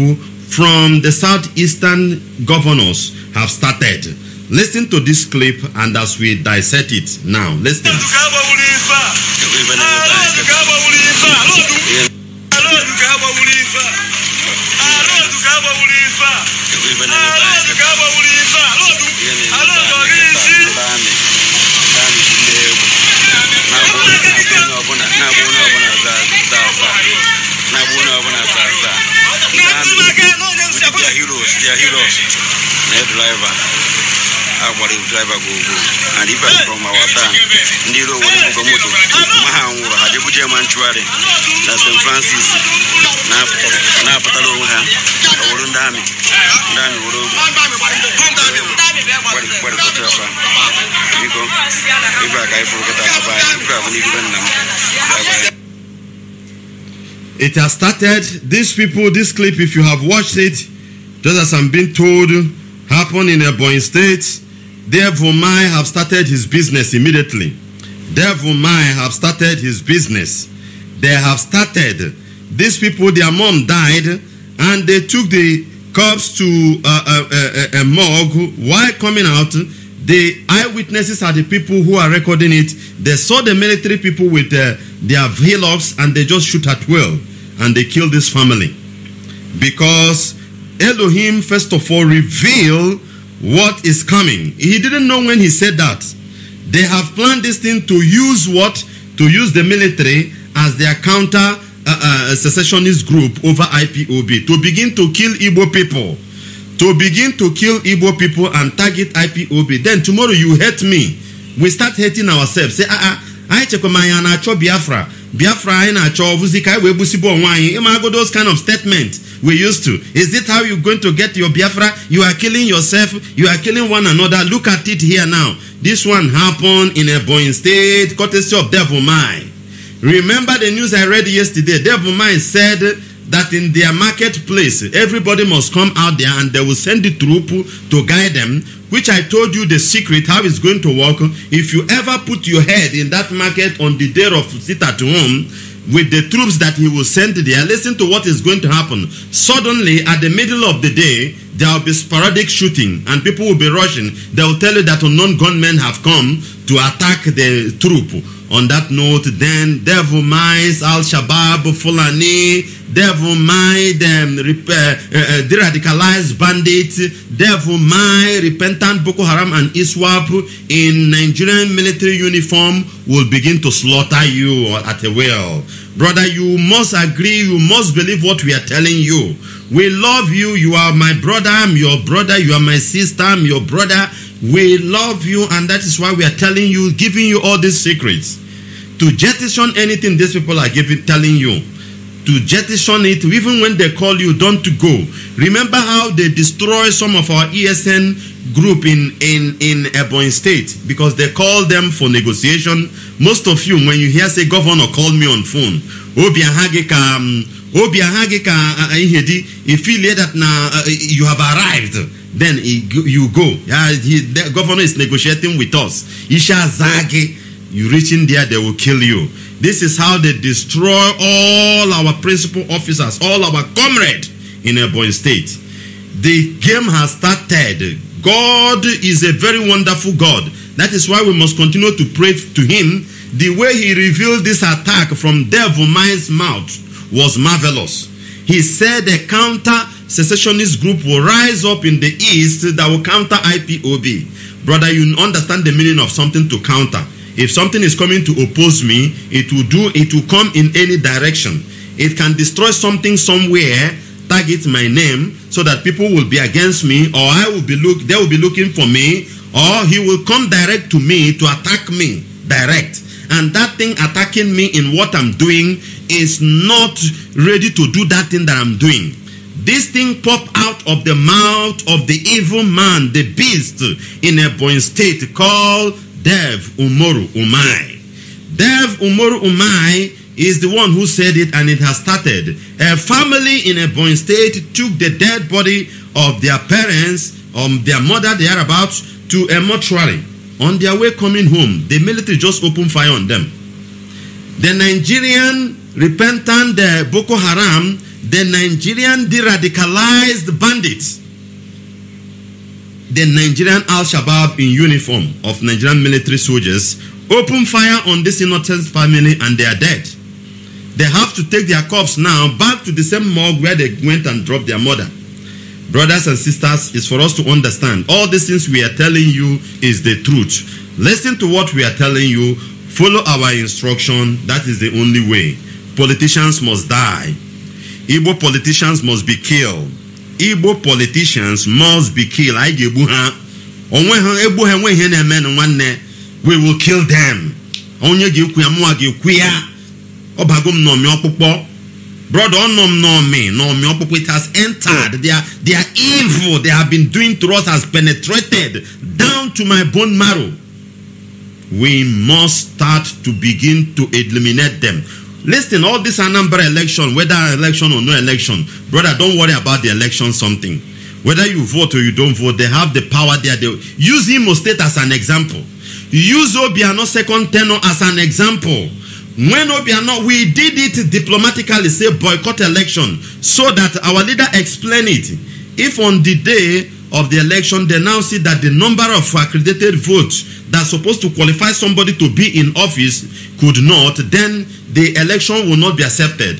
[SPEAKER 1] from the southeastern governors have started. Listen to this clip and as we dissect it now, listen.
[SPEAKER 3] driver driver and if i from our town moto na st francis na ha na
[SPEAKER 1] It has started. These people, this clip, if you have watched it, just as I'm being told, happened in Ebony State. Therefore, I have started his business immediately. Therefore, I have started his business. They have started. These people, their mom died, and they took the corpse to a, a, a, a morgue. While coming out, the eyewitnesses are the people who are recording it. They saw the military people with uh, their velox and they just shoot at will and they kill this family because Elohim, first of all, reveal what is coming. He didn't know when he said that. They have planned this thing to use what? To use the military as their counter uh, uh, secessionist group over IPOB to begin to kill Igbo people. To begin to kill Igbo people and target IPOB. Then tomorrow you hate me. We start hating ourselves. Say, ah, ah, I check my Biafra biafra anyị na-achọ ọbụzi ka anyị wee gbusi bọọ nwaanyị ịmago those kind of statement we used to is it how you going to get your biafra you are killing yourself you are killing one another look at it here now this one happened in ebonyi state courtesy of devil mai remember the news i read yesterday devil mai said that in their marketplace everybody must come out there and they will send the troop to guide them which i told you the secret how it's going to work if you ever put your head in that market on the day of sit at home with the troops that he will send there listen to what is going to happen suddenly at the middle of the day there will be sporadic shooting and people will be rushing they will tell you that unknown gunmen have come to attack the troop on that note then devil mines al-shabaab fulani devil mind um, rep- uh, uh, de-radicalized bandit, devil mind repentant Boko Haram and ISWAP in Nigerian military uniform will begin to slaughter you at a will. Brother, you must agree, you must believe what we are telling you. We love you, you are my brother, I'm your brother, you are my sister, I'm your brother. We love you, and that is why we are telling you, giving you all these secrets. To jettison anything these people are giving, telling you to jettison it even when they call you don't go remember how they destroy some of our esn group in in in ebonyi state because they call them for negotiation most of you when you hear say governor call me on phone obi ahagi ka um, obi ahagi ka uh, uh, ihe e feel here that na uh, you have arrived then he, you go yeah, he, the governor is negotiating with us isha zagi you reaching there they will kill you This is how they destroy all our principal officers, all our comrades in Ebony State. The game has started. God is a very wonderful God. That is why we must continue to pray to Him. The way He revealed this attack from devil man's mouth was marvelous. He said a counter secessionist group will rise up in the east that will counter IPOB. Brother, you understand the meaning of something to counter. If something is coming to oppose me, it will do it will come in any direction. It can destroy something somewhere, target my name so that people will be against me or I will be look they will be looking for me or he will come direct to me to attack me direct. And that thing attacking me in what I'm doing is not ready to do that thing that I'm doing this thing pop out of the mouth of the evil man, the beast in a born state called Dev Umoru Umai. Dev Umoru Umai is the one who said it and it has started. A family in a Ebonyi State took the dead body of their parents, um, their mother they are about to a mortuary. On their way coming home, the military just opened fire on them. The Nigerian repentant the uh, Boko Haram, the Nigerian de-radicalized bandits the Nigerian Al Shabaab in uniform of Nigerian military soldiers open fire on this innocent family and they are dead. They have to take their corpse now back to the same morgue where they went and dropped their mother. Brothers and sisters, it's for us to understand all these things we are telling you is the truth. Listen to what we are telling you, follow our instruction. That is the only way. Politicians must die, Igbo politicians must be killed igbo politicians must be killed anyị ga-egbu ha onwe ha egbu ha enwe ihe na-eme na nwanne we will kill them onye ga-ekwu ya mụnwa ga-ekwu ya ọbago m n'ọmị ọkpụkpọ brother ọnọ m n'ọmị n'ọmị ọkpụkpọ it has entered their their evil they have been doing to us has penetrated down to my bone marrow we must start to begin to eliminate them Listen, all this Anambra election, whether election or no election, brother, don't worry about the election something. Whether you vote or you don't vote, they have the power there. They use Imo State as an example. Use Obiano second tenor as an example. When Obiano, we did it diplomatically, say boycott election, so that our leader explain it. If on the day of the election they now see that the number of accredited votes that supposed to qualify somebody to be in office could not, then the election will not be accepted.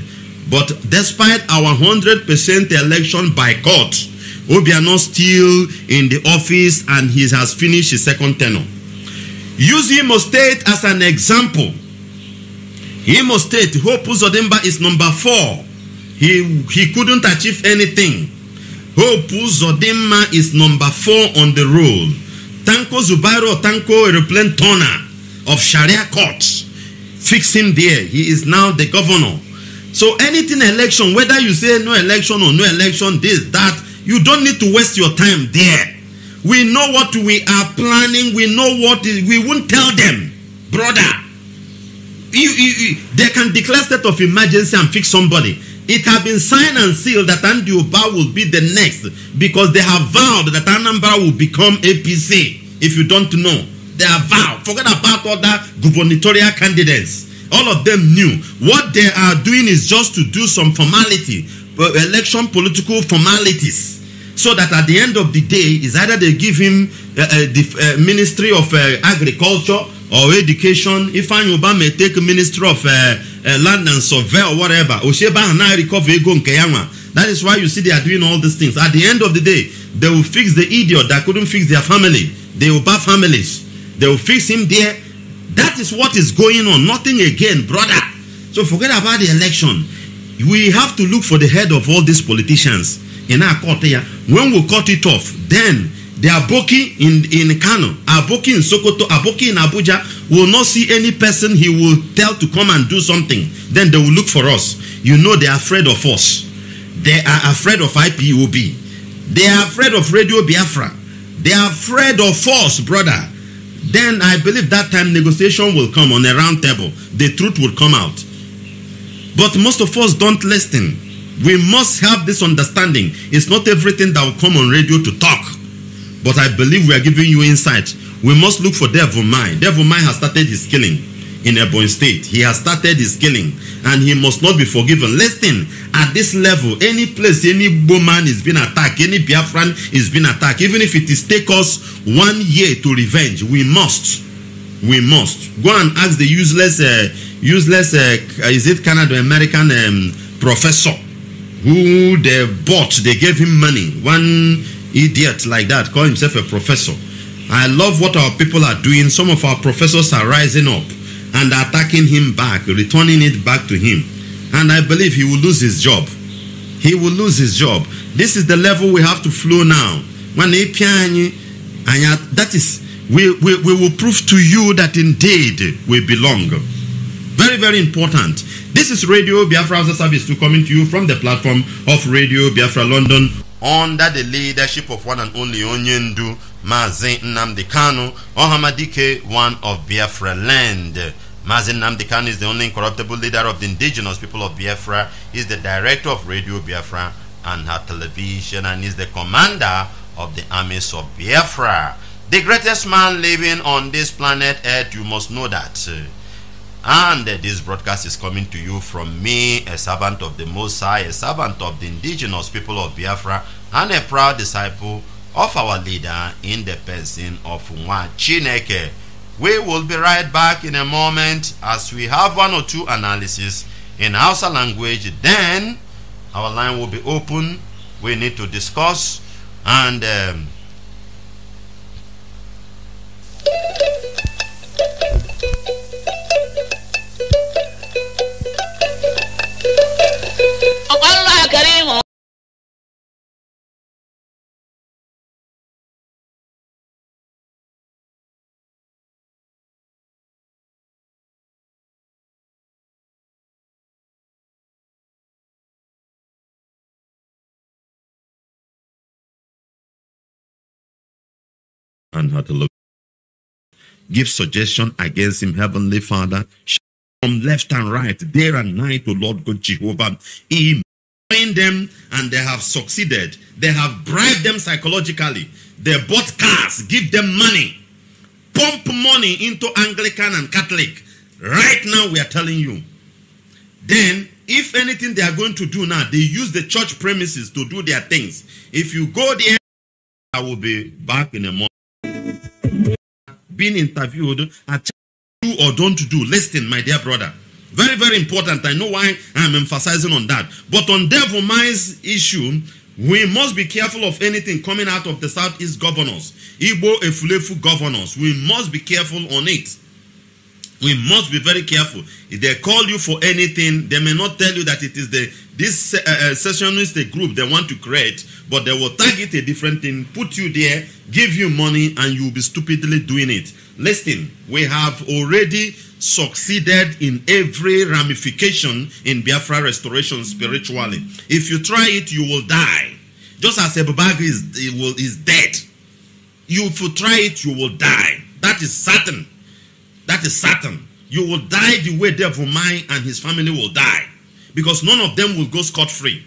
[SPEAKER 1] But despite our 100% election by court, Obiano still in the office and he has finished his second tenure. Use Imo State as an example. Imo State, Hopu Zodimba is number four. He, he couldn't achieve anything. Hope Zodima is number four on the roll. Tanko Zubaro Tanko Aeroplane Turner of Sharia Court. Fix him there. He is now the governor. So anything election, whether you say no election or no election, this, that, you don't need to waste your time there. We know what we are planning. We know what is, we won't tell them, brother. You, you, you, they can declare state of emergency and fix somebody. It has been signed and sealed that Andy Andioba will be the next because they have vowed that Anambra will become APC. If you don't know, they have vowed. Forget about all that gubernatorial candidates. All of them knew. What they are doing is just to do some formality, uh, election political formalities. So that at the end of the day, is either they give him uh, uh, the uh, Ministry of uh, Agriculture or Education. If Anyoba may take Ministry of uh, uh, London survey or whatever osheba ana recover ego nke ya that is why you see they are doing all these things at the end of the day they will fix the idiot that couldn't fix their family they will buy families they will fix him there that is what is going on nothing again brother so forget about the election we have to look for the head of all these politicians in our court here when we cut it off then they are booking in in kano aboki in sokoto aboki in abuja will not see any person he will tell to come and do something. Then they will look for us. You know they are afraid of us. They are afraid of IPOB. They are afraid of Radio Biafra. They are afraid of us, brother. Then I believe that time negotiation will come on a round table. The truth will come out. But most of us don't listen. We must have this understanding. It's not everything that will come on radio to talk. But I believe we are giving you insight we must look for Devil mind. Devil mind has started his killing in Ebony State. He has started his killing and he must not be forgiven. Listen, at this level, any place, any man is being attacked, any Biafran is being attacked, even if it is take us one year to revenge, we must. We must. Go and ask the useless, uh, useless, uh, is it Canada American um, professor who they bought, they gave him money. One idiot like that call himself a professor I love what our people are doing. Some of our professors are rising up and attacking him back, returning it back to him. And I believe he will lose his job. He will lose his job. This is the level we have to flow now. When that is, we, we, we will prove to you that indeed we belong. Very, very important. This is Radio Biafra Service 2 coming to you from the platform of Radio Biafra London under the leadership of one and only Onyendu Mazi Nnamdi Kanu, Ohamadike, one of Biafra land. Mazin Namdekan is the only incorruptible leader of the indigenous people of Biafra, is the director of Radio Biafra and her television, and is the commander of the armies of Biafra. The greatest man living on this planet Earth, you must know that. And this broadcast is coming to you from me, a servant of the Most High, a servant of the indigenous people of Biafra, and a proud disciple of our leader in the person of Nwa Chineke. We will be right back in a moment as we have one or two analyses in Hausa language. Then our line will be open. We need to discuss and. Um and how to look. Give suggestion against him, Heavenly Father. From left and right, day and night, to Lord God Jehovah. He them and they have succeeded. They have bribed them psychologically. They bought cars, give them money, pump money into Anglican and Catholic. Right now, we are telling you. Then, if anything they are going to do now, they use the church premises to do their things. If you go there, I will be back in a moment. Being interviewed and do or don't do. Listen, my dear brother. Very, very important. I know why I'm emphasizing on that. But on devil mind's issue, we must be careful of anything coming out of the Southeast governors, Igbo Efulefu governors. We must be careful on it we must be very careful. If they call you for anything, they may not tell you that it is the this uh, uh secessionist group they want to create, but they will target a different thing, put you there, give you money, and you'll be stupidly doing it. Listen, we have already succeeded in every ramification in Biafra restoration spiritually. If you try it, you will die. Just as Ebubagi is, is dead, you, if you try it, you will die. That is certain that is certain. you will die the way Devil Mine and his family will die. Because none of them will go scot free.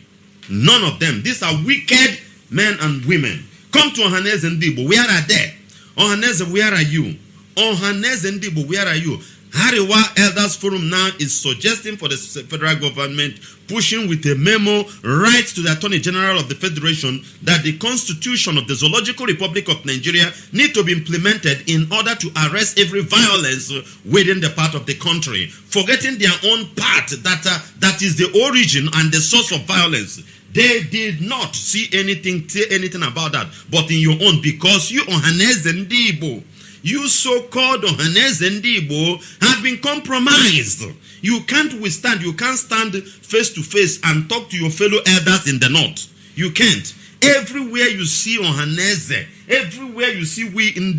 [SPEAKER 1] None of them. These are wicked men and women. Come to Ohanese Ndibo. Where are they? Ohanese, where are you? Ohanese Ndibo, where are you? Hariwa Elders Forum now is suggesting for the federal government pushing with a memo right to the Attorney General of the Federation that the Constitution of the Zoological Republic of Nigeria need to be implemented in order to arrest every violence within the part of the country, forgetting their own part that uh, that is the origin and the source of violence. They did not see anything, say anything about that, but in your own because you unharness the Igbo. you so-called Ohaneze ndị have been compromised. You can't withstand, you can't stand face to face and talk to your fellow elders in the north. You can't. Everywhere you see Ohaneze, everywhere you see we in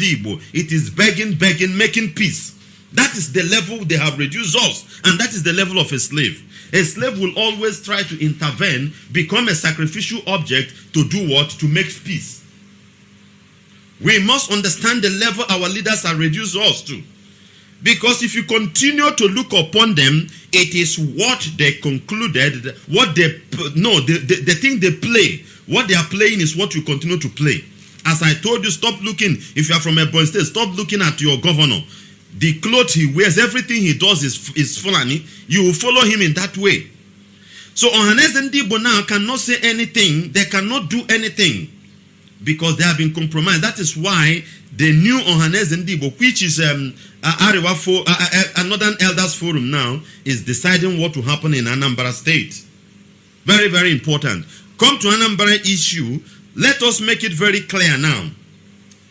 [SPEAKER 1] it is begging, begging, making peace. That is the level they have reduced us, and that is the level of a slave. A slave will always try to intervene, become a sacrificial object to do what? To make peace. We must understand the level our leaders are reduced us to. Because if you continue to look upon them, it is what they concluded, what they, no, the, the, the thing they play, what they are playing is what you continue to play. As I told you, stop looking. If you are from a boy state, stop looking at your governor. The clothes he wears, everything he does is, is Fulani. You will follow him in that way. So, unless and now cannot say anything, they cannot do anything because they have been compromised. That is why the new Ohanes Ndibo, which is um, Ariwa for, uh, uh, uh, Northern Elders Forum now, is deciding what will happen in Anambra State. Very, very important. Come to Anambra issue. Let us make it very clear now.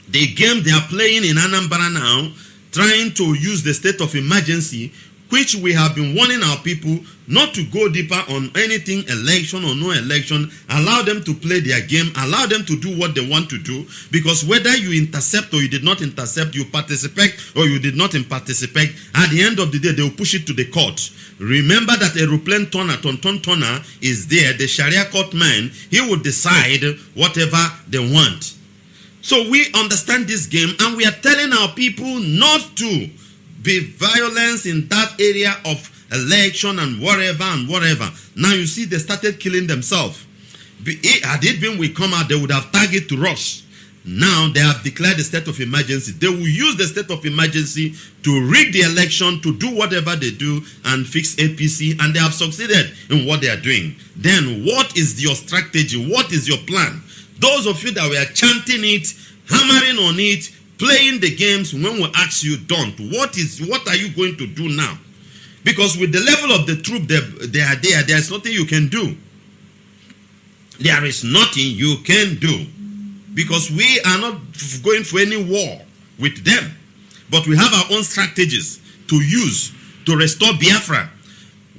[SPEAKER 1] The game they are playing in Anambra now, trying to use the state of emergency which we have been warning our people not to go deeper on anything, election or no election. Allow them to play their game. Allow them to do what they want to do. Because whether you intercept or you did not intercept, you participate or you did not participate, at the end of the day, they will push it to the court. Remember that aeroplane turner, tonton toner, is there, the Sharia court man. He will decide whatever they want. So we understand this game and we are telling our people not to be violence in that area of election and whatever and whatever. Now you see they started killing themselves. Had it been we come out, they would have targeted to rush. Now they have declared a state of emergency. They will use the state of emergency to rig the election, to do whatever they do and fix APC, and they have succeeded in what they are doing. Then, what is your strategy? What is your plan? Those of you that were chanting it, hammering on it, playing the games when we ask you don't what is what are you going to do now because with the level of the troop they, they are there there's nothing you can do there is nothing you can do because we are not going for any war with them but we have our own strategies to use to restore biafra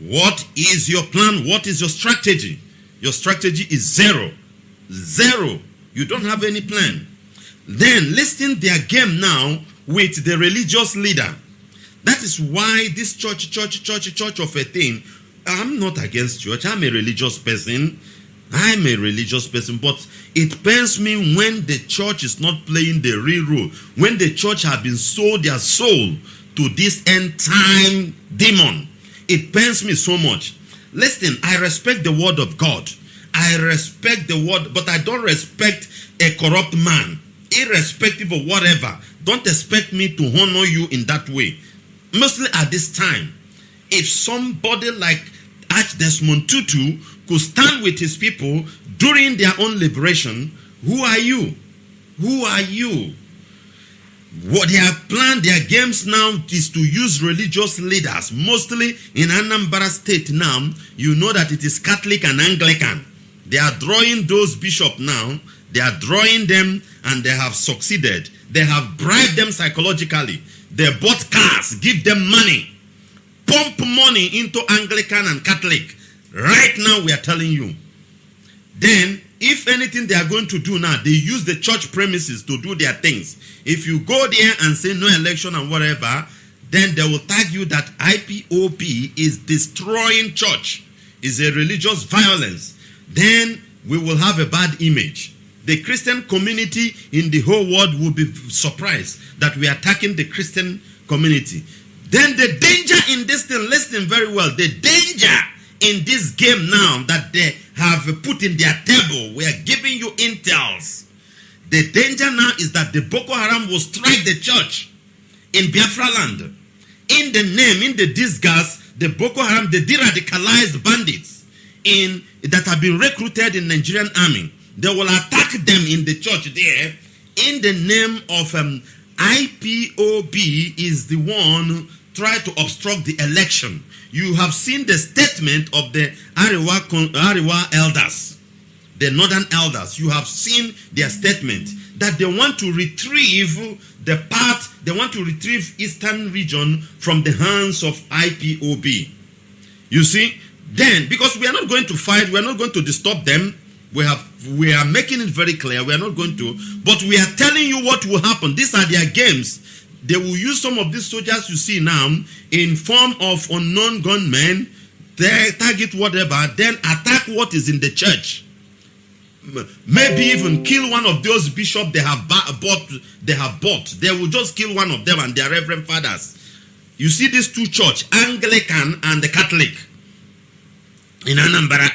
[SPEAKER 1] what is your plan what is your strategy your strategy is zero zero you don't have any plan then listing their game now with the religious leader. That is why this church, church, church, church of a thing. I'm not against church. I'm a religious person. I'm a religious person, but it pains me when the church is not playing the real role. When the church have been sold their soul to this end time demon, it pains me so much. Listen, I respect the word of God. I respect the word, but I don't respect a corrupt man irrespective of whatever, don't expect me to honor you in that way. Mostly at this time, if somebody like Arch Desmond Tutu could stand with his people during their own liberation, who are you? Who are you? What they have planned their games now is to use religious leaders, mostly in Anambra State now. You know that it is Catholic and Anglican. They are drawing those bishops now, they are drawing them and they have succeeded. They have bribed them psychologically. They bought cars, give them money, pump money into Anglican and Catholic. Right now, we are telling you. Then, if anything they are going to do now, they use the church premises to do their things. If you go there and say no election and whatever, then they will tag you that IPOP is destroying church, is a religious violence. Then we will have a bad image the Christian community in the whole world will be surprised that we are attacking the Christian community. Then the danger in this thing, listen very well, the danger in this game now that they have put in their table, we are giving you intels. The danger now is that the Boko Haram will strike the church in Biafra land. In the name, in the disguise, the Boko Haram, the de-radicalized bandits in that have been recruited in Nigerian army They will attack them in the church there in the name of um, IPOB is the one try to obstruct the election. You have seen the statement of the Ariwa, Ariwa elders, the northern elders. You have seen their statement that they want to retrieve the part, they want to retrieve eastern region from the hands of IPOB. You see? Then, because we are not going to fight, we are not going to disturb them, We have we are making it very clear. We are not going to, but we are telling you what will happen. These are their games. They will use some of these soldiers you see now in form of unknown gunmen. They target whatever, then attack what is in the church. Maybe even kill one of those bishops they have bought. They have bought. They will just kill one of them and their reverend fathers. You see these two church, Anglican and the Catholic, in Anambra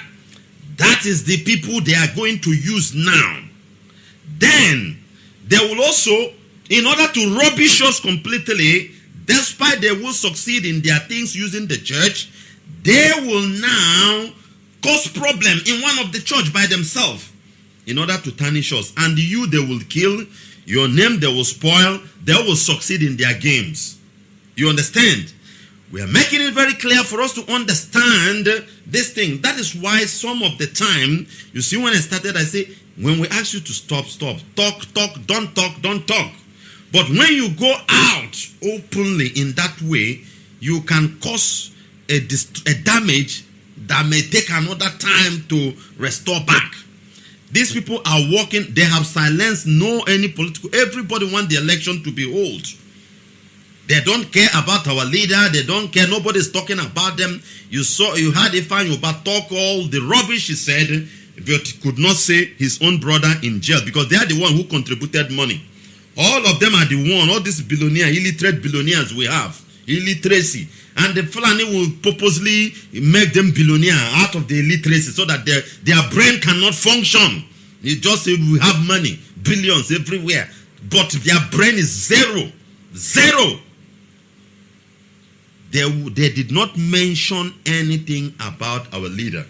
[SPEAKER 1] That is the people they are going to use now. Then they will also, in order to rubbish us completely, despite they will succeed in their things using the church, they will now cause problem in one of the church by themselves in order to tarnish us. And you they will kill, your name they will spoil, they will succeed in their games. You understand? We are making it very clear for us to understand this thing. That is why some of the time, you see, when I started, I say, when we ask you to stop, stop, talk, talk, don't talk, don't talk. But when you go out openly in that way, you can cause a, dist- a damage that may take another time to restore back. These people are working, they have silenced no any political, everybody want the election to be held. They don't care about our leader. They don't care. Nobody's talking about them. You saw, you heard Ifan but talk all the rubbish he said, but could not say his own brother in jail because they are the one who contributed money. All of them are the one, all these billionaire, illiterate billionaires we have, illiteracy. And the Fulani will purposely make them billionaire out of the illiteracy so that their, their brain cannot function. You just say we have money, billions everywhere, but their brain is zero. Zero. They, they did not mention anything about our leader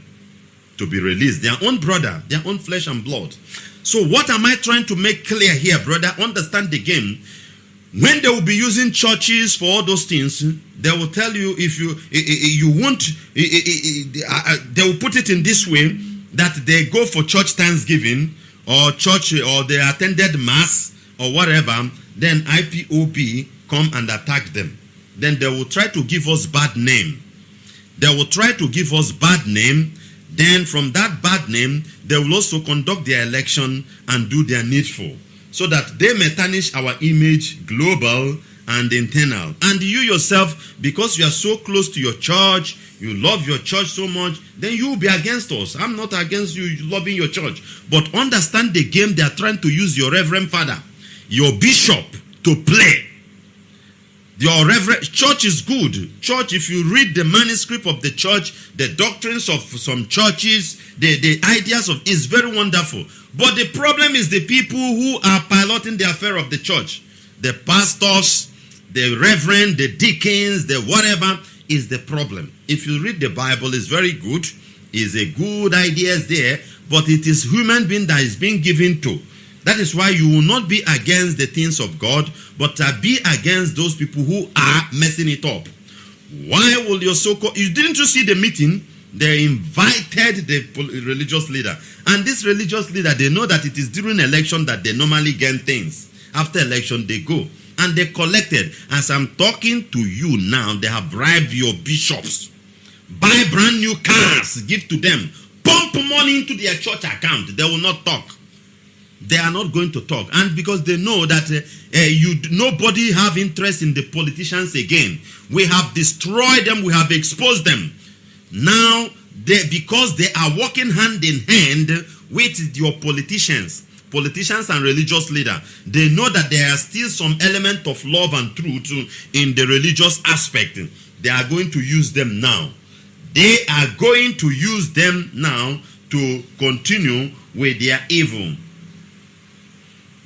[SPEAKER 1] to be released. Their own brother, their own flesh and blood. So, what am I trying to make clear here, brother? Understand the game. When they will be using churches for all those things, they will tell you if you you want. Uh, uh, they will put it in this way that they go for church thanksgiving or church or they attended mass or whatever. Then IPOB come and attack them. then they will try to give us bad name. They will try to give us bad name. Then from that bad name, they will also conduct their election and do their needful so that they may tarnish our image global and internal. And you yourself, because you are so close to your church, you love your church so much, then you will be against us. I'm not against you loving your church. But understand the game they are trying to use your reverend father, your bishop, to play Your reverend church is good. Church, if you read the manuscript of the church, the doctrines of some churches, the, the ideas of is very wonderful. But the problem is the people who are piloting the affair of the church. The pastors, the reverend, the deacons, the whatever is the problem. If you read the Bible, it's very good. is a good idea there, but it is human being that is being given to. That is why you will not be against the things of God, but uh, be against those people who are messing it up. Why will your so called. You didn't you see the meeting? They invited the religious leader. And this religious leader, they know that it is during election that they normally gain things. After election, they go. And they collected. As I'm talking to you now, they have bribed your bishops. Buy brand new cars, give to them. Pump money into their church account. They will not talk they are not going to talk and because they know that uh, uh, you nobody have interest in the politicians again we have destroyed them we have exposed them now they because they are working hand in hand with your politicians politicians and religious leaders they know that there are still some element of love and truth in the religious aspect they are going to use them now they are going to use them now to continue with their evil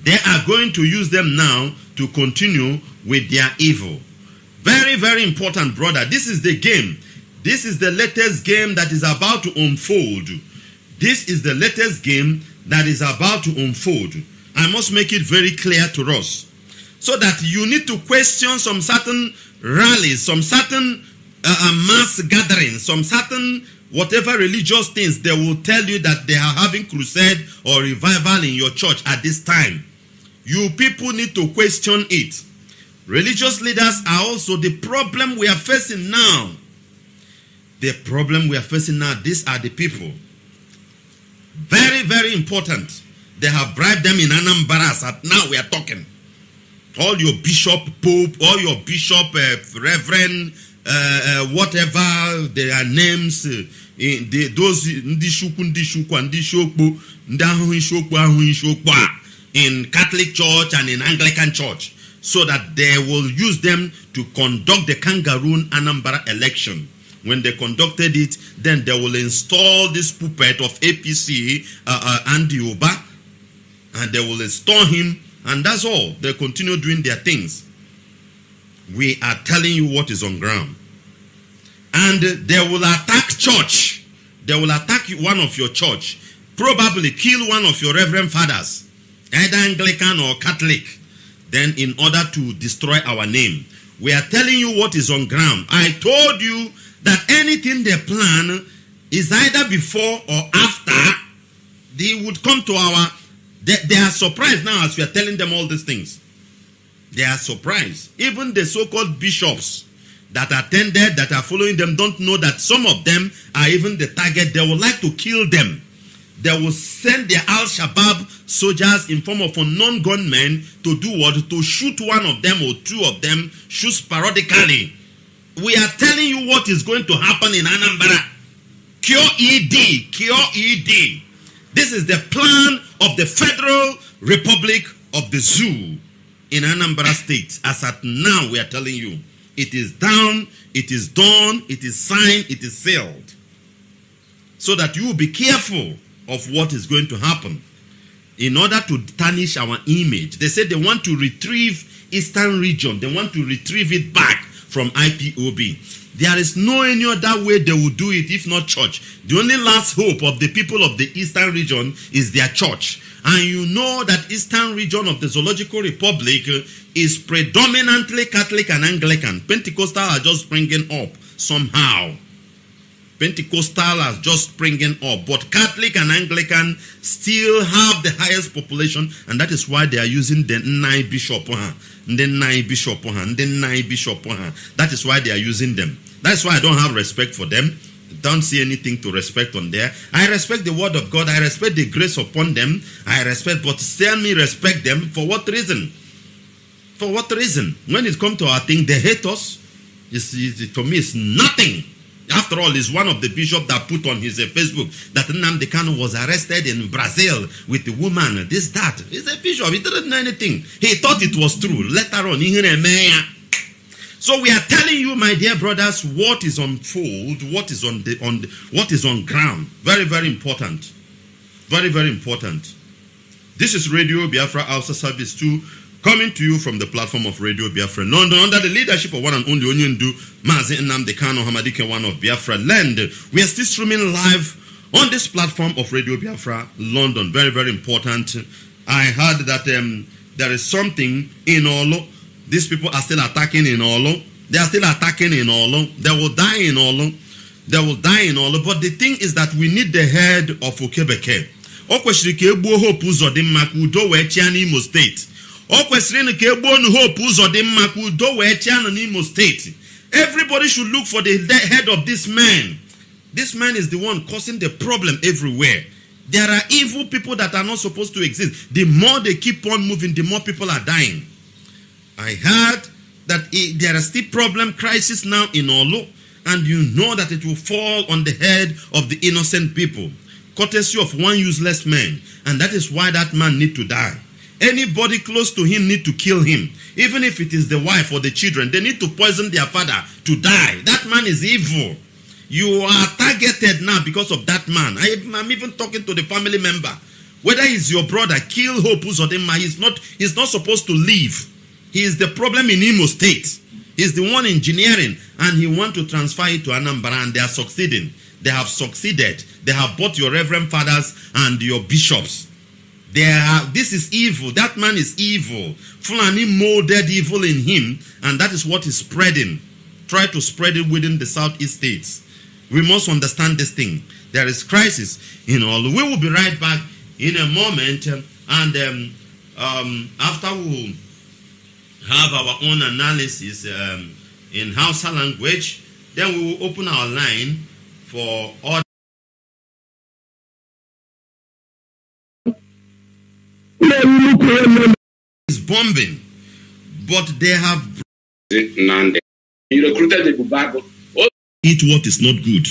[SPEAKER 1] They are going to use them now to continue with their evil. Very, very important, brother. This is the game. This is the latest game that is about to unfold. This is the latest game that is about to unfold. I must make it very clear to us. So that you need to question some certain rallies, some certain uh, uh mass gatherings, some certain whatever religious things they will tell you that they are having crusade or revival in your church at this time. You people need to question it. Religious leaders are also the problem we are facing now. The problem we are facing now, these are the people. Very, very important. They have bribed them in Anambra. Now we are talking. All your bishop, pope, all your bishop, uh, reverend, uh, uh, whatever their names, uh, in the, those ndị shukwu ndị shukwu ndị shokpo ndị in Catholic Church and in Anglican Church so that they will use them to conduct the Kangaroon Anambra election. When they conducted it, then they will install this puppet of APC uh, uh, Andy Oba and they will install him, and that's all. They continue doing their things. We are telling you what is on ground. And they will attack church. They will attack one of your church. Probably kill one of your reverend fathers either Anglican or Catholic, then in order to destroy our name. We are telling you what is on ground. I told you that anything they plan is either before or after they would come to our. They, they are surprised now as we are telling them all these things. They are surprised. Even the so called bishops that attended, that are following them, don't know that some of them are even the target. They would like to kill them they will send their Al Shabaab soldiers in form of unknown gunmen to do what? To shoot one of them or two of them, shoot sporadically. We are telling you what is going to happen in Anambra. QED, e QED. E This is the plan of the Federal Republic of the Zoo in Anambra State. As at now, we are telling you, it is down, it is done, it is signed, it is sealed. So that you be careful of what is going to happen in order to tarnish our image. They said they want to retrieve Eastern region. They want to retrieve it back from IPOB. There is no any other way they will do it if not church. The only last hope of the people of the Eastern region is their church. And you know that Eastern region of the Zoological Republic is predominantly Catholic and Anglican. Pentecostal are just springing up somehow. Pentecostal has just springing up, but Catholic and Anglican still have the highest population, and that is why they are using the nine bishop, uh, the nine bishop, uh, the nine bishop. Uh, that is why they are using them. That's why I don't have respect for them. Don't see anything to respect on there. I respect the word of God. I respect the grace upon them. I respect, but tell me respect them for what reason? For what reason? When it comes to our thing, they hate us. It's, it's, to me, it's nothing after all, is one of the bishops that put on his uh, Facebook that Nnamdi Kanu was arrested in Brazil with a woman, this, that. He's a bishop. He didn't know anything. He thought it was true. Later on, he heard a mayor. So we are telling you, my dear brothers, what is unfold, what is on the, on the, what is on ground. Very, very important. Very, very important. This is Radio Biafra Alsa Service 2. Coming to you from the platform of Radio Biafra London under the leadership of one and only Do Mazi Nnamdi Kano Hamadike one of Biafra Land. We are still streaming live on this platform of Radio Biafra London. Very, very important. I heard that um, there is something in Olo. These people are still attacking in Olo. They are still attacking in Olo. They will die in Olo. They will die in Olo. But the thing is that we need the head of Okebeke. Okwe kwesịrị ka e gbuo hope udo ọ kwesịrị ka egbuo nu hope ụzọ dị mma ka udo wee chịa nọ n'imo steeti everybody should look for the head of this man this man is the one causing the problem everywhere there are evil people that are not supposed to exist the more they keep on moving the more people are dying i heard that there are still problem crisis now in olu and you know that it will fall on the head of the innocent people courtesy of one useless man and that is why that man need to die Anybody close to him need to kill him. Even if it is the wife or the children, they need to poison their father to die. That man is evil. You are targeted now because of that man. I, am even talking to the family member. Whether he's your brother, kill Hope Uzodema. He's not, he's not supposed to leave. He is the problem in Imo State. He's the one engineering, and he want to transfer it to Anambra, and they are succeeding. They have succeeded. They have bought your reverend fathers and your bishops. There are, this is evil. That man is evil. Fulani molded evil in him, and that is what is spreading. Try to spread it within the southeast states. We must understand this thing. There is crisis in all. We will be right back in a moment, and um, um, after we have our own analysis um, in Hausa language, then we will open our line for all. It's bombing, but they have. He recruited the Bible. Eat what is not good,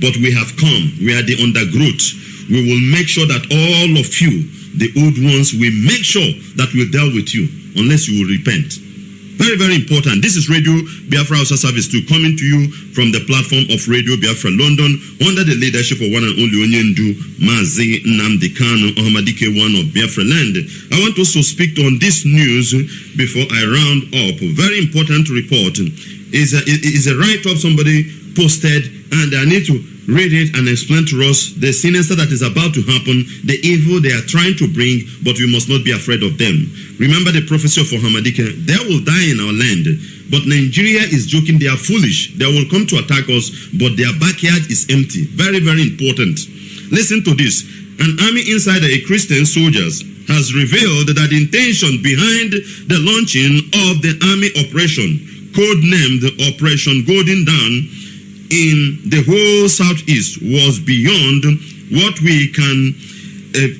[SPEAKER 1] but we have come. We are the undergrowth. We will make sure that all of you, the old ones, we make sure that we deal with you unless you will repent. Very, very important. This is Radio Biafra Hausa Service 2 coming to you from the platform of Radio Biafra London under the leadership of one and only Onyendu Mazi Nnamdi Kanu Ohamadike, one of Biafra land. I want also speak on this news before I round up. Very important report is a, is a write-up somebody posted and I need to read it and explain to us the sinister that is about to happen, the evil they are trying to bring, but we must not be afraid of them. Remember the prophecy of Ohamadike, they will die in our land. But Nigeria is joking, they are foolish. They will come to attack us, but their backyard is empty. Very, very important. Listen to this. An army insider, a Christian soldiers, has revealed that the intention behind the launching of the army operation, codenamed Operation Golden Dawn, in the whole southeast was beyond what we can uh,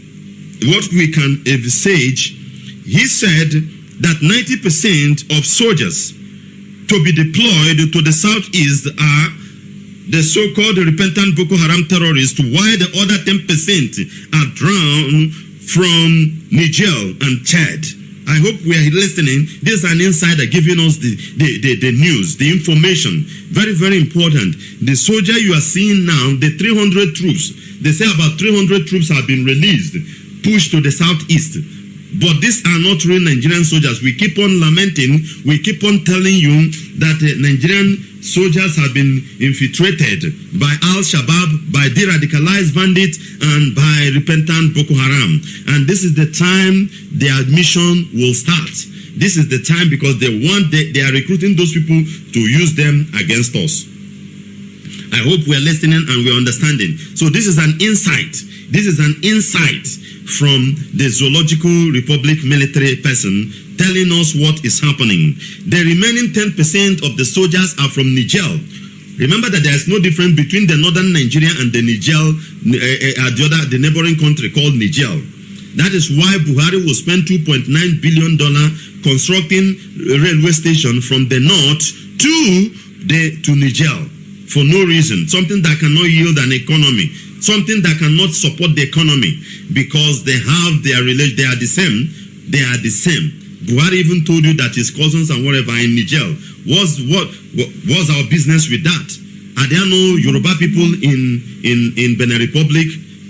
[SPEAKER 1] what we can envisage. He said that 90% of soldiers to be deployed to the southeast are the so-called repentant Boko Haram terrorists, while the other 10% are drawn from Niger and Chad. I hope we are listening. This is an insider giving us the, the, the, the news, the information. Very, very important. The soldier you are seeing now, the 300 troops, they say about 300 troops have been released, pushed to the southeast. But these are not real Nigerian soldiers. We keep on lamenting, we keep on telling you that uh, Nigerian soldiers have been infiltrated by Al Shabaab, by de radicalized bandits, and by repentant Boko Haram. And this is the time the admission will start. This is the time because they want, they, they are recruiting those people to use them against us. I hope we are listening and we are understanding. So, this is an insight. This is an insight from the Zoological Republic military person telling us what is happening. The remaining 10% of the soldiers are from Niger. Remember that there is no difference between the northern Nigeria and the Niger, uh, uh, the, other, the neighboring country called Niger. That is why Buhari will spend 2.9 billion dollar constructing a railway station from the north to the to Niger for no reason. Something that cannot yield an economy, something that cannot support the economy because they have their relation. They are the same. They are the same. Buhari even told you that his cousins and whatever are in Niger. What's, what, was our business with that? Are there no Yoruba people in, in, in Benin Republic,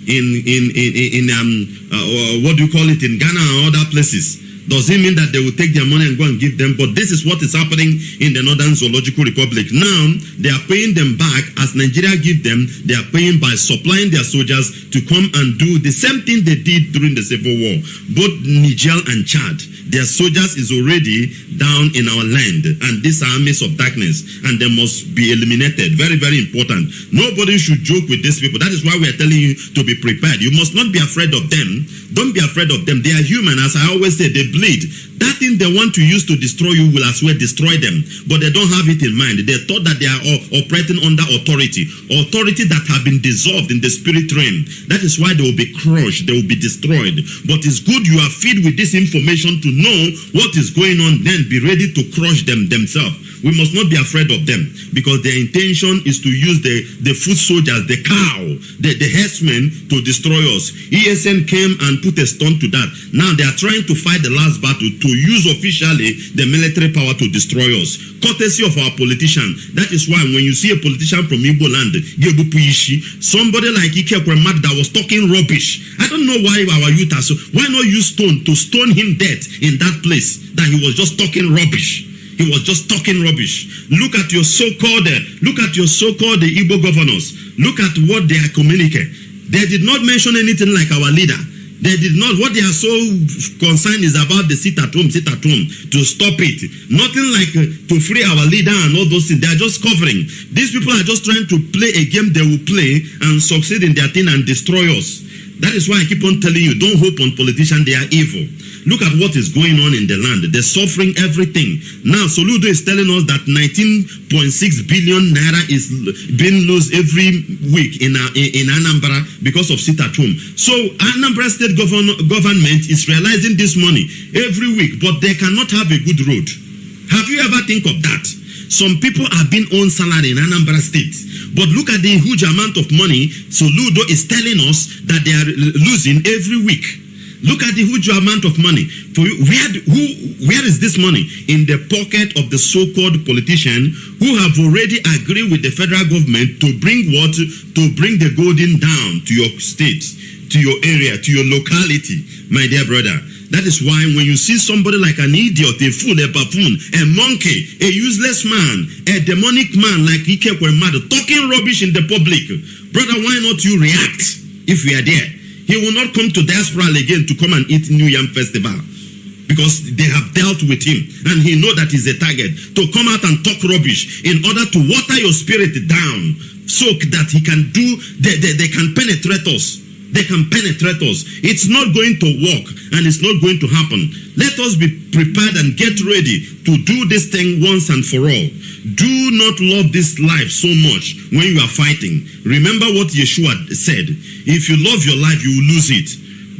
[SPEAKER 1] in, in, in, in um, uh, uh, what do you call it, in Ghana and other places? Does it mean that they will take their money and go and give them? But this is what is happening in the Northern Zoological Republic. Now, they are paying them back as Nigeria give them. They are paying by supplying their soldiers to come and do the same thing they did during the Civil War, both Niger and Chad. Their soldiers is already down in our land, and these armies of darkness, and they must be eliminated. Very, very important. Nobody should joke with these people. That is why we are telling you to be prepared. You must not be afraid of them. Don't be afraid of them. They are human, as I always say, they bleed. That thing they want to use to destroy you will as well destroy them, but they don't have it in mind. They thought that they are operating under authority, authority that have been dissolved in the spirit realm. That is why they will be crushed, they will be destroyed. But it's good you are filled with this information to know what is going on, then be ready to crush them themselves. We must not be afraid of them because their intention is to use the, the foot soldiers, the cow, the, the herdsmen to destroy us. ESN came and put a stone to that. Now they are trying to fight the last battle to use officially the military power to destroy us. Courtesy of our politician. That is why when you see a politician from Igbo land, somebody like Ike Kwemat that was talking rubbish. I don't know why our youth are so. Why not use stone to stone him dead in that place that he was just talking rubbish? he was just talking rubbish. Look at your so-called, uh, look at your so-called Igbo governors. Look at what they are communicating. They did not mention anything like our leader. They did not. What they are so concerned is about the sit at home, sit at home to stop it. Nothing like uh, to free our leader and all those things. They are just covering. These people are just trying to play a game they will play and succeed in their thing and destroy us. That is why I keep on telling you don't hope on politicians, they are evil. Look at what is going on in the land. They're suffering everything. Now, Soludo is telling us that 19.6 billion naira is being lost every week in, uh, in, Anambra because of sit at home. So, Anambra state govern- government is realizing this money every week, but they cannot have a good road. Have you ever think of that? Some people have been on salary in Anambra State. But look at the huge amount of money Soludo is telling us that they are losing every week. Look at the huge amount of money. For where, who, where is this money? In the pocket of the so-called politician who have already agreed with the federal government to bring what? To bring the golden down to your state, to your area, to your locality, my dear brother. That is why when you see somebody like an idiot, a fool, a buffoon, a monkey, a useless man, a demonic man like Ike Kwemadu talking rubbish in the public, brother, why not you react if we are there? He will not come to Diaspora again to come and eat New Yam Festival because they have dealt with him and he know that he's a target to come out and talk rubbish in order to water your spirit down so that he can do they, they, they can penetrate us They can penetrate us. It's not going to work and it's not going to happen. Let us be prepared and get ready to do this thing once and for all. Do not love this life so much when you are fighting. Remember what Yeshua said if you love your life, you will lose it.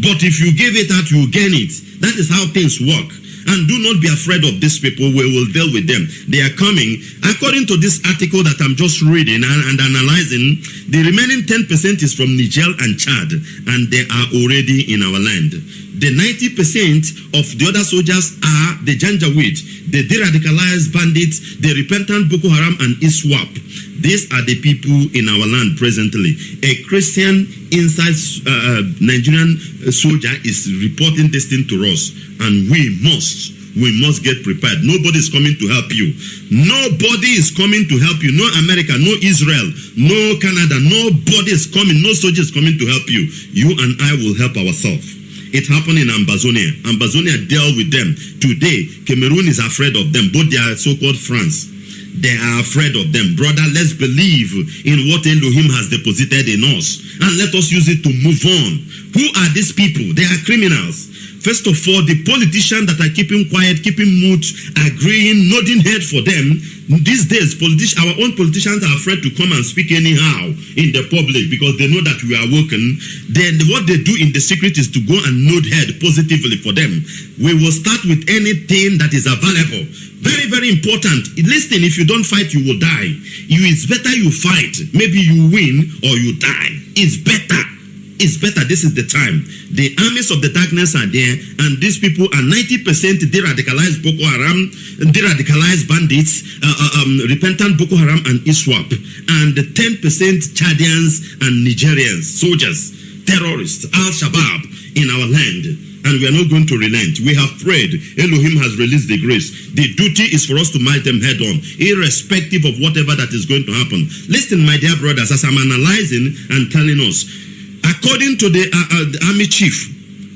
[SPEAKER 1] But if you give it out, you will gain it. That is how things work. And do not be afraid of these people. We will deal with them. They are coming. According to this article that I'm just reading and, and analyzing, the remaining 10% is from Niger and Chad, and they are already in our land. The ninety percent of the other soldiers are the Janjaweed, the de-radicalized bandits, the repentant Boko Haram and ISWAP. These are the people in our land presently. A Christian inside uh, uh, Nigerian soldier is reporting this thing to us, and we must we must get prepared. Nobody is coming to help you. Nobody is coming to help you. No America, no Israel, no Canada. Nobody is coming. No soldier is coming to help you. You and I will help ourselves. It happened in Ambazonia. Ambazonia dealt with them. Today, Cameroon is afraid of them, both their so called friends, They are afraid of them. Brother, let's believe in what Elohim has deposited in us and let us use it to move on. Who are these people? They are criminals. First of all, the politicians that are keeping quiet, keeping mute, agreeing, nodding head for them, these days, politi- our own politicians are afraid to come and speak anyhow in the public because they know that we are working. Then what they do in the secret is to go and nod head positively for them. We will start with anything that is available. Very, very important. Listen, if you don't fight, you will die. It is better you fight. Maybe you win or you die. It's better. It's better. This is the time. The armies of the darkness are there, and these people are 90% de radicalized Boko Haram, de radicalized bandits, uh, uh, um, repentant Boko Haram and ISWAP, and 10% Chadians and Nigerians, soldiers, terrorists, Al Shabaab in our land and we are not going to relent. We have prayed. Elohim has released the grace. The duty is for us to meet them head on, irrespective of whatever that is going to happen. Listen, my dear brothers, as I'm analyzing and telling us, according to the, uh, uh, the army chief,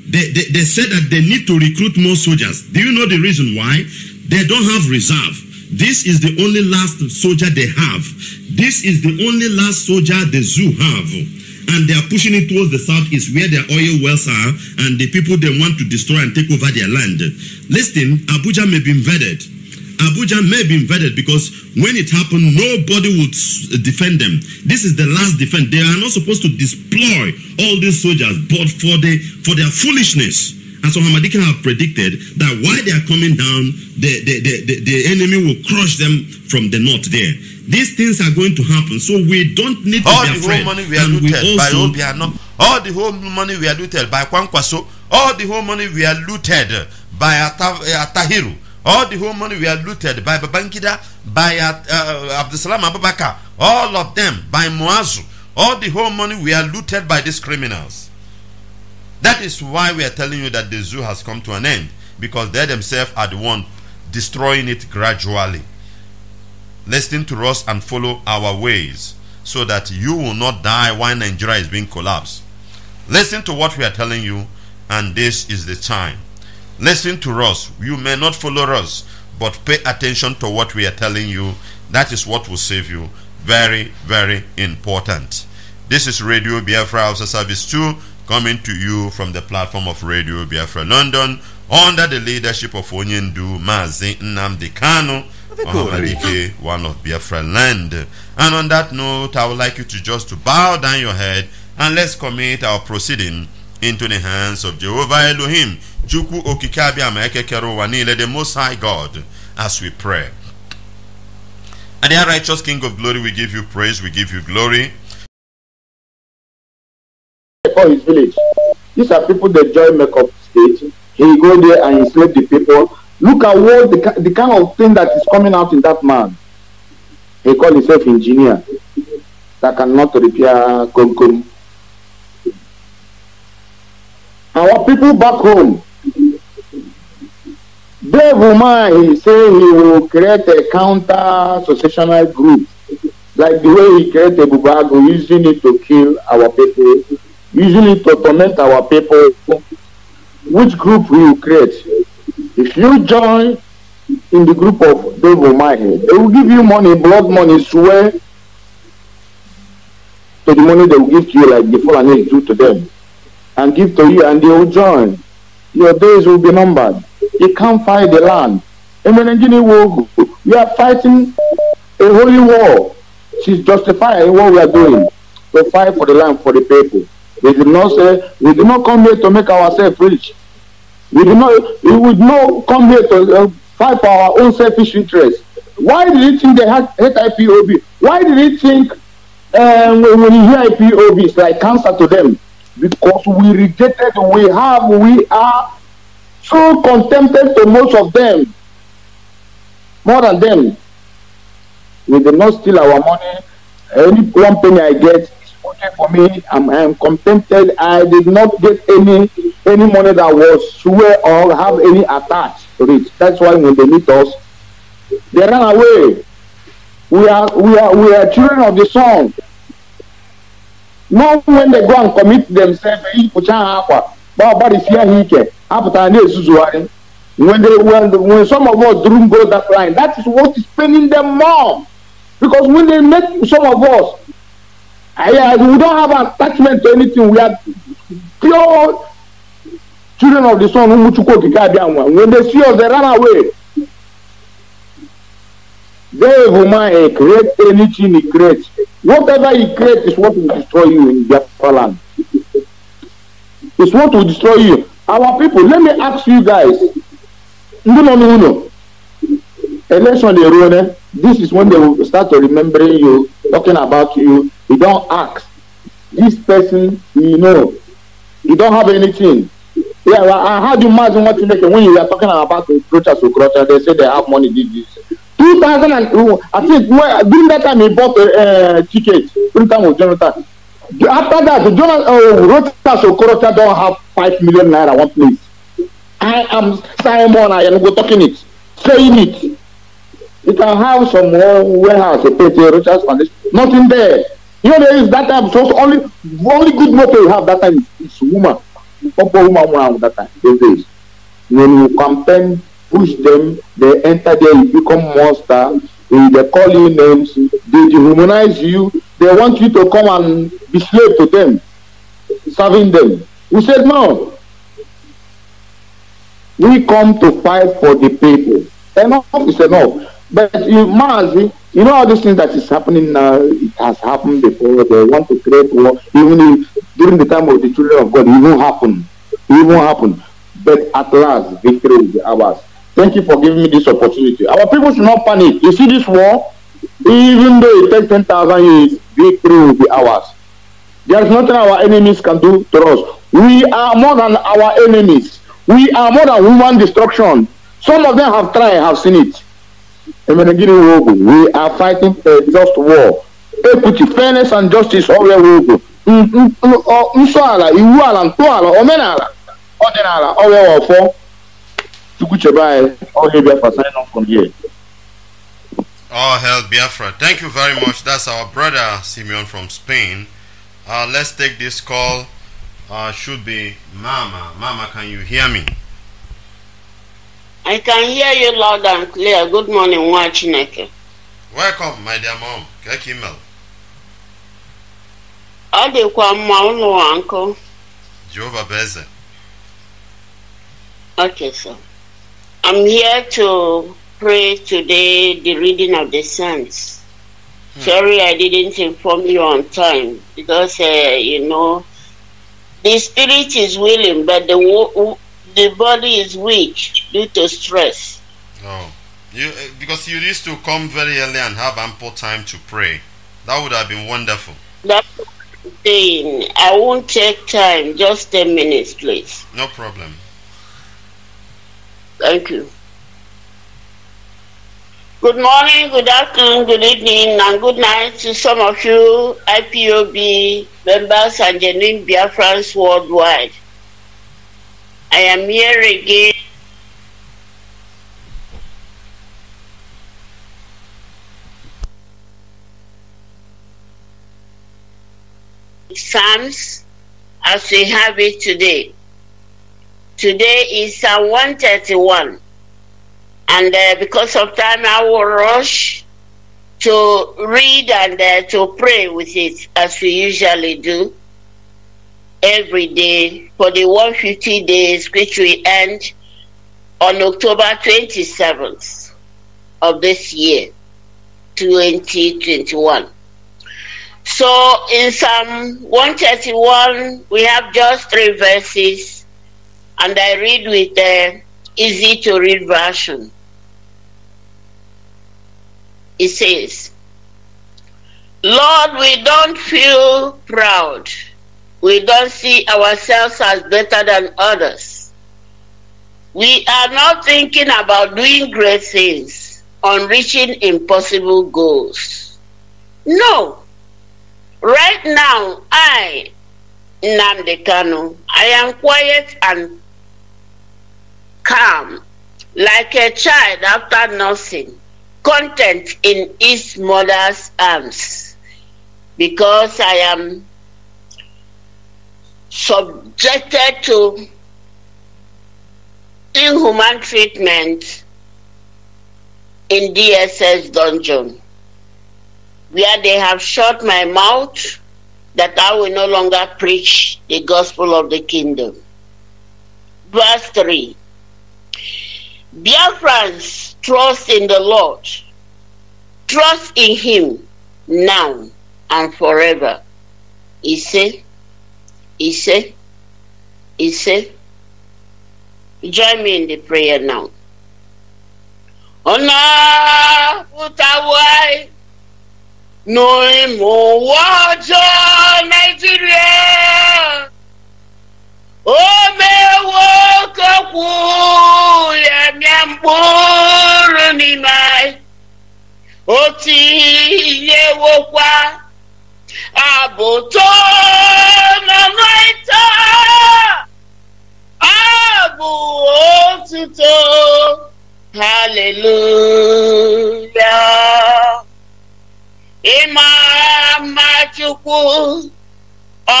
[SPEAKER 1] they, they, they said that they need to recruit more soldiers. Do you know the reason why? They don't have reserve. This is the only last soldier they have. This is the only last soldier the zoo have. And they are pushing it towards the southeast where their oil wells are and the people they want to destroy and take over their land. Listen, Abuja may be invaded. Abuja may be invaded because when it happened, nobody would uh, defend them. This is the last defense. They are not supposed to deploy all these soldiers, but for the for their foolishness. And so Hamadika have predicted that while they are coming down, the, the, the, the, the enemy will crush them from the north there. These things are going to happen. So we don't need all to be afraid. All the whole money we are looted by Obiano. All the whole money we are looted by Kwankwaso. All the whole money we are looted by Ata, eh, Atahiru. All the whole money were looted by Babangida, by uh, uh Abdusalam Abubakar, all of them, by Muazu. All the whole money were looted by these criminals. That is why we are telling you that the zoo has come to an end because they themselves are the one destroying it gradually. Listen to us and follow our ways so that you will not die while Nigeria is being collapsed. Listen to what we are telling you, and this is the time. Listen to us. You may not follow us, but pay attention to what we are telling you. That is what will save you. Very, very important. This is Radio Biafra House Service 2 coming to you from the platform of Radio Biafra London under the leadership of Onyendu Mazi Nnamdi one of Biafra land. And on that note, I would like you to just to bow down your head and let's commit our proceeding into the hands of Jehovah Elohim chukwu okike abịama eke kere ụwa niile the most high god as we pray and the righteous king of glory we give you praise we give you glory
[SPEAKER 3] for his village these are people
[SPEAKER 1] that join make up
[SPEAKER 3] state he go there and enslave the people look at what the, the kind of thing that is coming out in that man he call himself engineer that cannot repair concrete. Our people back home, Devuma he say he will create a counter secessional group like the way he create Bubago using it to kill our people using it to torment our people which group will you create if you join in the group of Devomahe they will give you money blood money swear to the money they will give to you like the Fulani do to them and give to you and they will join your days will be numbered. You can't fight the land. We are fighting a holy war. She's justifying what we are doing to fight for the land, for the people. We did not say, we did not come here to make ourselves rich. We did not, we would not come here to uh, fight for our own selfish interests. Why did you think they had IPOB? Why did you think um, when you hear IPOB, it's like cancer to them? because we rejected, we have, we are so contempted to most of them, more than them. We did not steal our money. Any one penny I get is voted for me. I'm, I'm contented. I did not get any any money that was swear or have any attached to it. That's why when they meet us, they run away. We are we are we are children of the sun. not when they go and commit themselves ịkpụcha ha akwa gbagbarisie ha ike apụtara na-ezuzugharị when they when, when some of us didn't go that line that is what is paining them more because when they make some of us I, I, we don't have attachment to anything we are pure children of the sun umuchukwu okike abịa nwa when they see us they run away Very human uh, create anything he creates. Whatever he creates is what will destroy you in Biafra land. It's what will destroy you. Our people, let me ask you guys. Ndị nọ n'ụlọ, election dey run, this is when they will start to remembering you, talking about you. You not ask, this person you know, you not have anything. Yeah, well, how do you imagine what you make when you are talking about the protest, they say they have money, this, this. two thousand and i think well, during that time he bought a uh, uh, ticket during time of jonathan after that the jonathan uh, rotas okorocha don have five million naira one place i am simon I am ayenugo talking it saying it you can have some warehouse a pete rotas foundation nothing there you know there is that time so only only good motor you have that time is, is woman ọ̀pọ̀ woman woman that time those days when you campaign push them, they enter there, you become monster, they call you names, they dehumanize you, they want you to come and be slave to them, serving them. We said no. We come to fight for the people. Enough is enough. But you must, you know, all these things that is happening now, it has happened before. They want to create war, even if, during the time of the children of God, it won't happen. It won't happen. But at last, victory will be ours. Thank you for giving me this opportunity. Our people should not panic. You see this war, even though it takes 10,000 years, victory will be ours. There is nothing our enemies can do to us. We are more than our enemies. We are more than human destruction. Some of them have tried, have seen it. We are fighting a just war. Equity, fairness, and justice ọrịa wogo. Nsọ ala, iwu ala, ntọala, omenala, ọdịnala, ọrịa ọfọ. Tukuchabai, all hail Biafra, sign off from here.
[SPEAKER 1] All hail Biafra. Thank you very much. That's our brother Simeon from Spain. Uh, let's take this call. Uh, should be Mama. Mama, can you hear me? I can hear you loud and clear. Good morning, Wachineke. Welcome, my dear mom. Kek email.
[SPEAKER 3] Ọ dịkwa mma ụlọ nkụ.
[SPEAKER 1] Jehova Beze.
[SPEAKER 3] Okay, sir. I'm here to pray today the reading of the Psalms. Hmm. Sorry I didn't inform you on time because, uh, you know, the spirit is willing, but the, wo-
[SPEAKER 1] the body is weak due to stress. Oh, you, uh, because you used to come very early and have ample time to pray. That would have been wonderful. That's
[SPEAKER 3] the thing. I won't take time, just 10 minutes, please. No problem. Thank you. Good morning, good afternoon, good evening, and good night to some of you IPOB members and genuine Biafrans worldwide. I am here again. Psalms as we have it today. Today is Psalm uh, 131. And uh, because of time, I will rush to read and uh, to pray with it as we usually do every day for the 150 days which we end on October 27th of this year, 2021. So in Psalm 131, we have just three verses and I read with the uh, easy to read version. It says, Lord, we don't feel proud. We don't see ourselves as better than others. We are not thinking about doing great things, on reaching impossible goals. No. Right now, I, Namdekano, I am quiet and calm, like a child after nursing, content in his mother's arms, because I am subjected to inhuman treatment in DSS dungeon, where they have shut my mouth that I will no longer preach the gospel of the kingdom. Verse 3 Biafrans trust in the Lord. Trust in Him now and forever. He said, He said, He said, join me in the prayer now. Ọ̀nà utawai, no ìmọ̀ wọ́jọ́ omewokkwuya bịa mkpụrụ n'ime anyị otinyewokwa abụtọ na naịta abụ otuto haleluya ịma mma chukwu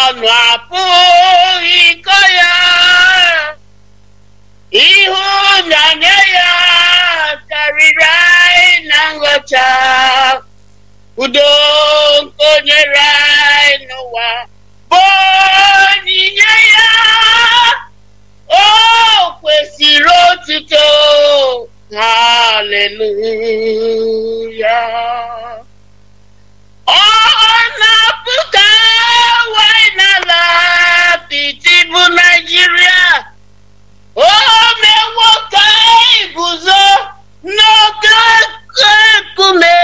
[SPEAKER 3] ọnụ apụghị iko ya ihu na ya karịrị anyị na ngọcha udo nke anyị n'ụwa
[SPEAKER 2] bụ onyinye ya
[SPEAKER 3] o kwesịrị otuto haleluya ọ why Kúkà wá iná là Tìtìbù Nàìjíríà. Ó mẹ́wọ́ ká ibùsọ̀ náà kékeré.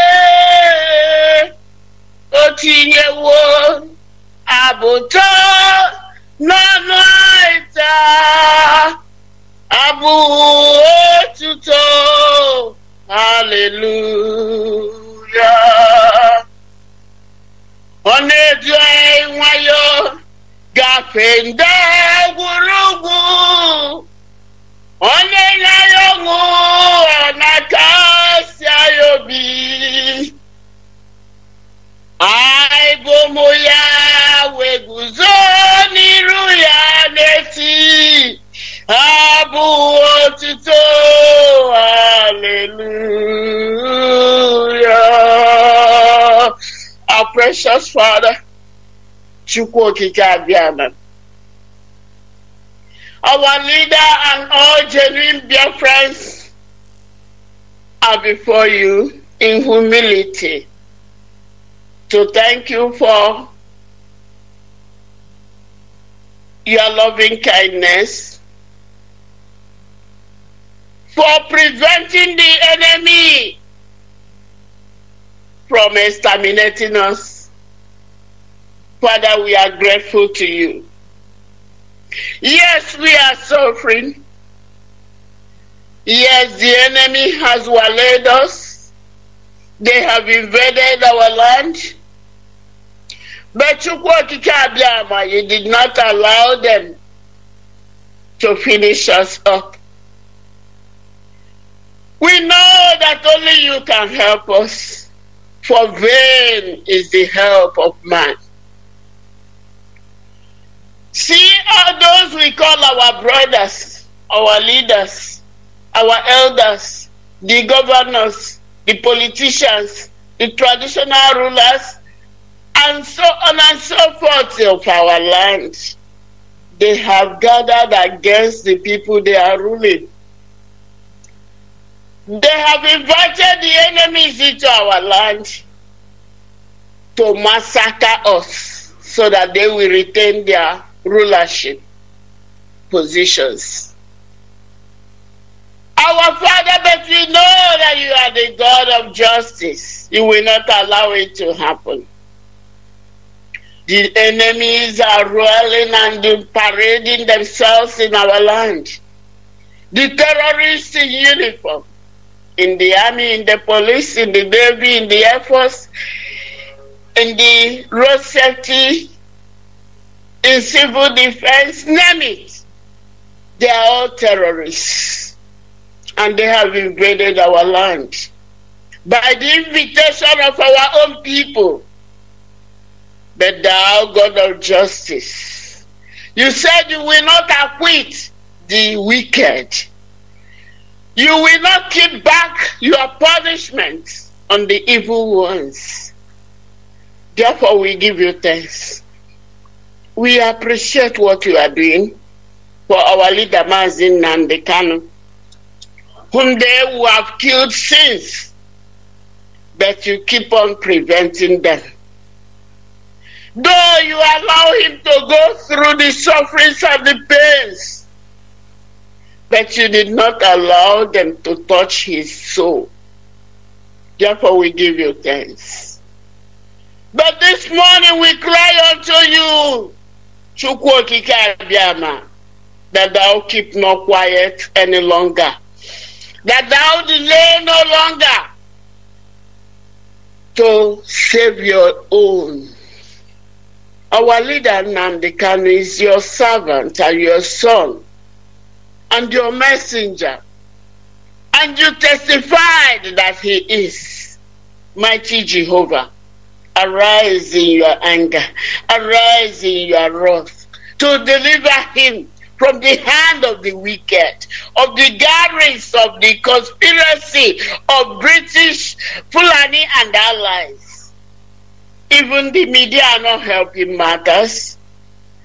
[SPEAKER 3] Ó ti yẹ wo àbùtọ́ lọ́nà ìta. Abu òtútọ́ hallelujah ọna-edu nwayọ gafee nde gwurugwu onye nye ya ọnaka si ya obi anyị ya wee guzo precious Father, Chukwu Our leader and all genuine dear friends are before you in humility to thank you for your loving kindness, for preventing the enemy from exterminating us Father, we are grateful to you. Yes, we are suffering. Yes, the enemy has waylaid us. They have invaded our land. But you did not allow them to finish us up. We know that only you can help us, for vain is the help of man. See all those we call our brothers, our leaders, our elders, the governors, the politicians, the traditional rulers, and so on and so forth of our land. They have gathered against the people they are ruling. They have invited the enemies into our land to massacre us so that they will retain their rulership positions. Our Father, but we know that you are the God of justice. You will not allow it to happen. The enemies are rolling and parading themselves in our land. The terrorists in uniform, in the army, in the police, in the navy, in the air force, in the road safety in civil defense, name it. They are all terrorists and they have invaded our land. By the invitation of our own people, but thou God of justice, you said you will not acquit the wicked. You will not keep back your punishment on the evil ones. Therefore, we give you thanks we appreciate what you are doing for our leader Mazin Nandekano, whom they have killed since, but you keep on preventing them. Though you allow him to go through the sufferings and the pains, but you did not allow them to touch his soul. Therefore, we give you thanks. But this morning we cry unto you Chukwu Okike Abiama, that thou keep not quiet any longer, that thou delay no longer to save your own. Our leader Namdekanu is your servant and your son and your messenger. And you testified that he is mighty Jehovah. Arise in your anger, arise in your wrath to deliver him from the hand of the wicked, of the gatherings of the conspiracy of British Fulani and allies. Even the media are not helping matters.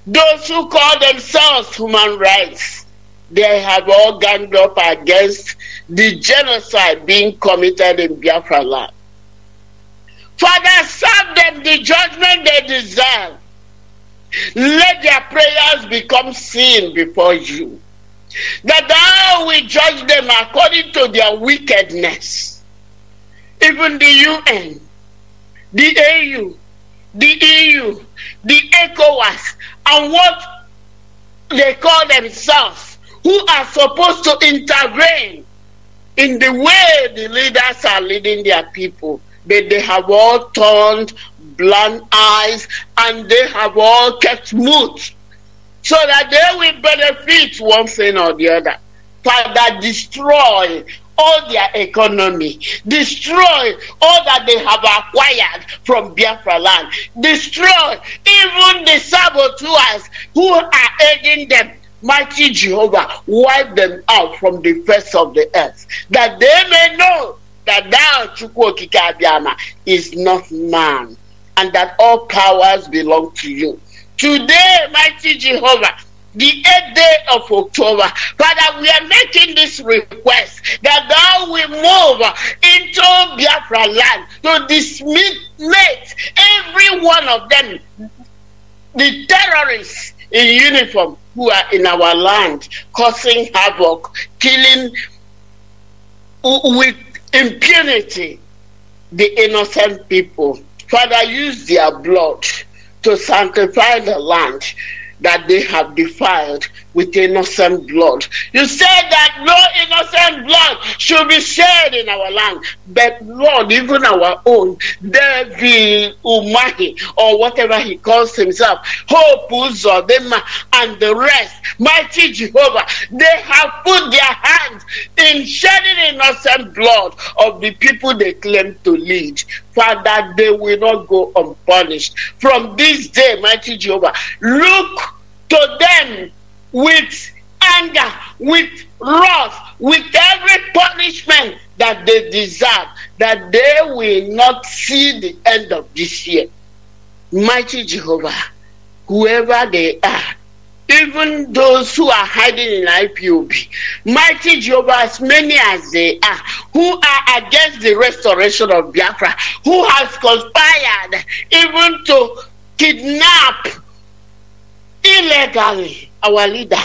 [SPEAKER 3] Those who call themselves human rights, they have all ganged up against the genocide being committed in Biafra land. Father, serve them the judgment they deserve. Let their prayers become sin before you. That thou will judge them according to their wickedness. Even the UN, the AU, the EU, the ECOWAS, and what they call themselves, who are supposed to intervene in the way the leaders are leading their people. But they have all turned blind eyes and they have all kept mute so that they will benefit one thing or the other. Father, destroy all their economy, destroy all that they have acquired from Biafra land, destroy even the saboteurs who are aiding them. Mighty Jehovah, wipe them out from the face of the earth, that they may know that thou, Chukwu Okike Abiyama, is not man, and that all powers belong to you. Today, mighty Jehovah, the eighth day of October. Father, we are making this request that thou will move into Biafra land to dismiss every one of them, the terrorists in uniform who are in our land, causing havoc, killing with impunity the innocent people. Father, use their blood to sanctify the land that they have defiled with innocent blood. You said that no innocent blood should be shed in our land, but Lord, even our own, David Umahi, or whatever he calls himself, Hope Uzodema, and the rest, mighty Jehovah, they have put their hands in shedding innocent blood of the people they claim to lead. Father, they will not go unpunished. From this day, mighty Jehovah, look to them with anger, with wrath, with every punishment that they deserve, that they will not see the end of this year. Mighty Jehovah, whoever they are, even those who are hiding in IPOB, mighty Jehovah, as many as they are, who are against the restoration of Biafra, who has conspired even to kidnap illegally our leader,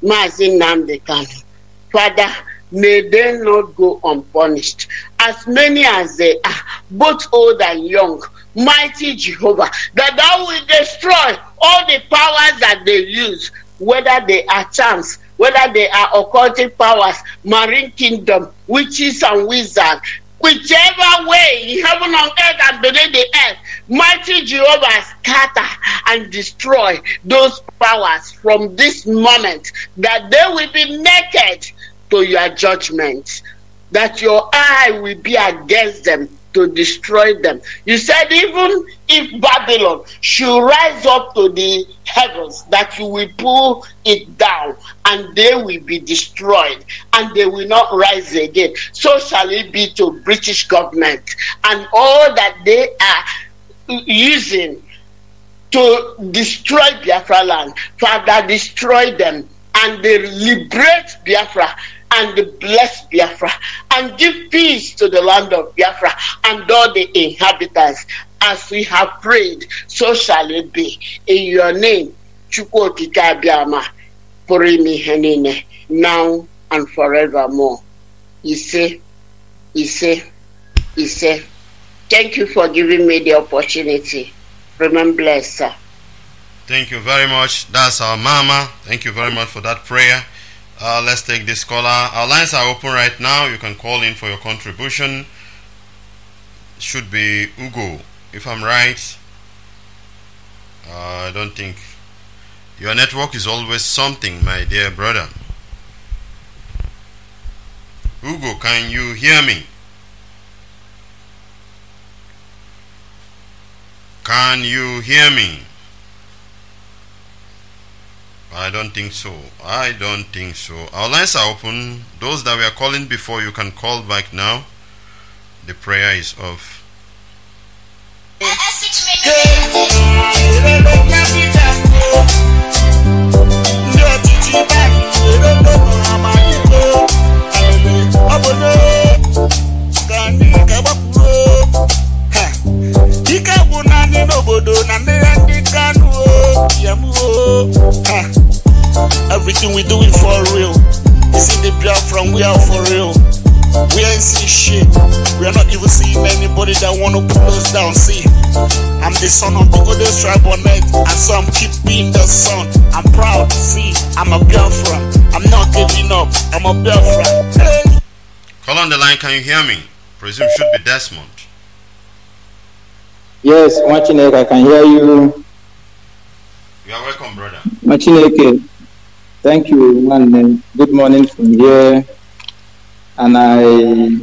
[SPEAKER 3] Mazin Namdekan. Father, may they not go unpunished. As many as they are, both old and young, mighty Jehovah, that thou will destroy all the powers that they use, whether they are charms, whether they are occultic powers, marine kingdom, witches and wizards, whichever way heaven on earth and beneath the earth, mighty Jehovah scatter and destroy those powers from this moment that they will be naked to your judgment, that your eye will be against them to destroy them. You said, even if Babylon should rise up to the heavens, that you will pull it down and they will be destroyed and they will not rise again. So shall it be to British government and all that they are using to destroy Biafra land. Father, destroy them and they liberate Biafra and bless Biafra and give peace to the land of Biafra and all the inhabitants. As we have prayed, so shall it be. In your name, Chukwokika Biama, Purimi Henine, now and forevermore. You say, you say, you say, thank you for giving me the opportunity. Remember, blessed, sir.
[SPEAKER 1] Thank you very much. That's our mama. Thank you very much for that prayer. Uh, let's take this caller. Our lines are open right now. You can call in for your contribution. Should be Ugo, if I'm right. Uh, I don't think your network is always something, my dear brother. Ugo, can you hear me? Can you hear me? I don't think so. I don't think so. Our lines are open. Those that we are calling before, you can call back now. The prayer is off
[SPEAKER 3] na ndị ndị Kanu everything we do it for real this is the bra from we are for real we ain't see shit we are not even seeing anybody that wanna pull us down see I'm the son of the oldest tribe on earth, and so I'm keep being the son. I'm proud, see, I'm a Biafra. I'm not giving up, I'm a Biafra. Hey. Call on the line, can you hear me? Presume should be Desmond. Yes, Machineke, I can hear you. You are welcome, brother. Machineke, thank you, man. good morning from here. And I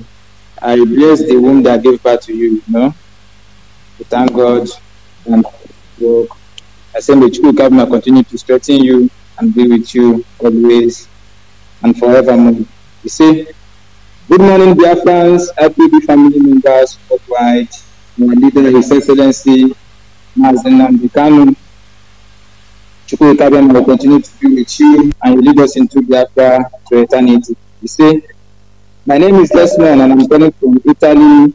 [SPEAKER 3] I bless the womb that gave birth to you, you know. thank God and work. I say may true government continue to strengthen you and be with you always and forevermore. You see, good morning, dear friends, IPB family members worldwide our leader, His Excellency Mazen Nambikanu. Chukwu Kabem will continue to be with you and lead us into Biafra to eternity. You see, my name is Desmond and I'm coming from Italy.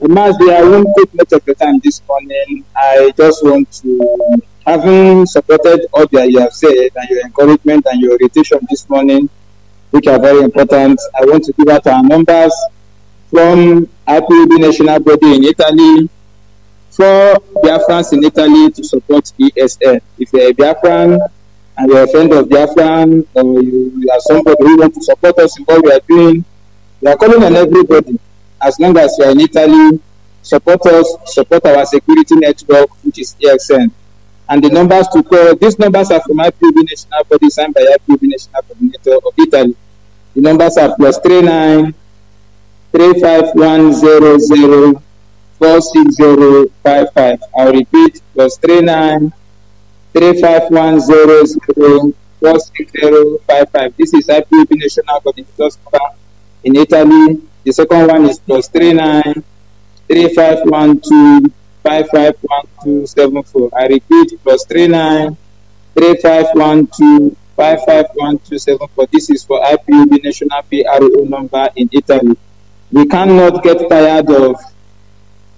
[SPEAKER 3] It I won't take much of the time this morning. I just want to, having supported all that you have said and your encouragement and your orientation this morning, which are very important, I want to give out our numbers from Apubi National Body in Italy, four Biafrans in Italy to support ESN. If you're a Biafran and you're a friend of Biafran, or you, are somebody who wants to support us in what we are doing, we are calling on everybody. As long as you are in Italy, support us, support our security network, which is ESN. And the numbers to call, these numbers are from IPB National Body signed by IPB National Coordinator of Italy. The numbers are plus 39 35100 I'll repeat, plus 39
[SPEAKER 4] 35100 This is IPB National Coordinator's number in Italy. The second one is plus 39
[SPEAKER 3] 3512 I repeat, plus 39 3512 This is for IPUB National PRO number in Italy. We cannot get tired of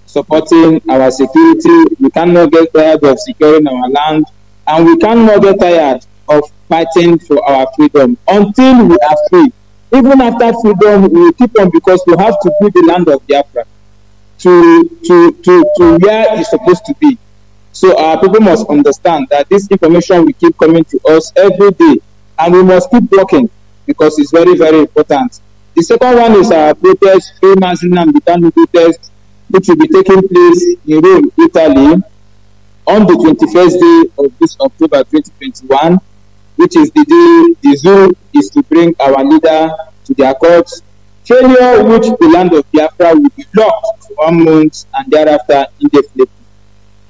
[SPEAKER 3] supporting our security. We cannot get tired of securing our land. And we cannot get tired of fighting for our freedom until we are free. Even after freedom, we will keep on because we have to build the land of Biafra to, to, to, to where it's supposed to be. So our people must understand that this information will keep coming to us every day, and we must keep working because it's very, very important. The second one is our protest, famous Nnamdi Kanu protest, which will be taking place in Rome, Italy, on the 21st day of this October 2021, which is the day the zoo is to bring our leader to their courts. Failure which the land of Biafra will be blocked for one month and thereafter indefinitely.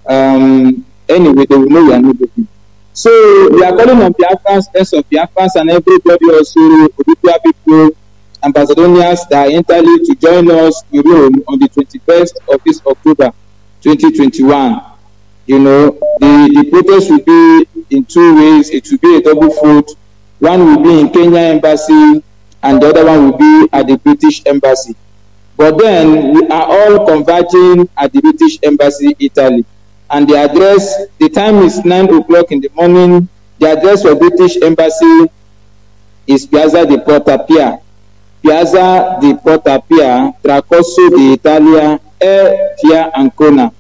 [SPEAKER 3] Um, anyway, they will know we are not looking. So we are calling on Biafrans, rest of Biafrans, and everybody also, Obibia people, and Macedonians entirely to join us in Rome on the 21st of this October 2021. You know, the, the protest will be in two ways. It will be a double fold. One will be in Kenya embassy and the other one will be at the British embassy. But then we are all converging at the British embassy, Italy. And the address, the time is nine o'clock in the morning. The address for British embassy is Piazza di Porta Pia, Piazza di Portapia, Tracosso di Italia, air via Ancona.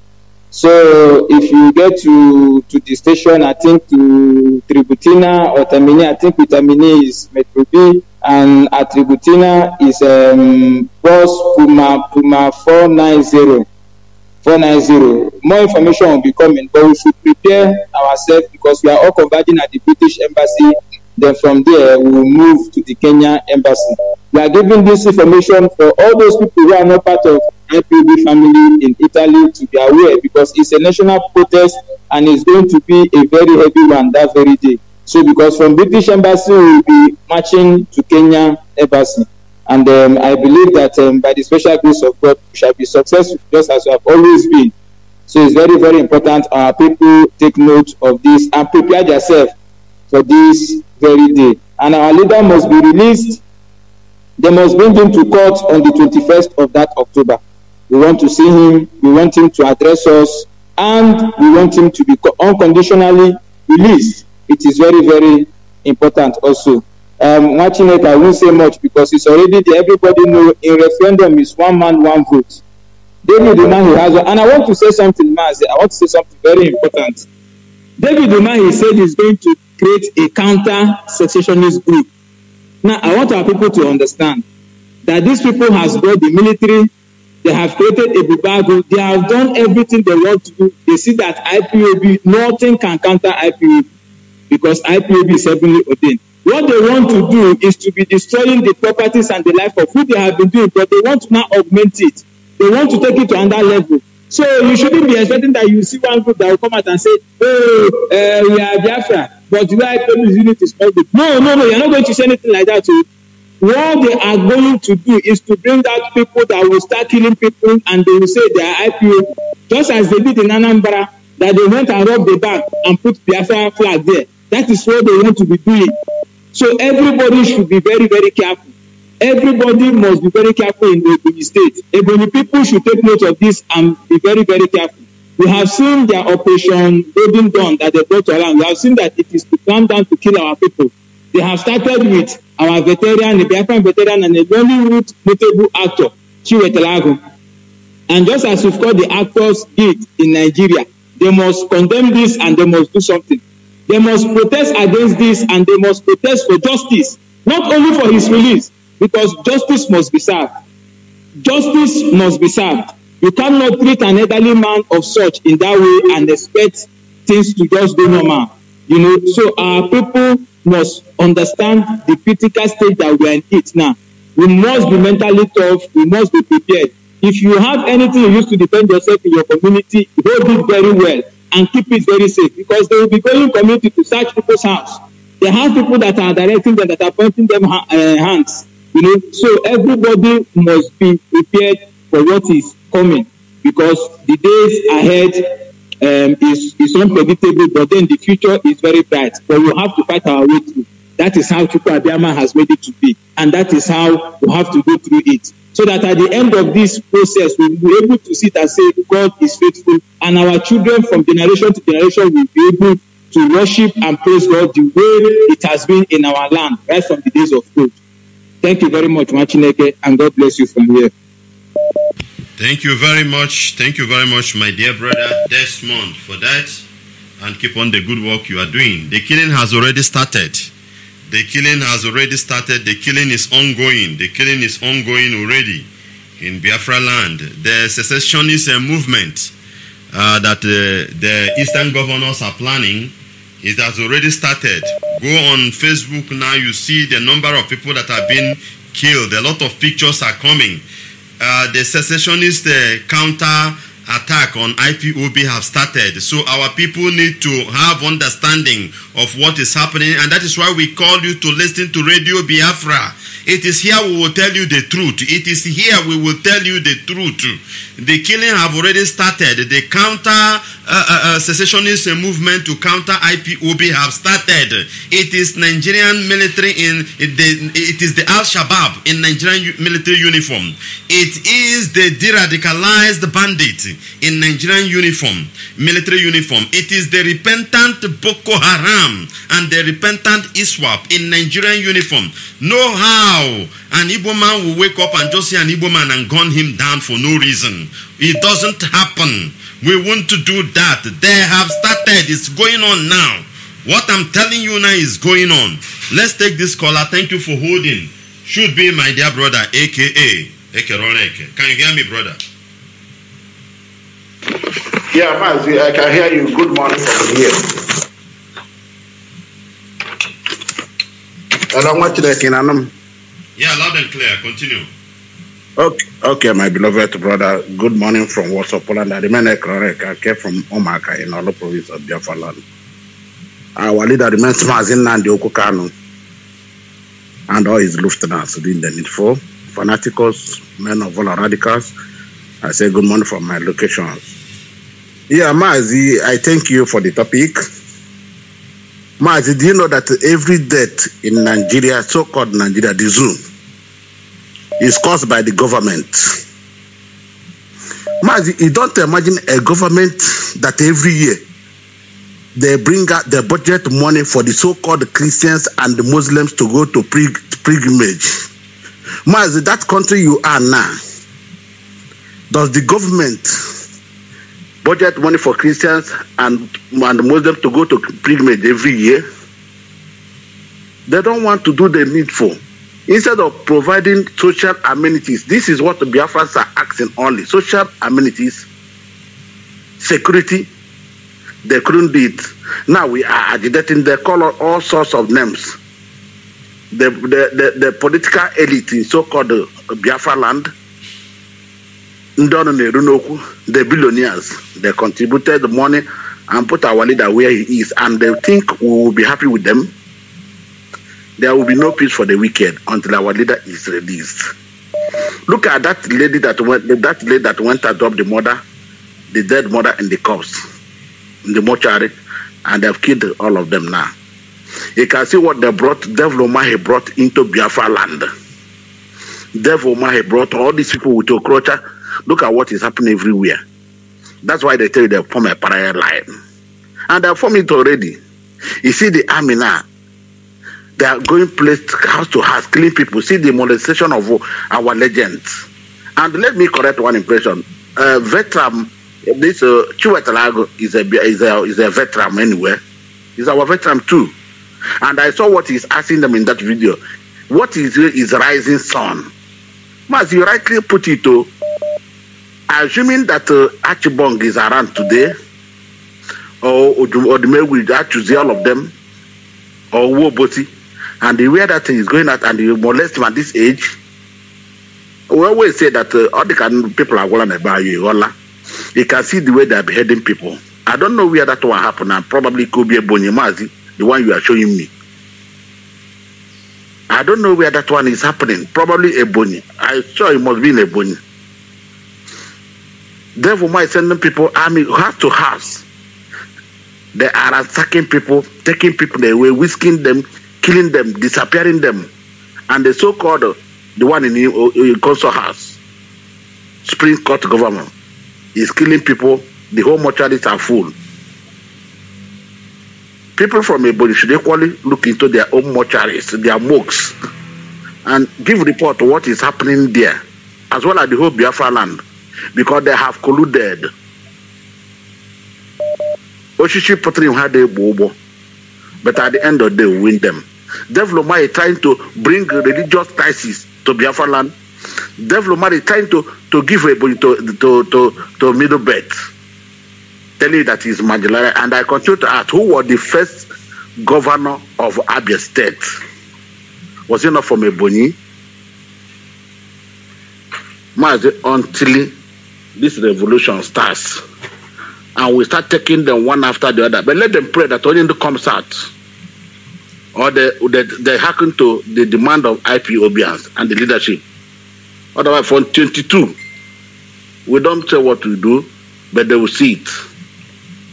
[SPEAKER 3] So if you get to to the station, I think to Tributina or Termini. I think Tamini is Metro B, and at Tributina is um, bus Puma Puma 490. 490. More information will be coming, but we should prepare ourselves because we are all converging at the British Embassy Then from there, we will move to the Kenyan embassy. We are giving this information for all those people who are not part of IPB family in Italy to be aware because it's a national protest and it's going to be a very heavy one that very day. So because from British embassy, we'll be marching to Kenyan embassy. And um, I believe that um, by the special grace of God, we shall be successful just as we have always been. So it's very, very important our people take note of this and prepare themselves for this very day. And our leader must be released. They must bring him to court on the 21st of that October. We want to see him. We want him to address us. And we want him to be unconditionally released. It is very, very important also. Um, watching it, I won't say much because it's already there. everybody know in referendum is one man, one vote. David Umahi has one. And I want to say something, Mazi. I want to say something very important. David Umahi said he's going to create a counter secessionist group. Now, I want our people to understand that these people has got the military, they have created a bubago, they have done everything they want to do. They see that IPOB, nothing can counter IPOB because IPOB is heavenly ordained. What they want to do is to be destroying the properties and the life of who they have been doing, but they want to now augment it. They want to take it to another level. So you shouldn't be expecting that you see one group that will come out and say, oh, uh, we are Biafra. but where I promise unit is all no, no, no, you're not going to say anything like that. So oh. what they are going to do is to bring out people that will start killing people and they will say they are IPO, just as they did in Anambra, that they went and robbed the bank and put Biafra flag there. That is what they want to be doing. So everybody should be very, very careful. Everybody must be very careful in the, in the state. Ebony people should take note of this and be very, very careful. We have seen their operation Golden Dawn that they brought land. We have seen that it is to come down to kill our people. They have started with our veteran, a Biafran veteran, and a Nollywood notable actor, Chiwetelago. And just as we call the Actors Guild in Nigeria, they must condemn this and they must do something. They must protest against this and they must protest for justice, not only for his release, because justice must be served. Justice must be served. You cannot treat an elderly man of such in that way and expect things to just go normal. You know, so our people must understand the critical stage that we are in it now. We must be mentally tough. We must be prepared. If you have anything you use to defend yourself in your community, hold it very well and keep it very safe because they will be going community to search people's house. They have people that are directing them, that are pointing them ha- uh, hands. You know, so everybody must be prepared for what is coming because the days ahead um, is, is unpredictable, but then the future is very bright. But we have to fight our way through. That is how Chukwu Abiyama has made it to be. And that is how we have to go through it. So that at the end of this process, we will be able to sit and say, God is faithful. And our children from generation to generation will be able to worship and praise God the way it has been in our land, right from the days of old. Thank you very much, Machineke, and God bless you from here.
[SPEAKER 1] Thank you very much. Thank you very much, my dear brother Desmond, for that. And keep on the good work you are doing. The killing has already started. The killing has already started. The killing is ongoing. The killing is ongoing already in Biafra land. The secessionist uh, movement uh, that uh, the eastern governors are planning, it has already started. Go on Facebook now, you see the number of people that have been killed. A lot of pictures are coming. Uh, the secessionist uh, counter attack on IPOB have started. So our people need to have understanding of what is happening, and that is why we call you to listen to Radio Biafra. It is here we will tell you the truth. It is here we will tell you the truth. The killing have already started. The counter uh, uh, uh secessionist movement to counter IPOB have started. It is Nigerian military in the it is the Al Shabaab in Nigerian military uniform. It is the de-radicalized bandit in Nigerian uniform, military uniform. It is the repentant Boko Haram and the repentant ISWAP in Nigerian uniform. Know how An Igbo man will wake up and just see an Igbo man and gun him down for no reason. It doesn't happen. We want to do that. They have started. It's going on now. What I'm telling you now is going on. Let's take this caller. Thank you for holding. Should be my dear brother, aka Ekeroneke. Can you hear me, brother?
[SPEAKER 3] Yeah, Mazi, I can hear you. Good morning from here. Hello, much like in Anam. Yeah, loud and clear. Continue. Okay, okay, my beloved brother. Good morning from Warsaw, Poland. I remain a I came from Omaka in Olo province of Biafra land. Our leader remains Mazin Nandi Okukano and all his lieutenants doing the needful. Fanaticals, men of all radicals. I say good morning from my location. Yeah, Mazi, I thank you for the topic. Mazi, do you know that every death in Nigeria, so-called Nigeria, the Zoom, is caused by the government. Mazi, you don't imagine a government that every year they bring out their budget money for the so-called Christians and the Muslims to go to pilgrimage. Mazi, that country you are now, does the government budget money for Christians and, and Muslims to go to pilgrimage every year? They don't want to do the needful instead of providing social amenities, this is what the Biafrans are asking only social amenities, security. They couldn't do it. Now we are agitating, they call on all sorts of names. The, the, the, the political elite in so called Biafra land, Ndono Nerunoku, the billionaires, they contributed the money and put our leader where he is, and they think we will be happy with them there will be no peace for the wicked until our leader is released. Look at that lady that went that lady that went to adopt the mother, the dead mother and the corpse in the mortuary, and they've killed all of them now. You can see what they brought, Devil Omahe brought into Biafra land. Devil Omahe brought all these people with Okrocha. Look at what is happening everywhere. That's why they tell you they form a parallel line. And they form it already. You see the army now, They are going place house to house, killing people. See the molestation of our legends. And let me correct one impression. Uh, veteran, this uh, Chiwetalago is a, is, a, is a veteran anywhere. He's our veteran too. And I saw what he's asking them in that video. What is his rising sun? As you rightly put it, oh, assuming that uh, Achibong is around today, or or the Odumewi, Achuzi, all of them, or Woboti, and the way that thing is going out and you molest him at this age. We always say that uh, all the Kano people are going and about you, Ola. You can see the way they're beheading people. I don't know where that one happened, and probably could be a Bonyemazi, the one you are showing me. I don't know where that one is happening. Probably a Ebony. I sure it must be in Ebony. Therefore, my sending people army house to house. They are attacking people, taking people away, whisking them, killing them, disappearing them, and the so-called the one in, in Council House, Supreme Court government, is killing people. The whole mortuaries are full. People from Ebony should equally look into their own mortuaries, their mocks, and give report what is happening there, as well as the whole Biafra land, because they have colluded. Oshishi Potrim had a bobo. But at the end of the day, we win them. Development is trying to bring religious crisis to Biafra land. Development is trying to, to give a to, to, to, to middle belt. Tell you that is Mandela. And I continue to ask, who was the first governor of Abia State? Was he not from Ebonyi? Mazi, until this revolution starts, and we start taking them one after the other. But let them pray that only comes out. Or they, they, they hearken to the demand of IP obedience and the leadership. Otherwise, from 22, we don't tell what we do, but they will see it.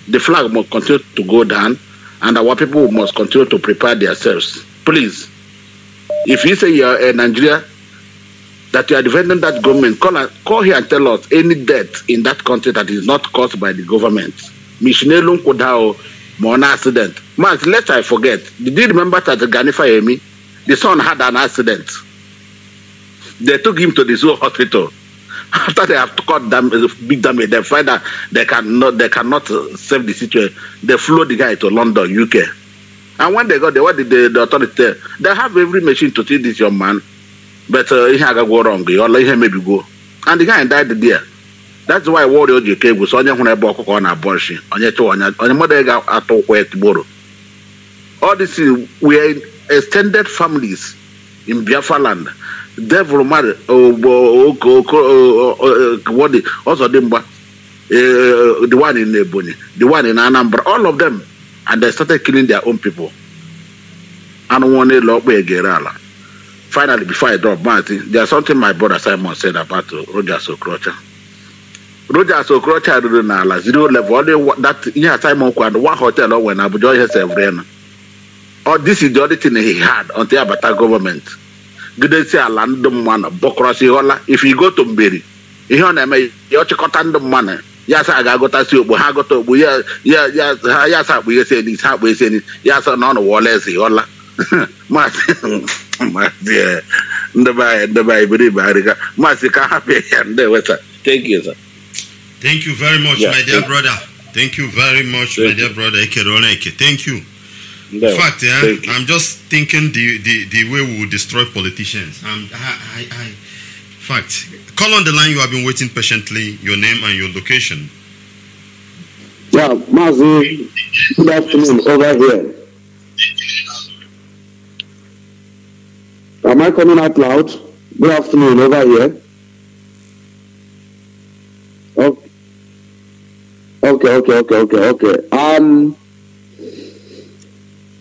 [SPEAKER 3] The flag must continue to go down, and our people must continue to prepare themselves. Please, if you say you are a Nigeria that you are defending that government, call, call here and tell us any death in that country that is not caused by the government. Mishinelun Kodao, an accident. Mas, lest I forget, did you remember that Gani Emi, the son had an accident? They took him to the zoo hospital. After they have caught dam- big damage, they find that they cannot, they cannot uh, save the situation. They flew the guy to London, UK. And when they got there, what did the, the authority tell? They have every machine to treat this young man. but uh, ihe agagwo wrong ya ọla ihe mebigo and the guy died there that's why wọrị o ji eke egwu so onye hụrụ ebe ọkụkọ ọ na-abọ nshi onye chụwa onye mmadụ ga-atụ ụkwụ etigboro all this we are extended families in Biafra land devil mmadụ okookowọdị mgba the one in Ebonyi the one in Anambra all of them and they started killing their own people anụ nwụọ n'elu ọkpụ egere ala finally, before I drop, Martin, there's something my brother Simon said about Roger Sokrocha. Rogers Okrocha do na ala zero level. Only that yeah, Simon Kwan one hotel when Abuja has every. Or this is the only thing he had until Abata government. Good say ala ndị mmanụ bọkọrọsị hola. If you go to Mberi, ihe ọ na-eme ya ọchịkọta ndị mmanụ ya sa ga-agụtasị ogbo ha agụta ogbo ya ya ya ha ya sa akpụ ya si enis ha akpụ ya si enis ya sa na ọ nụwa ọla eze hola. ndị be anyị ndị be Barika, biribe arịga maazị ka hapụ ya ndewe sir thank you sir
[SPEAKER 1] thank you very much yeah. my dear yeah. brother thank you very much thank my dear you. brother ekere oneke thank you no, in fact yeah. i'm just thinking the, the, the way we will destroy politicians um, I, I, I, in fact call on the line you have been waiting patiently your name and your location
[SPEAKER 4] yeah maazị good afternoon over here Am I coming out loud? Good afternoon, over here.
[SPEAKER 3] Okay, okay, okay, okay, okay. Um,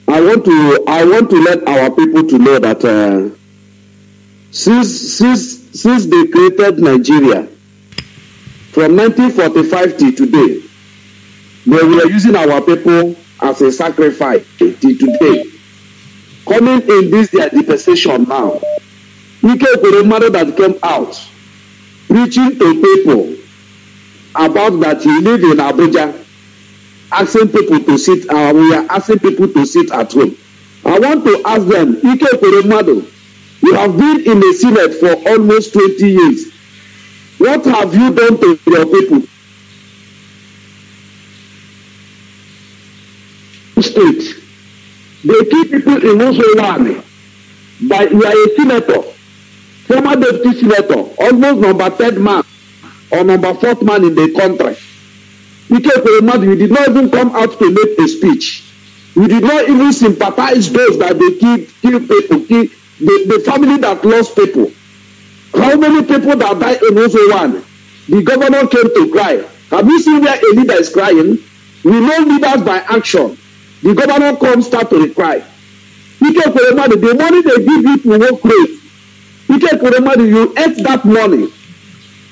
[SPEAKER 3] I want to I want to let our people to know that uh, since since since they created Nigeria from 1945 to today, they were using our people as a sacrifice till today coming in this their dispensation now Wike Okoromadu that came out preaching to people about that he live in Abuja asking people to sit uh, we are asking people to sit at home I want to ask them Wike Okoromadu you have been in the senate for almost twenty years what have you done to your people state The keep people in Osowami. By you are a senator, former deputy senator, almost number third man or number fourth man in the country. Ike Kuremadu, you did not even come out to make a speech. You did not even sympathize those that they kill, kill people, kill the, the family that lost people. How many people that died in Osowami? The governor came to cry. Have you seen where a leader is crying? We know leaders by action the governor come start to cry ike kweremadu the money they give you to work great ike kweremadu you earn that money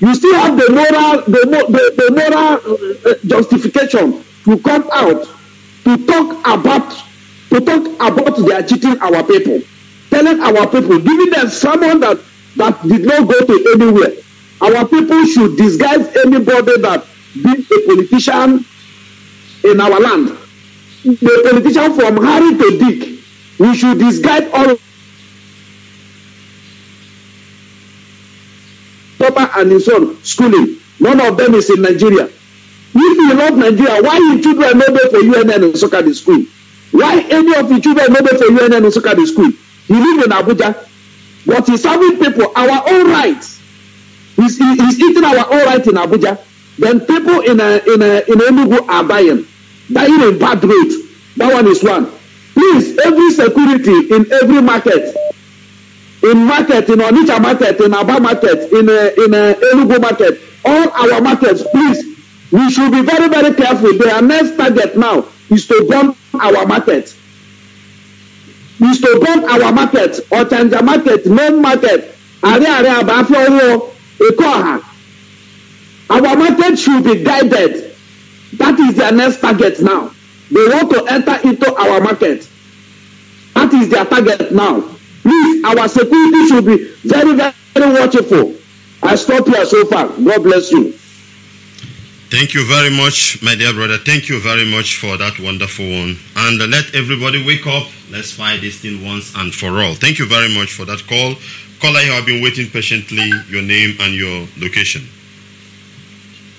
[SPEAKER 3] you still have the moral the the, the moral uh, uh, justification to come out to talk about to talk about their cheating our people telling our people giving them sermon that that did not go to anywhere our people should disguise anybody that be a politician in our land the politician from Harry to Dick. We should disguise all Papa and his son schooling. None of them is in Nigeria. If you love Nigeria, why your children no dey for UNN and soccer the school? Why any of the children no dey for UNN and soccer the school? He live in Abuja, but he's serving people our own rights. He's, he's eating our own right in Abuja. Then people in a, uh, in a, uh, in Enugu are buying. That is a bad rate that one is one please every security in every market in market in onitsha market in aba market in uh, in uh, enugu market all our markets please we should be very very careful their next target now is to bomb our market is to bomb our market ọ̀chanja market main market àríàrí àbáfẹ́ owó èkó ọ̀hà our market should be guided That is their next target now. They want to enter into our market. That is their target now. Please, our security should be very, very watchful. I stop here so far. God bless you.
[SPEAKER 1] Thank you very much, my dear brother. Thank you very much for that wonderful one. And uh, let everybody wake up. Let's fight this thing once and for all. Thank you very much for that call. Caller, you have been waiting patiently. Your name and your location.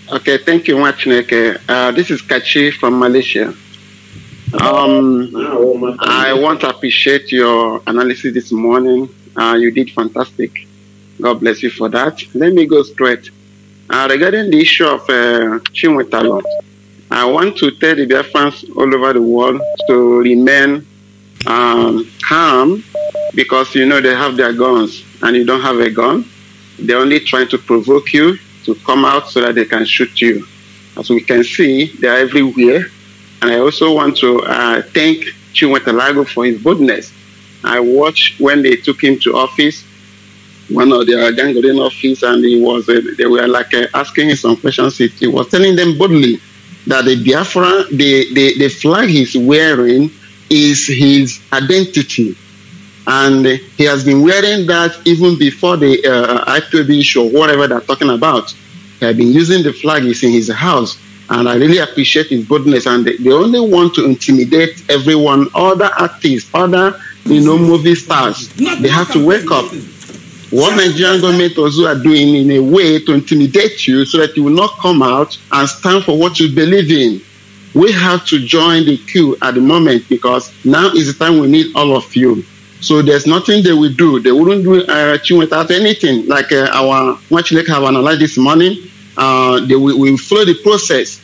[SPEAKER 3] Okay, thank you much, Neke. Uh, this is Kachi from Malaysia. Um, I want to appreciate your analysis this morning. Uh, you did fantastic. God bless you for that. Let me go straight. Uh, regarding the issue of uh, Chinwetalo, I want to tell the Biafrans all over the world to remain um, calm because you know they have their guns and you don't have a gun. They're only trying to provoke you to come out so that they can shoot you. As we can see, they are everywhere. And I also want to uh, thank Chiwetalago for his boldness. I watched when they took him to office, one of their Gangodin office, and he was uh, they were like uh, asking him some questions. He was telling them boldly that the Biafra, the, the, the flag he's wearing is his identity. And he has been wearing that even before the uh, IPOB issue or whatever they're talking about. He has been using the flag, it's in his house. And I really appreciate his goodness. And they, they only want to intimidate everyone, other artists, other, you know, movie stars. They have to wake up. What Nigerian government also are doing in a way to intimidate you so that you will not come out and stand for what you believe in we have to join the queue at the moment because now is the time we need all of you. So there's nothing they will do. They wouldn't do uh, tune without anything. Like uh, our much like have analyzed this morning, uh, they will, will follow the process.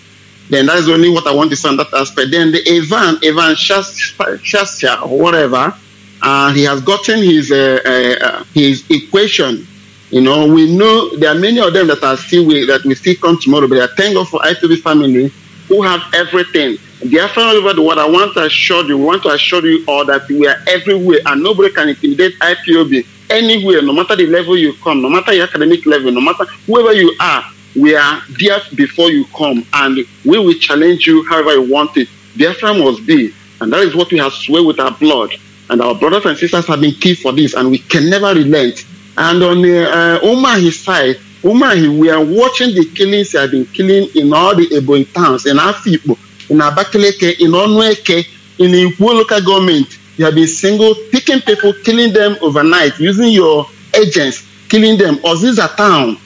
[SPEAKER 3] Then that is only what I want to say on that aspect. Then the Evan, Evan Shastia, or whatever, uh, he has gotten his uh, uh, uh, his equation. You know, we know there are many of them that are still we, that we still come tomorrow, but they are thankful for ITV family who have everything. Dear friend all over the world, I want to assure you, want to assure you all that we are everywhere and nobody can intimidate IPOB anywhere, no matter the level you come, no matter your academic level, no matter whoever you are, we are there before you come and we will challenge you however you want it. Biafra must be, and that is what we have swear with our blood. And our brothers and sisters have been key for this, and we can never relent. And on uh, Omar his side, Omar, we are watching the killings he have been killing in all the Ebony towns in Afipo in Abakaleke, in Onweke, in the Ikwo local government, you have been single, picking people, killing them overnight, using your agents, killing them. Oziza town,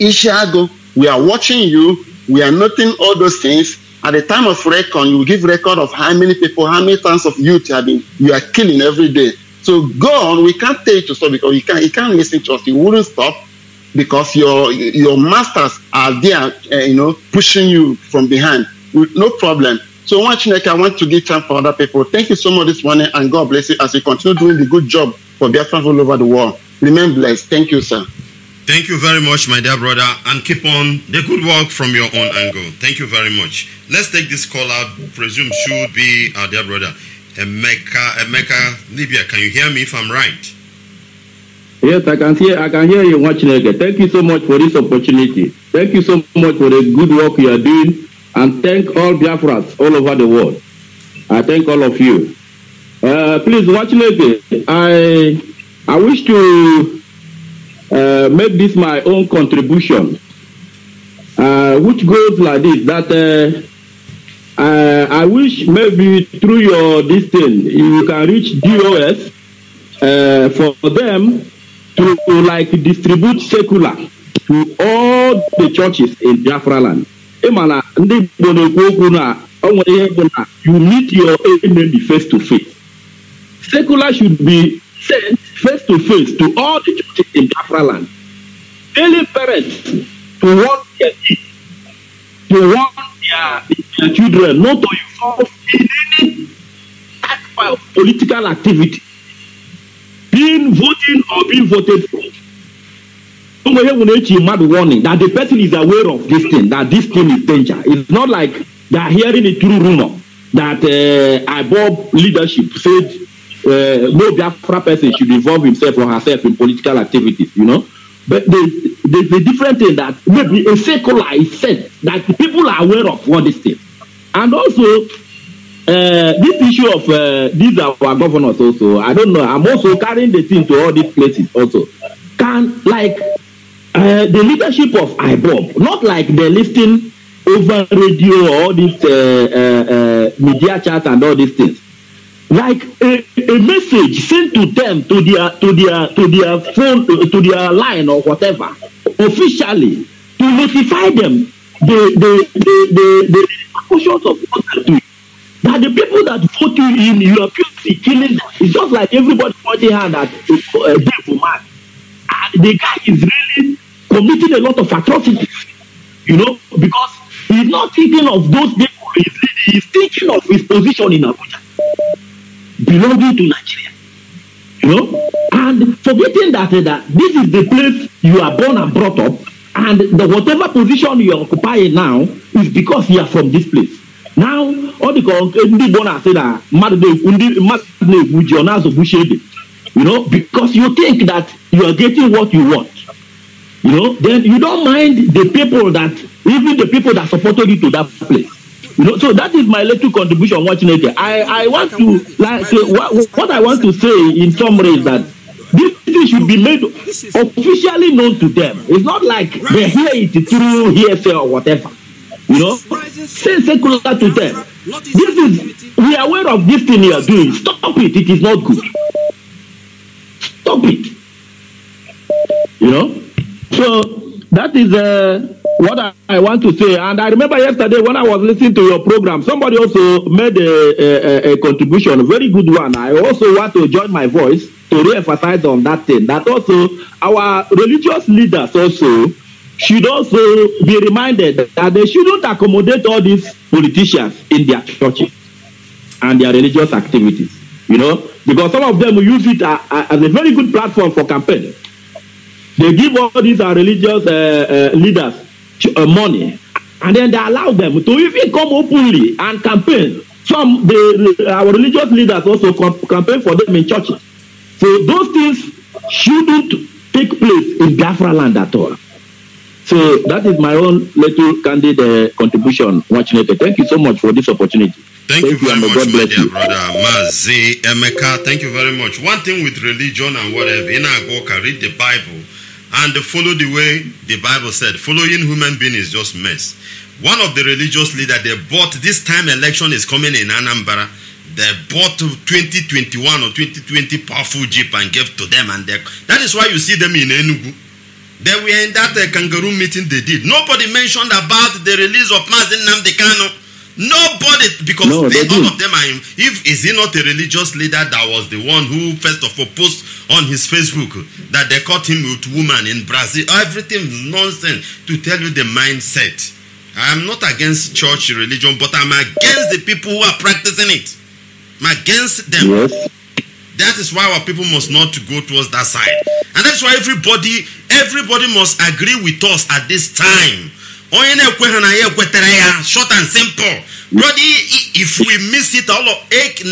[SPEAKER 3] Ishiago, we are watching you, we are noting all those things. At the time of record, you give record of how many people, how many tons of youth you have been, you are killing every day. So go on, we can't tell you to stop because you can't, you can't listen to us. You wouldn't stop because your your masters are there, uh, you know, pushing you from behind no problem. So one Chineke, I want to give time for other people. Thank you so much this morning, and God bless you as you continue doing the good job for Biafrans all over the world. Remain blessed. Thank you, sir.
[SPEAKER 1] Thank you very much, my dear brother, and keep on the good work from your own angle. Thank you very much. Let's take this call out. Presume should be our dear brother. Emeka, Emeka, Libya, can you hear me if I'm right?
[SPEAKER 4] Yes, I can hear.
[SPEAKER 3] I can hear you, Watchineke. Thank you so much for this opportunity. Thank you so much for the good work you are doing and thank all Biafras all over the world. I thank all of you. Uh, please watch later. I I wish to uh, make this my own contribution, uh, which goes like this: that uh, I, I wish maybe through your this thing you can reach DOS uh, for them to, to like distribute secular to all the churches in Biafra land ịma ndị Igbo na-ekwu okwu na ọ nwere ihe bụ na you meet your enemy face to face secular should be sent face to face to all the churches in Biafra land daily parents to warn their kids to warn their, their children not to involve in any act of political activity being voting or being voted for warning that the person is aware of this thing, that this thing is danger. It's not like they are hearing a true rumor that uh, IBOB leadership said uh, no Biafra person should involve himself or herself in political activities, you know. But the the different thing that maybe a secular is said that people are aware of what this thing, And also, uh, this issue of uh, these are our governors also, I don't know, I'm also carrying the thing to all these places also. Can, like, Uh, the leadership of IBOB, not like the lifting over radio or all these uh, uh, uh, media chat and all these things. Like a, a message sent to them to their to their to their phone to their line or whatever, officially to notify them the the the the, the repercussions of what they're doing. That the people that vote you in, you are purely killing them. It's just like everybody pointing hand at uh, Dave man. And the guy is really committing a lot of atrocities, you know, because he's not thinking of those people he's leading, thinking of his position in Abuja, belonging to Nigeria, you know, and forgetting that, uh, that this is the place you are born and brought up, and the, whatever position you are occupying now is because you are from this place. Now, all the uh, ndị Igbo na-asị na mmadụ na-egwu ji ọ na-azọgbu shede, you know, because you think that you are getting what you want you know, then you don't mind the people that, even the people that supported you to that place. You know, so that is my little contribution watching it. I, I want to, like, say, what, what I want to say in summary is that this thing should be made officially known to them. It's not like they hear it through hearsay or whatever. You know, say secular to them. This is we are aware of this thing you are doing. Stop it. It is not good. Stop it. You know. So that is uh, what I, I want to say. And I remember yesterday when I was listening to your program, somebody also made a, a, a contribution, a very good one. I also want to join my voice to re-emphasize on that thing. That also our religious leaders also should also be reminded that they shouldn't accommodate all these politicians in their churches and their religious activities. You know, because some of them use it as a very good platform for campaigning. They give all these uh, religious uh, uh, leaders to, uh, money, and then they allow them to even come openly and campaign. Some the our religious leaders also campaign for them in churches. So those things shouldn't take place in Biafra land at all. So that is my own little candid uh, contribution, Wachineke. Thank you so much for this opportunity. Thank, thank you very much, God bless my dear you.
[SPEAKER 1] brother Mazi Emeka. Thank you very much. One thing with religion and whatever, in Agoka, read the Bible. and they follow the way the Bible said. Following human being is just mess. One of the religious leader they bought this time election is coming in Anambra. They bought 2021 or 2020 powerful jeep and gave to them, and that is why you see them in Enugu. They were in that uh, kangaroo meeting they did. Nobody mentioned about the release of Mazin Namdekano. Nobody, because no, they, all of them are. if is he not a religious leader that was the one who first of all posed on his Facebook that they caught him with woman in Brazil. Everything nonsense to tell you the mindset. I am not against church religion, but I'm against the people who are practicing it. I'm against them. Yes. That is why our people must not go towards that side. And that's why everybody, everybody must agree with us at this time. short and simple brother if we miss it all of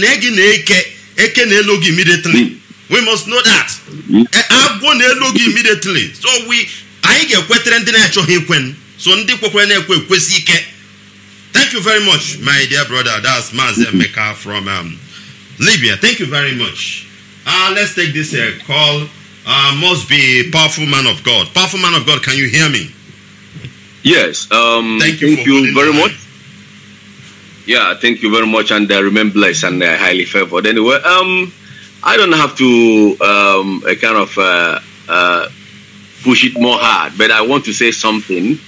[SPEAKER 1] na egi na eke eke na immediately we must know that agwọ eh, na-elu look immediately so we so thank you very much my dear brother that's Mazemeka from um, Libya thank you very much uh, let's take this uh, call uh, must be powerful man of God powerful man of God can you hear me
[SPEAKER 3] yes um, thank you, thank you very much yeah thank you very much and I remain blessed and uh, highly favored anyway um I don't have to um, kind of uh, uh, push it more hard, but I want to say something.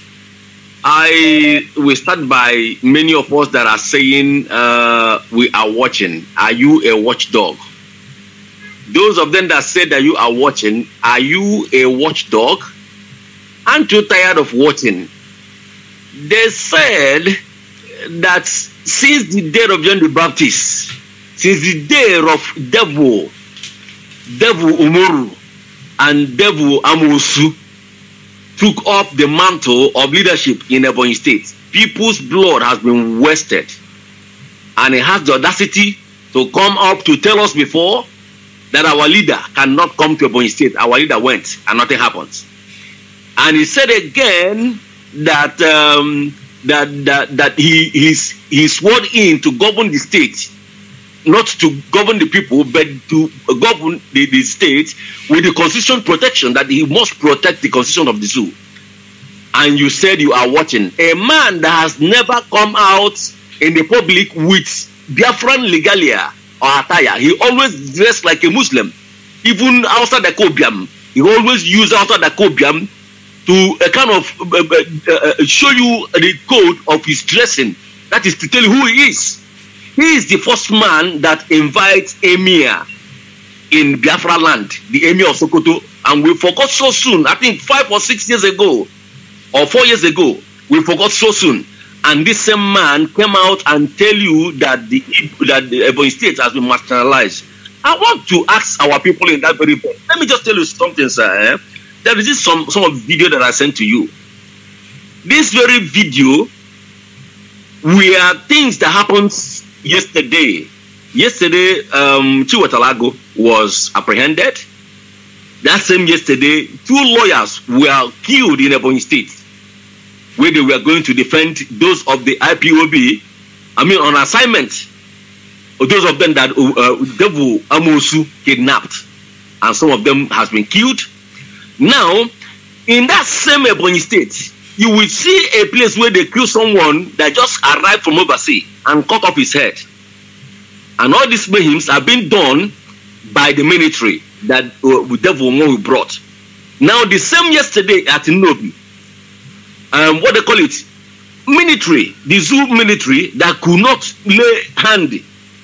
[SPEAKER 3] I we start by many of us that are saying uh, we are watching. Are you a watchdog? Those of them that said that you are watching, are you a watchdog? I'm too tired of watching. They said that since the death of John the Baptist, Since the day of devil, devil Umoru and devil Amosu took up the mantle of leadership in Ebonyi State, people's blood has been wasted. And he has the audacity to come up to tell us before that our leader cannot come to Ebonyi State. Our leader went and nothing happened. And he said again that um, that, that that he he's, he sworn in to govern the state not to govern the people, but to govern the, the state with the constitution protection that he must protect the constitution of the zoo. And you said you are watching a man that has never come out in the public with Biafran legalia or attire. He always dressed like a Muslim, even outside the Kobiam. He always used outside the Kobiam to a uh, kind of uh, uh, uh, show you the code of his dressing. That is to tell you who he is. He is the first man that invites Emir in Biafra land, the Emir of Sokoto. And we forgot so soon, I think five or six years ago, or four years ago, we forgot so soon. And this same man came out and tell you that the that the Ebony State has been marginalised. I want to ask our people in that very point. Let me just tell you something, sir. Eh? There is some some of video that I sent to you. This very video were things that happens yesterday, yesterday, um, Chiwatalago was apprehended. That same yesterday, two lawyers were killed in Ebonyi State, where they were going to defend those of the IPOB. I mean, on assignment, those of them that uh, Devu Amosu kidnapped, and some of them has been killed. Now, in that same Ebonyi State, you will see a place where they kill someone that just arrived from overseas and cut off his head. And all these mayhems have been done by the military that uh, the devil we brought. Now, the same yesterday at Nobi, um, what they call it, military, the Zoo military that could not lay hand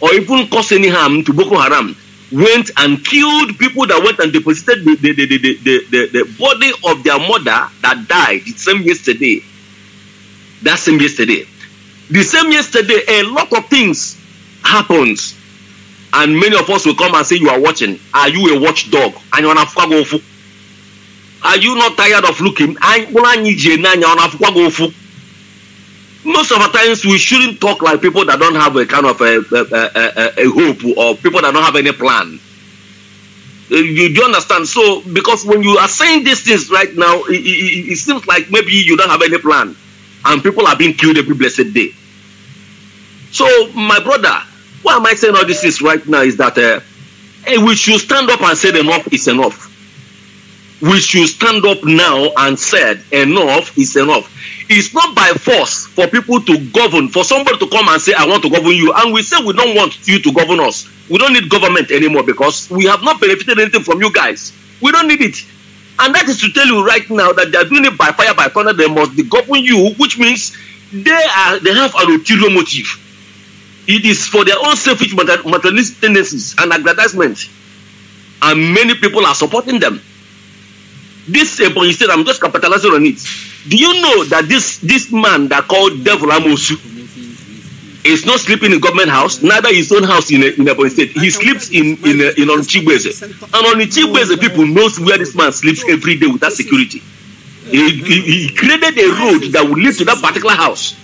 [SPEAKER 3] or even cause any harm to Boko Haram went and killed people that went and deposited the, the, the, the, the, the, the body of their mother that died the same yesterday. That same yesterday. The same yesterday, a lot of things happens. And many of us will come and say, You are watching. Are you a watchdog? And you're Are you not tired of looking? most of the times we shouldn't talk like people that don't have a kind of a, a, a, a, hope or people that don't have any plan. Uh, you do understand? So, because when you are saying these things right now, it, it, it seems like maybe you don't have any plan and people are being killed every blessed day. So, my brother, why am I saying all this is right now is that uh, hey, eh, we should stand up and say enough is enough we should stand up now and said enough is enough it's not by force for people to govern for somebody to come and say i want to govern you and we say we don't want you to govern us we don't need government anymore because we have not benefited anything from you guys we don't need it and that is to tell you right now that they are doing it by fire by thunder they must be govern you which means they are they have an ulterior motive it is for their own selfish materialist tendencies and aggrandizement and many people are supporting them this ebonyi state i'm just capitalizing on it do you know that this this man that called devil amosu is not sleeping in government house neither his own house in in ebonyi state he sleeps in in a, in onitshigbeze and onitshigbeze people knows where this man sleeps every day without security he he, he created a road that would lead to that particular house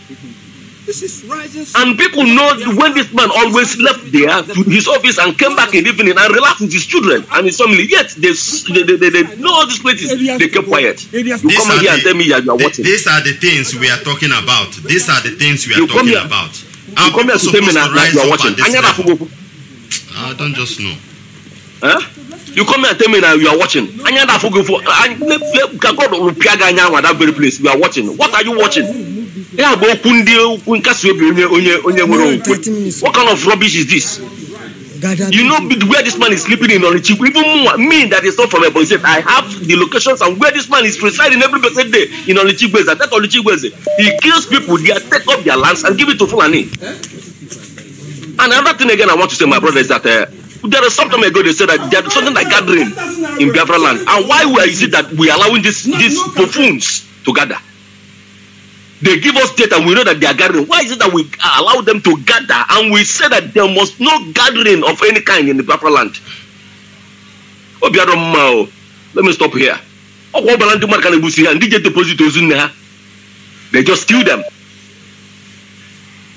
[SPEAKER 2] And people know
[SPEAKER 3] when this man always left there to his office and came back in the evening and relaxed with his children and his family. Yet they they, they, they, they know all these places. They kept quiet. You come here the, and tell me you are watching.
[SPEAKER 1] These are the things we are talking about. These are the things we are you talking here, about. you come here to tell me that you are watching. Ah, I don't just know.
[SPEAKER 3] Huh? you come and tell me now you are watching anya da fogo fo kakoro rupia ga anya that very place you are watching what are you watching Yeah, àgbà okwu ndị okwu nkasi obi onye onye onye nwere okwu what kind of rubbish is this you know where this man is sleeping in Onichikwu even more me that is not from Ebonyi state I have the locations and where this man is residing every blessed day in Onichikwu Eze that Onichikwu Eze he kills people they take up their lands and give it to Fulani eh? and another thing again I want to say my brother is that uh, there is something ago they said that there is something like gathering in Biafra land. And why were is it that we are allowing this these buffoons to gather? They give us data we know that they are gathering. Why is it that we allow them to gather and we say that there must no gathering of any kind in the Biafra land? Obiara mma o. Oh, let me stop here. Ọkwa ọbara ndị mmadụ ka na-egbusi ha ndị They just kill them.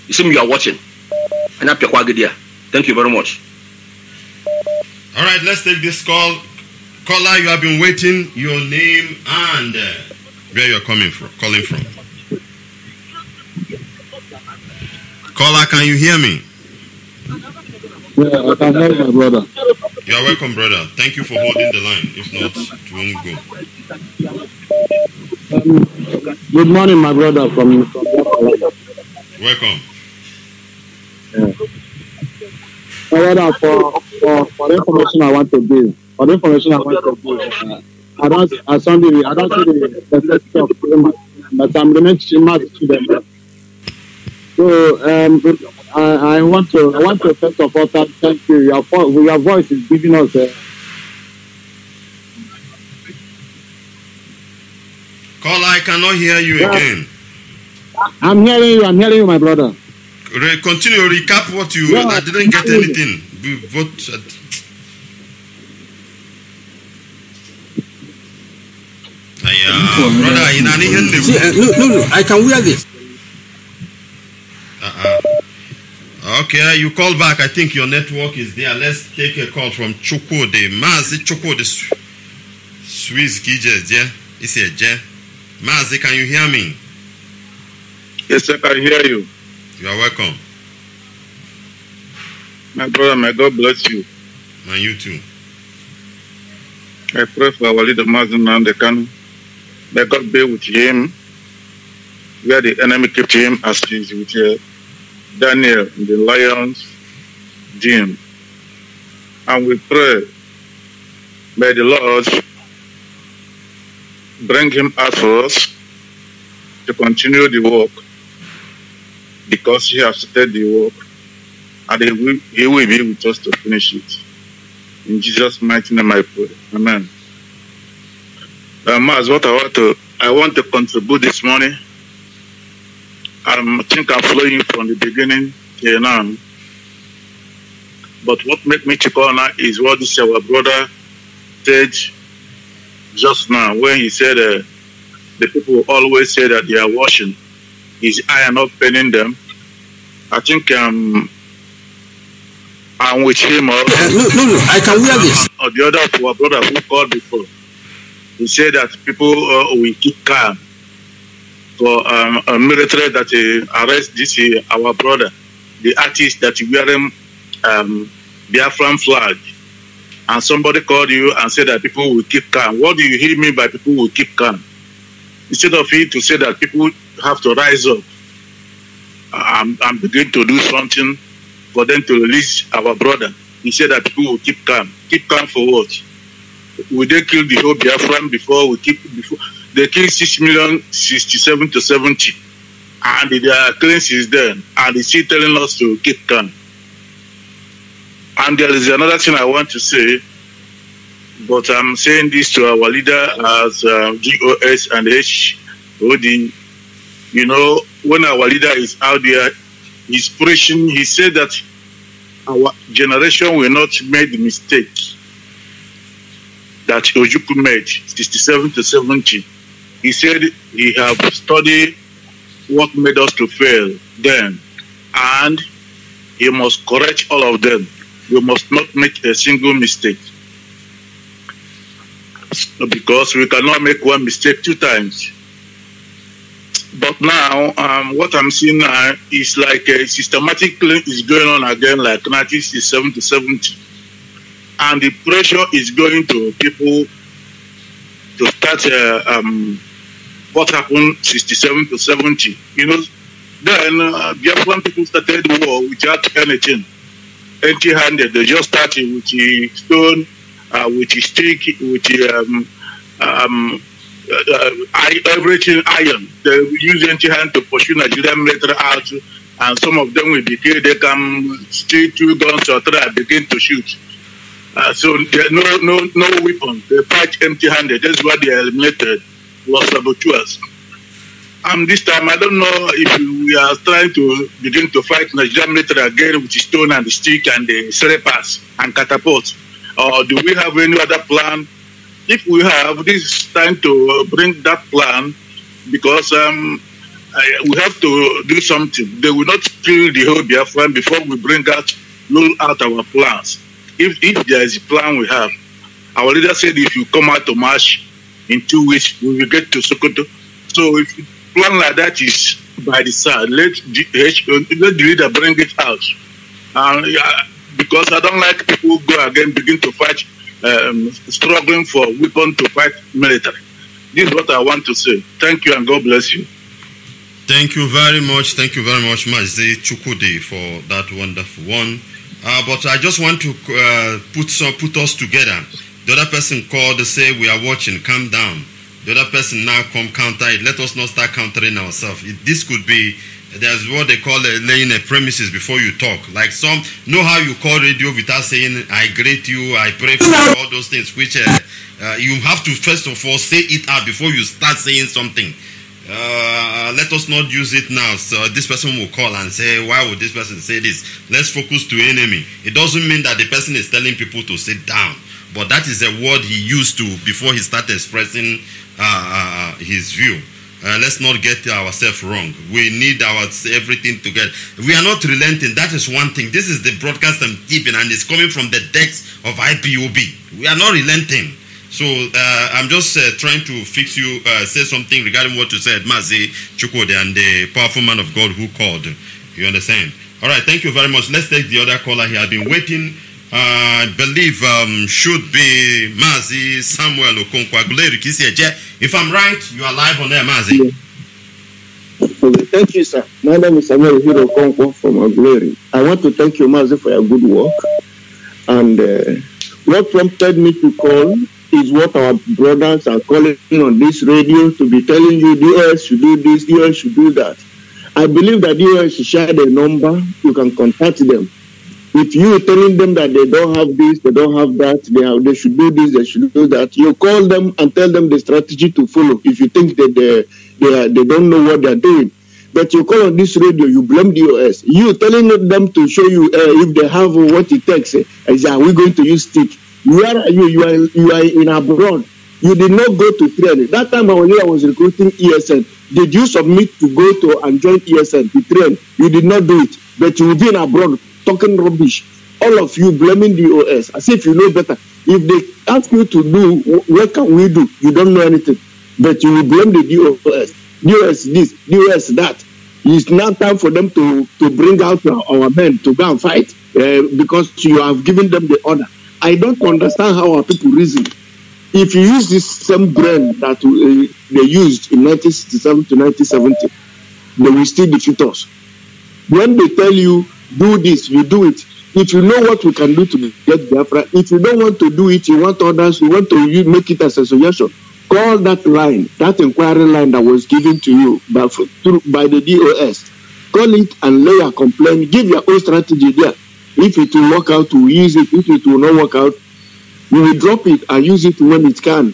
[SPEAKER 3] You see me you are watching. Anya pịakwa gị Thank you very much.
[SPEAKER 1] All right, let's take this call. Caller, you have been waiting. Your name and uh, where you are coming from, calling from. Caller, can you hear me? Yeah, I can hear you, brother. You are welcome, brother. Thank you for holding the line. If not, it won't
[SPEAKER 3] go. Um, good morning, my brother from, from Welcome. Yeah. however for for for the information i want to give for the information i want to
[SPEAKER 2] give
[SPEAKER 3] I don't. i don't see the. i don't see the necessity of treatment but i'm remain chimas to them so um, I, I want to I want to first of all thank you your your voice is giving us. Uh,
[SPEAKER 1] Caller, I cannot hear you yeah. again.
[SPEAKER 3] I'm hearing you. I'm hearing you, my brother.
[SPEAKER 1] Re- continue, recap what you. Yeah, I didn't get anything. We What? Aiyah, brother, in an Indian See, uh, no, no, no, I can wear this. Uh-uh. Okay, ah, you call back. I think your network is there. Let's take a call from Choko de Mazi Choko de Swiss Gijes. Yeah, it's here. Yeah, Mazi, can you hear me? Yes, sir, I can hear you. You are welcome. My brother, may God bless you. And you too.
[SPEAKER 5] I pray for our leader, the can. May God be with him. Where the enemy kept him as he is with uh, Daniel in the lion's den. And we pray, may the Lord bring him out for us to continue the work because he has started the work and he will, he will be with us to finish it. In Jesus' mighty name I pray. Amen. Um, what I want to I want to contribute this morning. I think I'm flowing from the beginning till now. But what made me to call now is what this our brother said just now when he said uh, the people always say that they are washing his eye and not penning them. I think um, I'm with him. Or, uh, no, no, no, I can wear this. Or the other to our brother who called before. He said that people uh, will keep calm for um, a military that uh, arrest this uh, our brother, the artist that wearing um, Biafran flag. And somebody called you and said that people will keep calm. What do you hear me by people will keep calm? Instead of it to say that people have to rise up and, and begin to do something for them to release our brother. He said that people will keep calm. Keep calm for what? Will they kill the whole Biafran before we keep before they kill six million sixty-seven to seventy, and their claims is there, and they still telling us to keep calm. And there is another thing I want to say, but I'm saying this to our leader as uh, GOS and HOD you know, when our leader is out there, he's preaching, he said that our generation will not make the mistake that Ojuku made, 67 to 70. He said he have studied what made us to fail then, and he must correct all of them. We must not make a single mistake because we cannot make one mistake two times. But now, um, what I'm seeing now is like a uh, systematic is going on again, like 1967 to 70. And the pressure is going to people to start uh, um, what happened 67 to 70. You know, then uh, Biafran people started the war without anything, empty handed. They just started with the stone, uh, with the stick, with the um, um, uh, everything uh, iron. They use empty hand to pursue Nigerian military out, and some of them will be killed. They come steal two guns or three and begin to shoot. Uh, so no no no weapons. They fight empty-handed. That's why they eliminated was saboteurs. And this time I don't know if we are trying to begin to fight Nigerian military again with stone and stick and the slippers and catapults, or do we have any other plan if we have this time to bring that plan, because um, I, we have to do something. They will not kill the whole Biafran before we bring out, roll out our plans. If, if there is a plan we have, our leader said if you come out to march in two weeks, we will get to Sokoto. So if plan like that is by the side, let the, let the leader bring it out. And, uh, because I don't like people go again begin to fight um, struggling for weapon to fight military. This is what I want to say. Thank you and God bless you.
[SPEAKER 1] Thank you very much. Thank you very much, Mazde Chukudi, for that wonderful one. Uh, but I just want to uh, put some, put us together. The other person called to say we are watching. Calm down. The other person now come counter it. Let us not start countering ourselves. It, this could be There's what they call uh, laying a premises before you talk. Like some know how you call radio without saying "I greet you," "I pray for you," all those things, which uh, uh, you have to first of all say it out before you start saying something. Uh, let us not use it now. So this person will call and say, "Why would this person say this?" Let's focus to enemy. It doesn't mean that the person is telling people to sit down, but that is a word he used to before he started expressing uh, uh, uh, his view. Uh, let's not get ourselves wrong. We need our everything together. We are not relenting. That is one thing. This is the broadcast I'm giving, and it's coming from the decks of IPOB. We are not relenting. So uh, I'm just uh, trying to fix you, uh, say something regarding what you said, Mazi Chukode, and the powerful man of God who called. You understand? All right. Thank you very much. Let's take the other caller here. I've been waiting Uh, I believe um, should be Mazi Samuel Okonkwo Okonkwaguleri Kisieje. If I'm right, you are live on air, Mazi.
[SPEAKER 3] Thank you, sir. My name is Samuel Hiro Okonkwo from Aguleri. I want to thank you, Mazi, for your good work. And uh, what prompted me to call is what our brothers are calling on this radio to be telling you the US should do this, the should do that. I believe that the should share their number. You can contact them if you telling them that they don't have this, they don't have that, they have, they should do this, they should do that, you call them and tell them the strategy to follow. If you think that they they, are, they don't know what they are doing, but you call on this radio, you blame the US. You telling them to show you uh, if they have what it takes. Uh, eh, is are we going to use stick? You are you you are you are in abroad. You did not go to train. That time when I was recruiting ESN, did you submit to go to and join ESN to train? You did not do it, but you will abroad talking rubbish. All of you blaming the OS as if you know better. If they ask you to do, what can we do? You don't know anything. But you will blame the DOS. DOS this, DOS that. It's now time for them to, to bring out our, our men to go and fight uh, because you have given them the order. I don't understand how our people reason. If you use this same brain that uh, they used in 1967 to 1970, they will still defeat us. When they tell you do this, you do it. If you know what we can do to get Biafra, if you don't want to do it, you want others, you want to you make it as a suggestion. Call that line, that inquiry line that was given to you by, through, by the DOS. Call it and lay a complaint. Give your own strategy there. If it will work out, we use it. If it will not work out, we will drop it and use it when it can.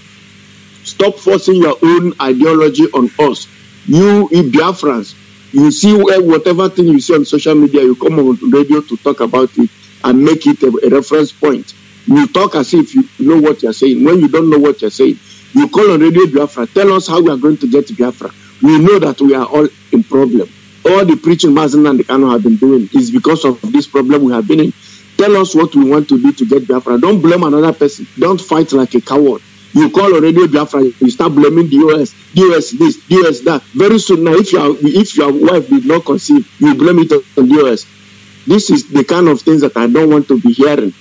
[SPEAKER 3] Stop forcing your own ideology on us. You, Biafrans, you see eh, whatever thing you see on social media, you come on radio to talk about it and make it a, a reference point. You talk as if you know what you're saying. When you don't know what you're saying, you call on Radio Biafra, tell us how we are going to get to Biafra. We know that we are all in problem. All the preaching Mazen and the Kano have been doing is because of this problem we have been in. Tell us what we want to do to get Biafra. Don't blame another person. Don't fight like a coward. you call on Radio Biafra, you start blaming the US, US this, US that. Very soon now, if your if your wife did not conceive, you blame it on the US. This is the kind of things that I don't want to be hearing.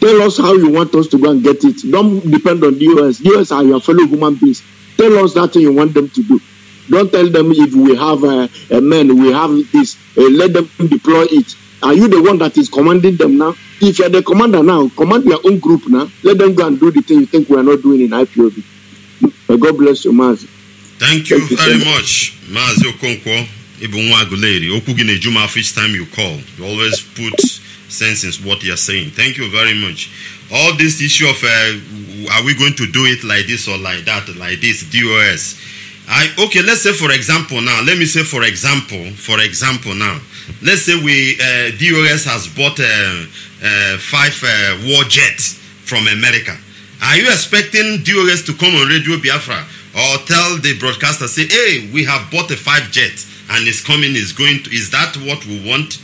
[SPEAKER 3] Tell us how you want us to go and get it. Don't depend on the US. The US are your fellow human beings. Tell us that thing you want them to do. Don't tell them if we have a, a man, we have this. Uh, let them deploy it. Are you the one that is commanding them now? If you are the commander now, command your own group now. Let them go and do the thing you think we are not doing in IPOB. May God bless you, Mazi.
[SPEAKER 1] Thank you Thank you very much, Mazi Okonkwo. Ibunwaguleri, Oku Ginejuma, each time you call, you always put sense in what you are saying. Thank you very much. All this issue of uh, are we going to do it like this or like that, like this, DOS. I, okay, let's say for example now, let me say for example, for example now, let's say we uh, DOS has bought uh, uh five uh, war jets from America. Are you expecting DOS to come on Radio Biafra or tell the broadcaster, say, hey, we have bought a five jet and it's coming, it's going to, is that what we want?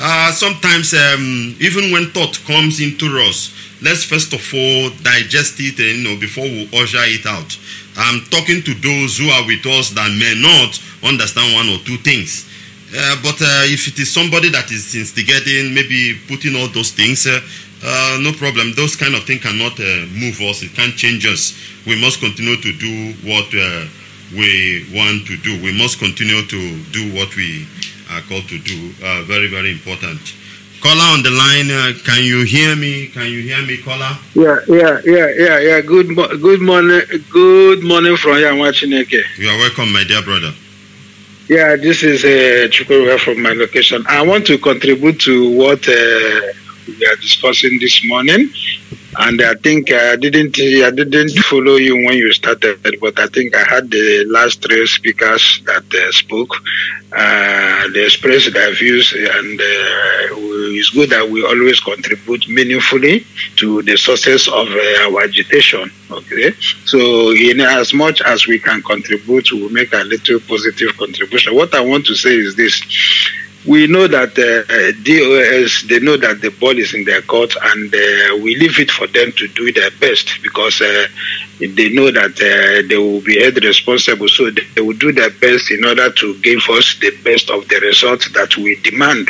[SPEAKER 1] Uh, sometimes, um, even when thought comes into us, let's first of all digest it, you know, before we usher it out. I'm talking to those who are with us that may not understand one or two things. Uh, but uh, if it is somebody that is instigating, maybe putting all those things, uh, uh no problem. Those kind of things cannot uh, move us. It can't change us. We must continue to do what we want to do. We must continue to do what we are called to do. very, very important. Caller on the line, can you hear me? Can you hear me,
[SPEAKER 6] caller? Yeah, yeah, yeah, yeah, yeah. Good, mo- good morning, good morning from here. I'm watching again.
[SPEAKER 1] You are welcome, my dear brother.
[SPEAKER 6] Yeah, this is uh, Chukwuka from my location. I want to contribute to what uh, we are discussing this morning and I think I didn't I didn't follow you when you started, but I think I had the last three speakers that uh, spoke. Uh, they expressed their views, and uh, it's good that we always contribute meaningfully to the success of uh, our agitation. Okay, so in as much as we can contribute, we will make a little positive contribution. What I want to say is this we know that uh, DOS, they know that the ball is in their court and uh, we leave it for them to do their best because uh, they know that uh, they will be held responsible. So they will do their best in order to give us the best of the results that we demand.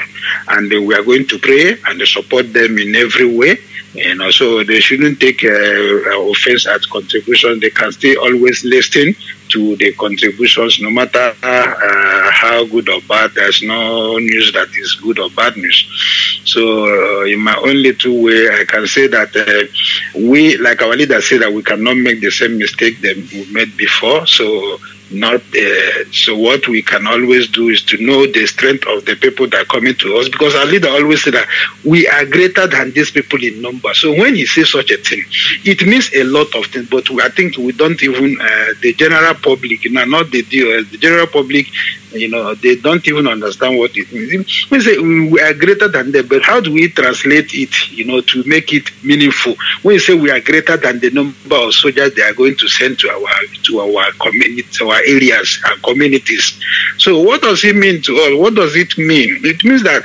[SPEAKER 6] And we are going to pray and support them in every way. And so they shouldn't take uh, offense at contribution. They can still always listen to the contributions, no matter uh, how good or bad, there's no news that is good or bad news. So, uh, in my only two way, I can say that uh, we, like our leader said, that we cannot make the same mistake that we made before. So, Not uh, so. What we can always do is to know the strength of the people that are coming to us, because our leader always said that we are greater than these people in number. So when he says such a thing, it means a lot of things. But we, I think we don't even uh, the general public, you know, not the DOS, the general public You know, they don't even understand what it means. Eh, we say we are greater than them, but how do we translate it, you know, to make it meaningful? When you say we are greater than the number of soldiers they are going to send to our to our community, our areas, our communities. So what does it mean to all? What does it mean? It means that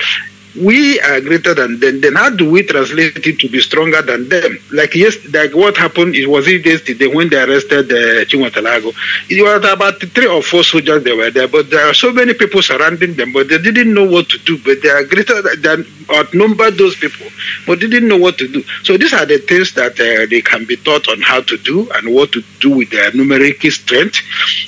[SPEAKER 6] we are greater than them, then how do we translate it to be stronger than them? Like yes, like what happened it was it yesterday when they arrested uh, Chimotalago. It was about three or four soldiers they were there, but there are so many people surrounding them, but they didn't know what to do. But they are greater than outnumber those people, but they didn't know what to do. So these are the things that uh, they can be taught on how to do and what to do with their numeric strength,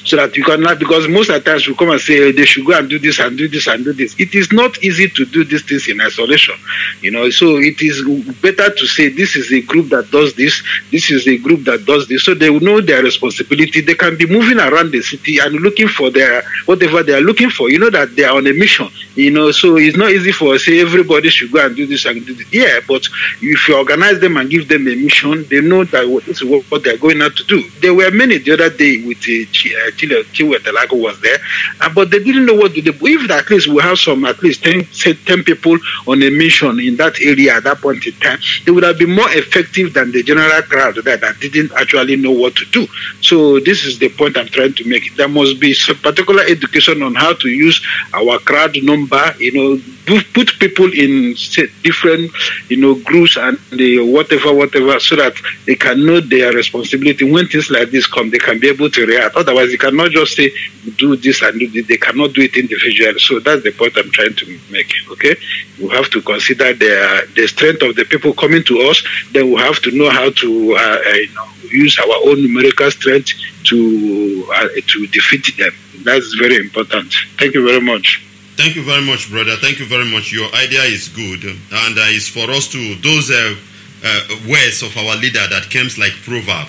[SPEAKER 6] so that you can not because most of the times we come and say they should go and do this and do this and do this. It is not easy to do these things in isolation. You know, so it is better to say this is a group that does this, this is a group that does this. So they know their responsibility. They can be moving around the city and looking for their whatever they are looking for. You know that they are on a mission. You know, so it's not easy for say everybody should go and do this and do this. Yeah, but if you organize them and give them a mission, they know that what, this is what, what they are going out to do. There were many the other day with uh, uh Chile, Telago was there, uh, but they didn't know what to do. If at least we have some at least ten ten 10 people people on a mission in that area at that point in time, they would have been more effective than the general crowd that, that didn't actually know what to do. So this is the point I'm trying to make. There must be particular education on how to use our crowd number, you know, put people in different you know groups and the whatever whatever so that they can know their responsibility when things like this come they can be able to react otherwise they cannot just say do this and do this they cannot do it individually so that's the point i'm trying to make okay we have to consider the the strength of the people coming to us then we have to know how to uh, uh, you know, use our own numerical strength to uh, to defeat them that's very important thank you very much
[SPEAKER 1] Thank you very much, brother. Thank you very much. Your idea is good, and uh, it's for us to those uh, uh, words of our leader that comes like proverb.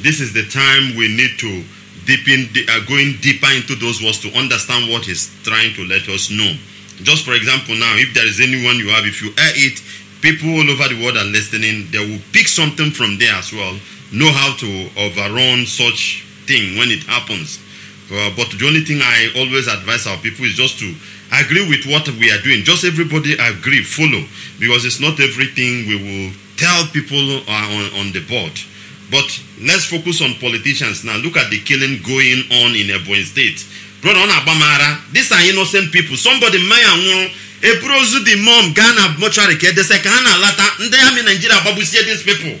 [SPEAKER 1] This is the time we need to deepen, uh, going deeper into those words to understand what he's trying to let us know. Just for example, now, if there is anyone you have, if you air it, people all over the world are listening. They will pick something from there as well. Know how to overrun such thing when it happens. Uh, but the only thing I always advise our people is just to agree with what we are doing. Just everybody agree, follow, because it's not everything we will tell people on, on the board. But let's focus on politicians now. Look at the killing going on in Ebony State. Brother Onabamara, these are innocent people. Somebody may have eburozu the mom Ghana mortuary ka edese ka ha na-alata ndị amị Nigeria gbagbusie these people.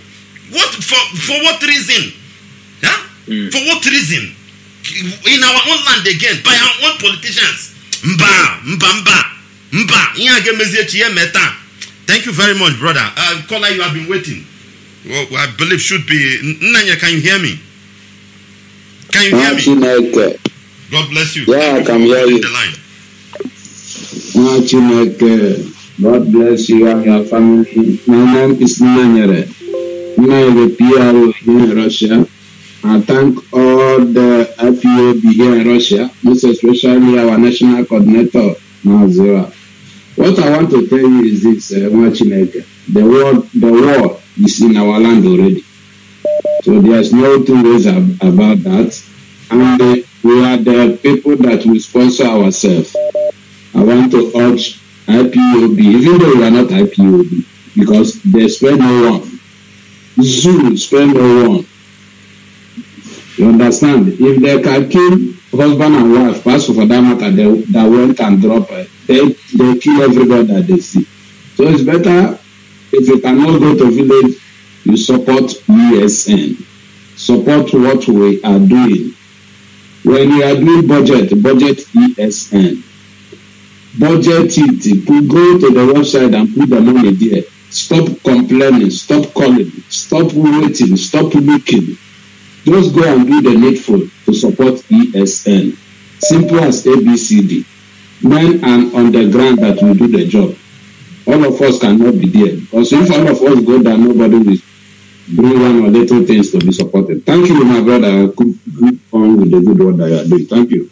[SPEAKER 1] What for, for what reason? Yeah, Mm. For what reason? In our own land again, by our own politicians mba mba mba mba ihe a ga-emezi echi ihe mee taa thank you very much brother uh, caller you have been waiting well, i believe should be nnanya can you hear me can you hear me
[SPEAKER 4] god bless you yeah i can hear you the line nwa chineke god bless you and your family my name is nnanyere nnanyere pr in russia I thank all the IPAB here in Russia, most especially our national coordinator, Nazira. What I want to tell you is this, uh, eh, Chineke. The war, the war is in our land already. So there's no two ways ab about that. And uh, we are the people that will sponsor ourselves. I want to urge IPOB, even though we are not IPOB, because they spend no one. Zoom spend no one. You understand? If they can kill husband and wife, pass for that matter, they, they went and drop it. Eh? They, they kill everybody that they see. So it's better if you cannot go to village, you support ESN, Support what we are doing. When you are doing budget, budget ESN. Budget it. Go to the website and put the money there. Stop complaining. Stop calling. Stop waiting. Stop looking. Just go and do the needful to support ESN. Simple as ABCD. Men are on the ground that will do the job. All of us cannot be there. Because if all of us go down, nobody will bring one or little things to be supported. Thank you, my brother. Keep on with the good work
[SPEAKER 2] that you are doing. Thank you.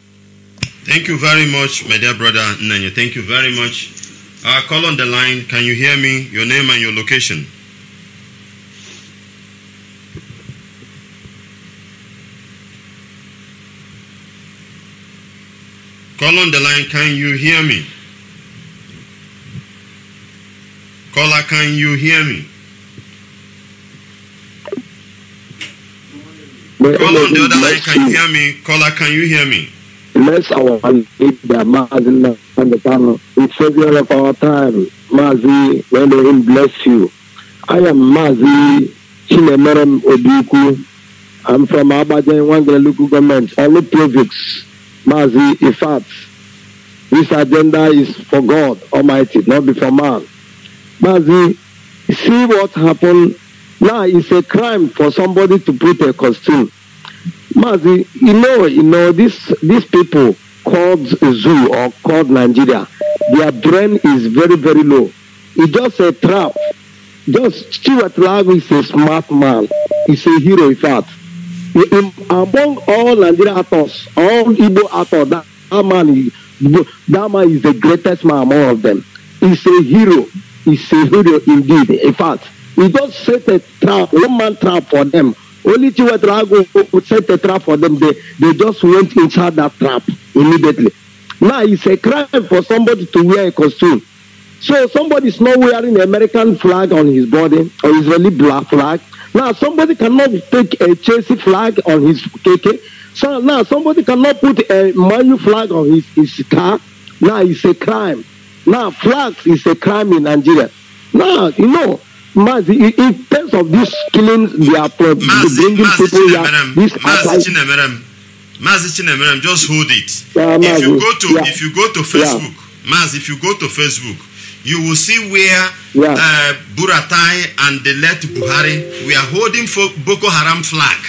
[SPEAKER 1] Thank you very much, my dear brother Nanya. Thank you very much. Uh, call on the line. Can you hear me? Your name and your location. Call on the line, can you hear me? Caller, can you hear me? Call on the other line, can you hear me? Caller, can you hear me? Bless our the Mazi Nandepano, the savior
[SPEAKER 3] of our time. Mazi, may the him bless you. I am Mazi Chinemerem Obuku. I'm from Abadjan, the local government, the Province. Mazi Ifat. This agenda is for God Almighty, not before man. Mazi, see what happened. Now it's a crime for somebody to put a costume. Mazi, you know, you know, this, these people called Zoo or called Nigeria, their brain is very, very low. It's just a trap. Just Stuart Love is a smart man. He's a hero, in fact among all Nigerian actors, all Igbo actors, that, that man is that man is the greatest man among of them. He's a hero. He's a hero indeed. In fact, he just set a trap, one man trap for them. Only Chiwa Drago set a trap for them. They, they just went inside that trap immediately. Now it's a crime for somebody to wear a costume. So somebody is not wearing the American flag on his body or Israeli black flag Now somebody cannot take a Chelsea flag on his KK. So now somebody cannot put a Manu flag on his, his car. Now it's a crime. Now flags is a crime in Nigeria. Now you know, Mazi, in terms of this killing, they are pro- Mazi, bringing Mazi people here. This Mazi
[SPEAKER 1] Mazi Chinemerem, just hold it. Yeah, if you go to yeah. if you go to Facebook, yeah. Maz, if you go to Facebook you will see where yeah. uh, Buratai and the late Buhari we are holding for Boko Haram flag.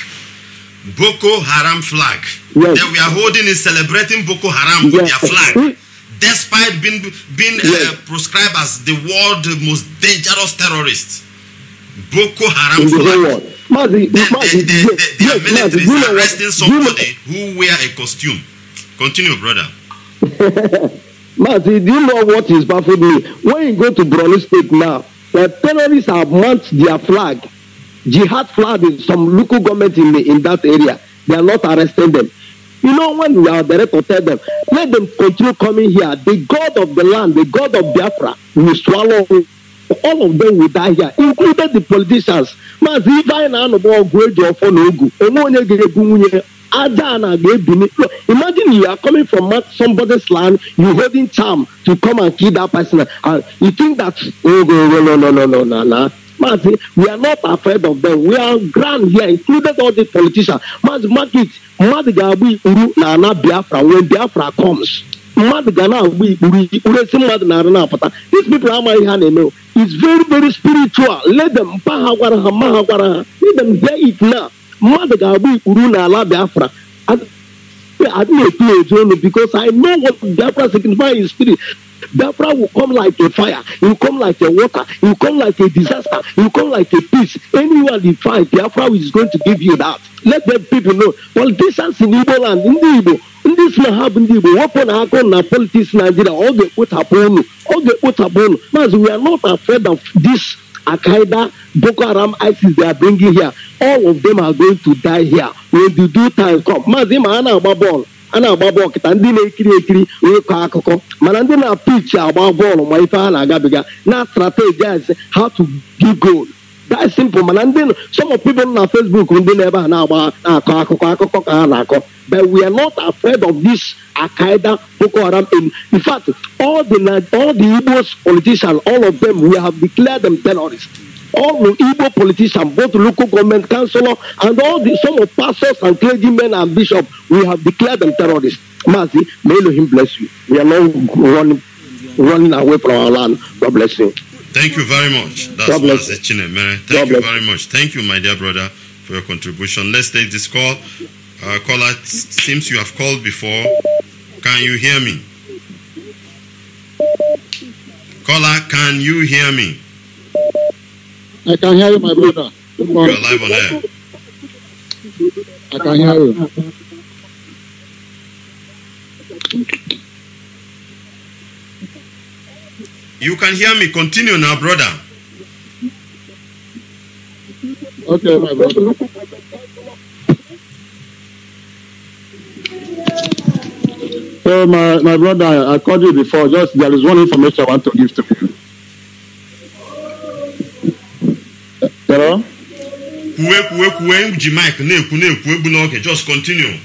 [SPEAKER 1] Boko Haram flag. Yes. That we are holding is celebrating Boko Haram yes. with their flag. Hmm. Despite being being uh, yes. uh, proscribed as the world's most dangerous terrorist. Boko Haram in the flag. Whole the, Mazi, the, the, the, the yes, military is arresting somebody who wear a costume. Continue, brother.
[SPEAKER 3] But do you know what is baffled me? When you go to Brunei State now, the terrorists have mounted their flag, jihad flag in some local government in, the, in that area. They are not arresting them. You know, when we are to tell them, let them continue coming here. The God of the land, the God of Biafra, will swallow all of them will die here, including the politicians. Maazị Ifeanyi na-anọbọ ọgụ eji ọfọ na ogu, Adana Imagine you are coming from somebody's land, you holding charm to come and kill that person. and you think that oh, oh, oh no no no no no no no. Mazi, we are not afraid of them. We are grand here, included all the politicians. Mazi, mark it. Mazi Gabi Uru Nana Biafra. When Biafra comes, Mazi Gana Uru Uru Esi Mazi Nana Apata. These people are my hand It's very very spiritual. Let them bahagwara ha mahagwara ha. Let them bear it now mmadụ ga-agba ikpuru n'ala biafra adị eto eto olu because i know biafra signify spirit biafra will come like a fire it come like a water it come like a disaster it come like a peace anyone you find biafra is going to give you that let them people know politicians in igbo land ndị igbo ndị si na ha bụ ndị igbo wepụ na aka na politics nigeria ọ ga-ekpochapụ unu ọ ga-ekpochapụ unu maazi we are not afraid of this akaida Boko Haram, ISIS they are bringing here, all of them are going to die here when the due time come. Maazị ma a na-agba bọọlụ a na-agba bọọlụ kịta ndị na-ekiri ekiri wee kọọ akụkọ mana ndị na-apich agba bọọlụ ma ife a na-agabiga na strategize how to give goal that is simple mana ndị some of people na facebook ndị na ebe a na-agba na-akọ akụkọ akụkọ ka ha na-akọ but we are not afraid of this akaida boko haram in, fact all the all the igbo politicians all of them we have declared them terrorists all the Igbo politicians, both local government councillor and all the some of pastors and clergy men and bishop, we have declared them terrorists. Mercy, may Elohim bless you. We are not running, running away from our land. God bless you.
[SPEAKER 1] Thank you very much. That's God bless Master Thank God you very much. Thank you, my dear brother, for your contribution. Let's take this call. Uh, caller, seems you have called before. Can you hear me? Caller, can you hear me? I
[SPEAKER 3] can hear you, my brother.
[SPEAKER 1] Good morning. You're live on air. I can hear you. You can hear me. Continue now, brother.
[SPEAKER 3] Okay, my brother. So my, my brother, I called you before. Just there is one information I want to
[SPEAKER 1] give to you. Hello? Just continue.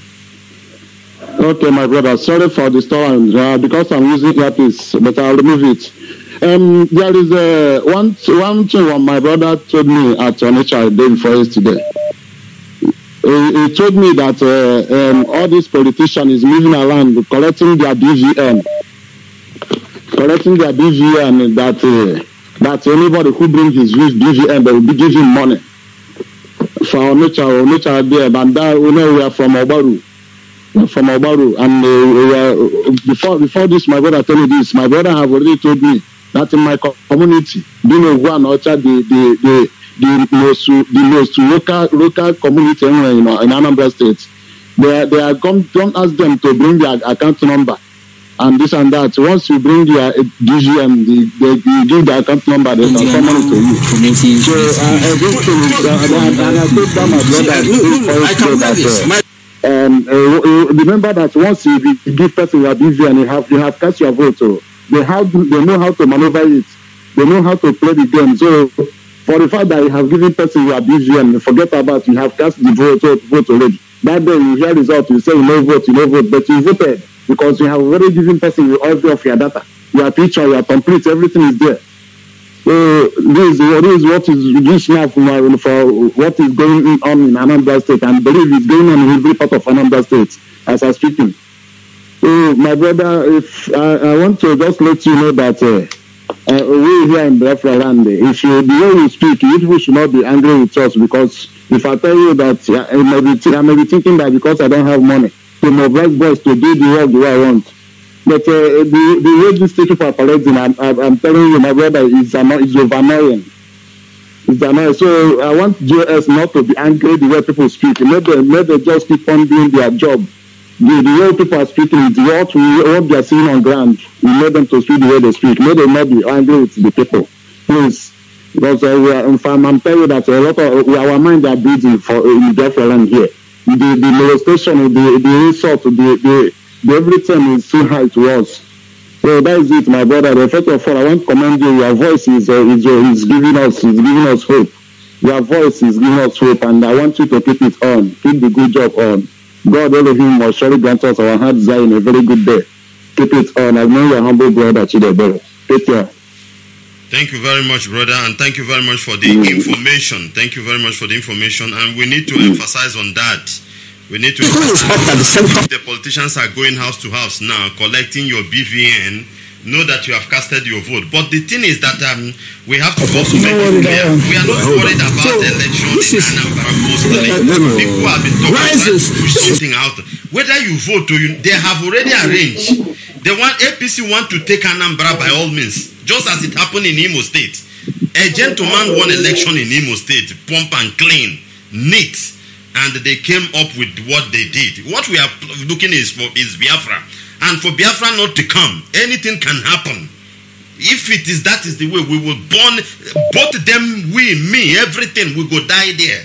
[SPEAKER 3] Okay, my brother. Sorry for the storm uh, because I'm using earpiece, but I'll remove it. Um, there is a, one one thing one my brother told me at Onitsha day before yesterday. He, he told me that uh, um, all these politicians is moving around collecting their BVN, collecting their BVN that uh, that anybody who brings his BVN they will be giving money for Onitsha Onitsha there, and that you know we are from Obaru from Obaru and uh, we before before this my brother tell me this my brother have already told me that in my community being a one ọcha the the the the most the most local local community in you know, in anambra state they they are come don't ask them to bring their account number and this and that once you bring their dgm the they you give the account number they transfer money to
[SPEAKER 2] you so uh, everything is uh,
[SPEAKER 3] and, i told them uh, my brother i told them that. Uh, remember that once you give person your DGM, you have you have cast your vote. Oh, They, how, they know how to maneuver it. They know how to play the game. So for the fact that you have given person your abuse you forget about you have cast the vote, vote, vote already. That day you hear result, you say you no vote, you no vote, but you voted because you have already given person your all of your data. Your picture, your complete, everything is there. So this, this is what is this now for, for
[SPEAKER 4] what is going on in Anambra State and believe it's going on in every part of Anambra State as I'm
[SPEAKER 3] speaking. my brother, if I, uh, I, want to just let you know that uh, uh, we here in Biafra land, if you, the way you speak, you people should not be angry with us because if I tell you that I, I, may be, I may be thinking that because I don't have money to mobilize boys to do the work the way I want. But uh, the, the way this people are collecting, I'm, I'm telling you, my brother, is annoying. It's annoying. So I want JS not to be angry the way people speak. Let maybe just keep on doing their job. the, the way people are speaking is what we what they are seeing on ground. We need them to speak the way they speak. May they not
[SPEAKER 4] be angry with the people. Please. Because uh, we are, in fact, I'm telling you that a lot of uh, our minds are busy for uh, in Jefferland here. The, the molestation, the, the insult, the, the, the everything is too high to us. So that is it, my brother. The first of all, I want to commend you. Your voice is, uh, is, uh, is giving us is giving us hope. Your voice is giving us hope, and I want you to keep it on. Keep the good job on. God all of Him will surely grant us our heart desire in a very good day. Keep it on. I known your humble brother, Chidebere. Take care.
[SPEAKER 1] Thank you very much, brother, and thank you very much for the mm. information. Thank you very much for the information, and we need to mm. emphasize on that. We need to. that the politicians are going house to house now, collecting your BVN know that you have casted your vote. But the thing is that um, we have to also make it clear we are not worried about so, election this in Anambra mostly. People have been talking rises. about something out. Whether you vote or you, they have already arranged. They want APC want to take Anambra by all means, just as it happened in Imo State. A gentleman won election in Imo State, pump and clean, neat, and they came up with what they did. What we are looking is for is Biafra and for Biafra not to come. Anything can happen. If it is that is the way we will burn both them, we, me, everything, we go die there.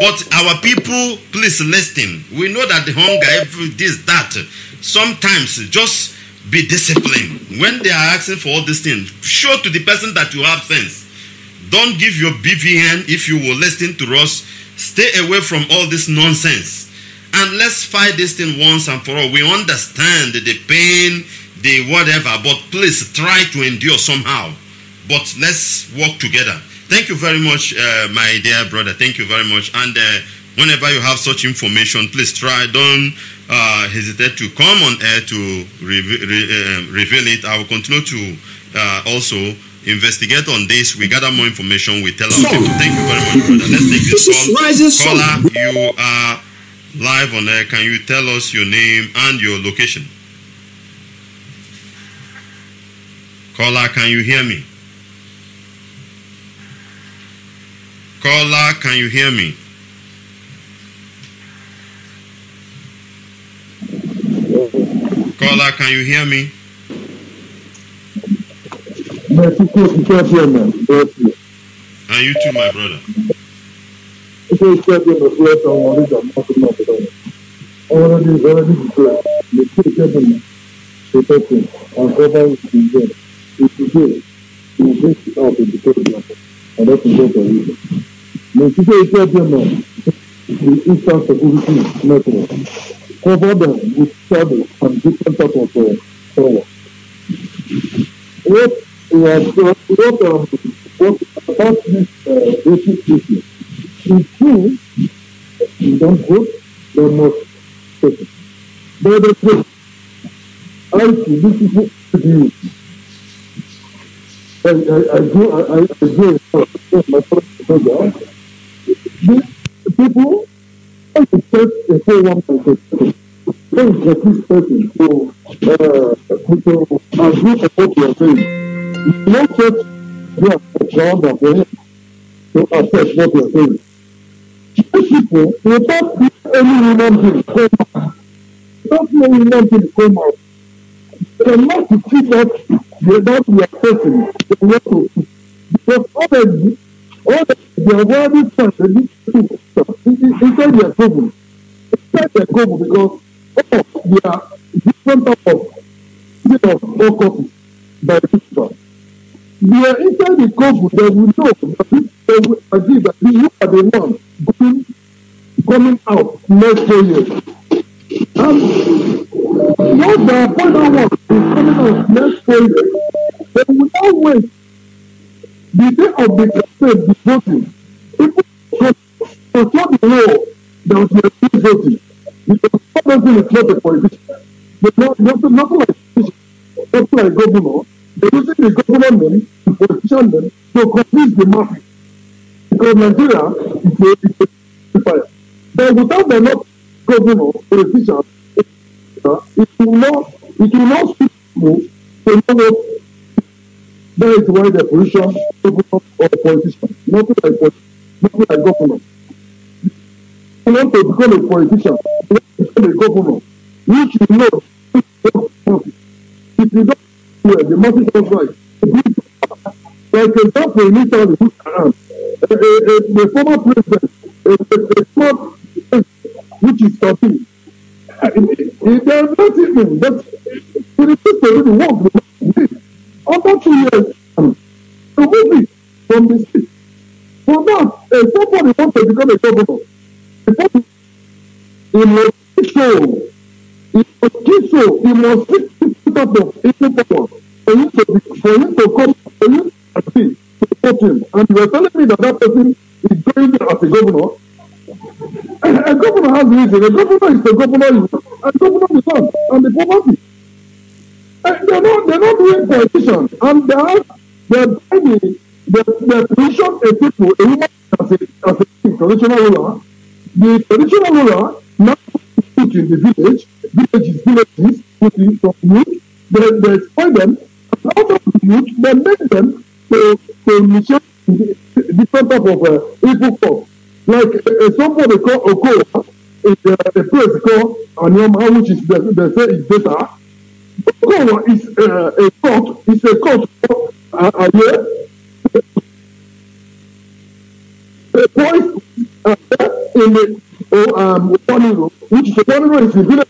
[SPEAKER 1] But our people, please listen. We know that the hunger, every this, that. Sometimes just be disciplined. When they are asking for all these things, show to the person that you have sense. Don't give your BVN if you will listen to us. Stay away from all this nonsense. And let's fight this thing once and for all. We understand the pain, the whatever, but please try to endure somehow. But let's work together. Thank you very much, uh, my dear brother. Thank you very much. And uh, whenever you have such information, please try. Don't uh, hesitate to come on air to re re uh, reveal it. I will continue to uh, also investigate on this. We gather more information. We tell our people. Thank you very much, brother. Let's take this call. Caller, you are live on air, can you tell us your name and your location? Caller, can you hear me? Caller, can you hear me? Caller, can you hear me? And you too, my brother. Ese es el tiempo que yo tengo ahorita, no sé cómo se llama. Ahora ni ahora ni se puede.
[SPEAKER 3] Me estoy quedando. Se toque. Acaba de entender. Y si quiere, y si quiere, ah, pero te quiero hablar. Ahora te quiero hablar. Me estoy quedando. The Eastern Security Network cover them with shadows and different types of uh, power. What was what um, what about this uh, basic issue? mkuu ndio I je moto vous kwa je kibifu kibifu People accept the whole one person. Les vous this person to, uh, c'est what you are saying. Not just you the job of it accept what you're vous saying. people, without any woman in coma, without any woman in coma, cannot see that without your person, the world. Because all oh, the, all the, world is contradictory inside their trouble. Inside their trouble because all of their different type of, you know, focus by people. We are inside the couple that we know that they will agree that you are the one coming coming out next four years. And once the appointed one is coming out next four years, they will not wait the day of the campaign be voting. People for what the law that we are still voting. Because what doesn't reflect the politician. But not, not, not like this. Nothing like governor. They're using the government to position them to confuse the market. Because Nigeria is a fire. But without the not governor, politician, it will not, it will not speak to know that is why the position governor or politician, nothing like politician, nothing like government. You want to become a politician, you want to become a governor, which you know if you don't the multi-colored voice. There is a job for me to look A, the former president, a, a, a small president, which is talking, uh, they are not even, but he refused to really work with me. After two years, um, to move it from the street, For that, uh, somebody wants to become a governor. He must do so. He must do so. He must sit not know. It's impossible for you to for you to come for you and see to vote him. And you are telling me that that person is going there as a governor. a governor has reason. A governor is the governor. is, A governor is not and the poverty. And they're not they're not doing politicians, and they are they're bringing the the position a people a woman as a as a traditional ruler. The traditional ruler now put in the village, villages, villages, put in from youth they, they spoil them. And out of the youth, they make them to, to initiate different type of uh, evil cause. Like uh, uh somebody called Okoa, uh, is uh, a place called Anyama, which is the, they say is better. Okoa is uh, a cult, it's a cult called uh, Aye. The boys uh, in the oh, um, room, which is the room is the village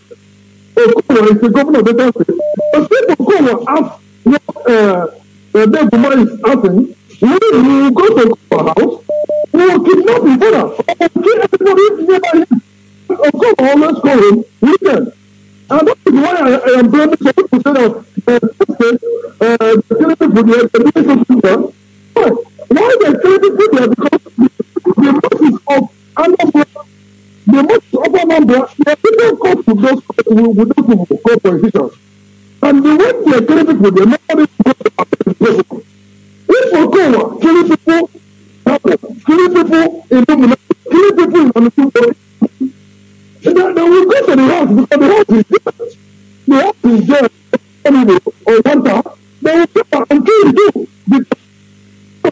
[SPEAKER 3] Okowo is the governor of Delta State. But what uh, uh, is asking, we will go to Okowo house, we will kidnap his brother, will kill everybody nearby him. Okowo always call him wicked. And that is why I, I am blaming some people say that State, the killing people the Why? they killing people Because the masses of Anambra, the most. common blood, the people go to those with those people go politicians. And the way they kill people, they know how to go to politicians. If we go killing people, killing people in Luminati, killing people in Luminati, then, then we go to the house because the house is different. The house is there, family or water, they will come and kill you. Because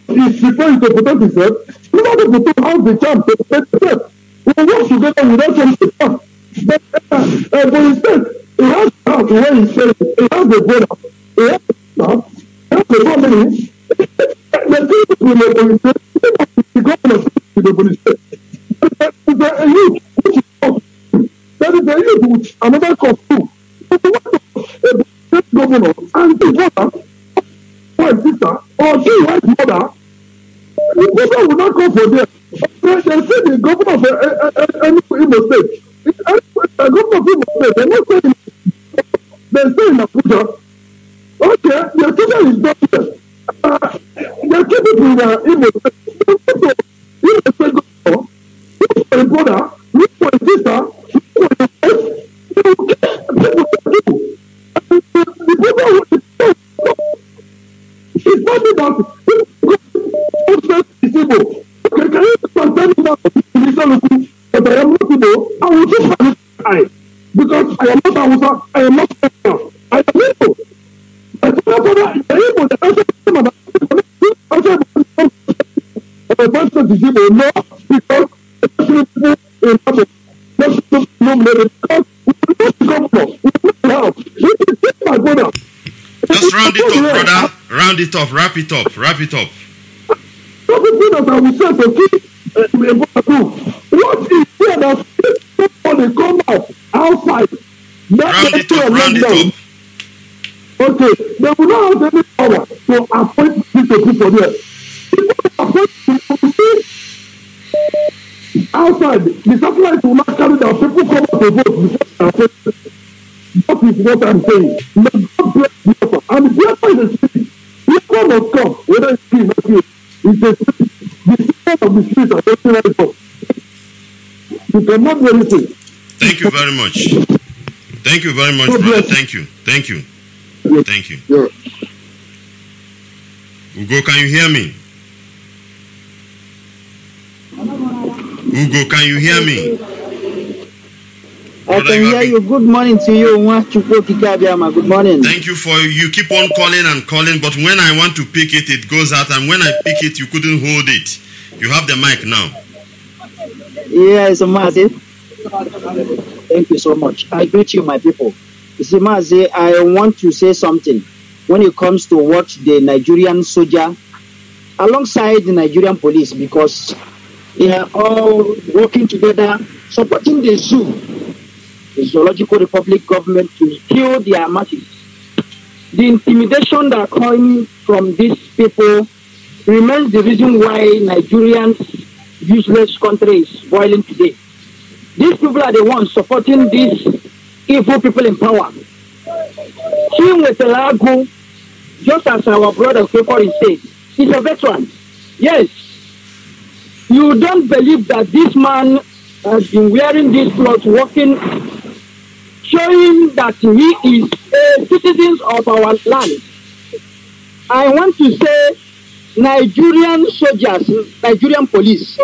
[SPEAKER 3] if she goes to protect herself, you know the people have the chance to protect herself. Well, what's the better on without sort of stuff? But, uh, uh, but instead, he has to have where he selling. He has the product. He has the staff. He has the company. the people will not police The government will not police There is a youth which is up. There is a youth which another comes to. But what the state governor and the brother, white sister, or two white mother, the brother will not come for them. They say the governor of Imo State. The governor of Imo State, they're not saying they stay in Abuja. Okay, the teacher is not here. Uh, there are two people in uh, Imo State. Imo State governor, the brother,
[SPEAKER 1] wrap it up. Wrap it up.
[SPEAKER 3] What is there that people uh, they come out outside? Round it up. Round it up. Okay, they will not have any power to appoint these for there. People appoint people outside. The satellite will not carry their people come out to vote before they are appoint. That is what I'm saying. No You cannot do anything.
[SPEAKER 1] Thank you very much. Thank you very much, God brother. Thank you. Thank you. Thank you. Ugo, can you hear me? Ugo, can you hear me? I can hear you. Good morning to you. Good morning. Thank you for you keep on calling and calling, but when I want to pick it, it goes out, and when I pick it, you couldn't hold it. You have the mic now.
[SPEAKER 3] Yes, Mazi. Thank you so much. I greet you, my people. You see, Mazi, I want to say something when it comes to what the Nigerian soldier, alongside the Nigerian police, because they are all working together, supporting the zoo, the Zoological Republic government, to kill their masses. The intimidation that are coming from these people remains the reason why Nigerians useless country is boiling today. These people are the ones supporting these evil people in power.
[SPEAKER 2] Him
[SPEAKER 3] with Lagu, just as our brother Kekori said, is a veteran. Yes, you don't believe that this man has been wearing this cloth, walking, showing that he is a citizen of our land. I want to say Nigerian soldiers, Nigerian police,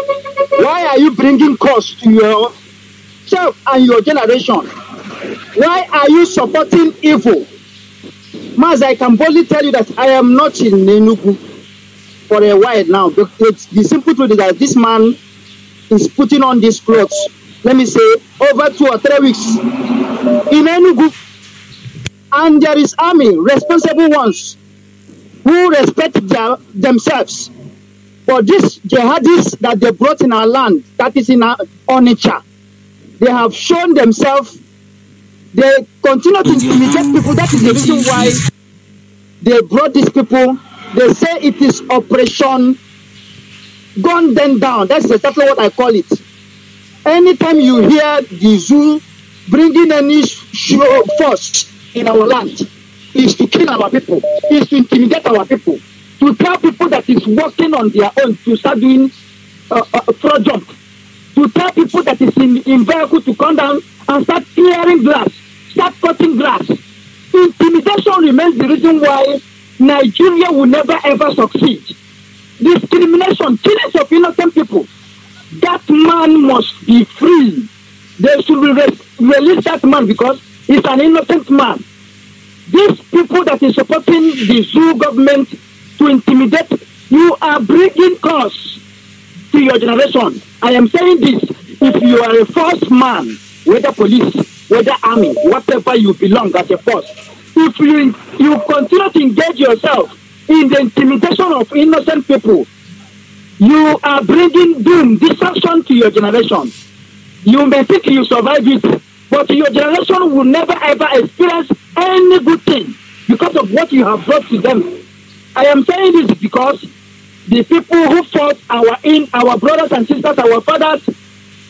[SPEAKER 3] why are you bringing cost to yourself and your generation? Why are you supporting evil? Mas, I can boldly tell you that I am not in Enugu for a while now. The, the, the simple truth is that this man is putting on these clothes, let me say, over two or three weeks in Enugu. And there is army, responsible ones, who respect their, themselves. for this jihadists that they brought in our land, that is in our Onitsha, they have shown themselves, they continue to intimidate people. That is the reason why they brought these people. They say it is operation gun them down. That's exactly what I call it. Anytime you hear the zoo bringing any show force in our land, is to kill our people, is to intimidate our people, to tell people that is working on their own to start doing uh, uh fraud to tell people that is in, in vehicle to come down and start clearing grass, start cutting grass. Intimidation remains the reason why Nigeria will never ever succeed. Discrimination, killings of innocent people. That man must be free. They should re- release that man because he's an innocent man. These people that is supporting the zoo government to intimidate, you are bringing cause to your generation. I am saying this. If you are a force man, whether police, whether army, whatever you belong as a force, if you, you continue to engage yourself in the intimidation of innocent people, you are bringing doom, destruction to your generation. You may think you survive it, But your generation will never ever experience any good thing because of what you have brought to them. I am saying this because the people who fought our in our brothers and sisters, our fathers,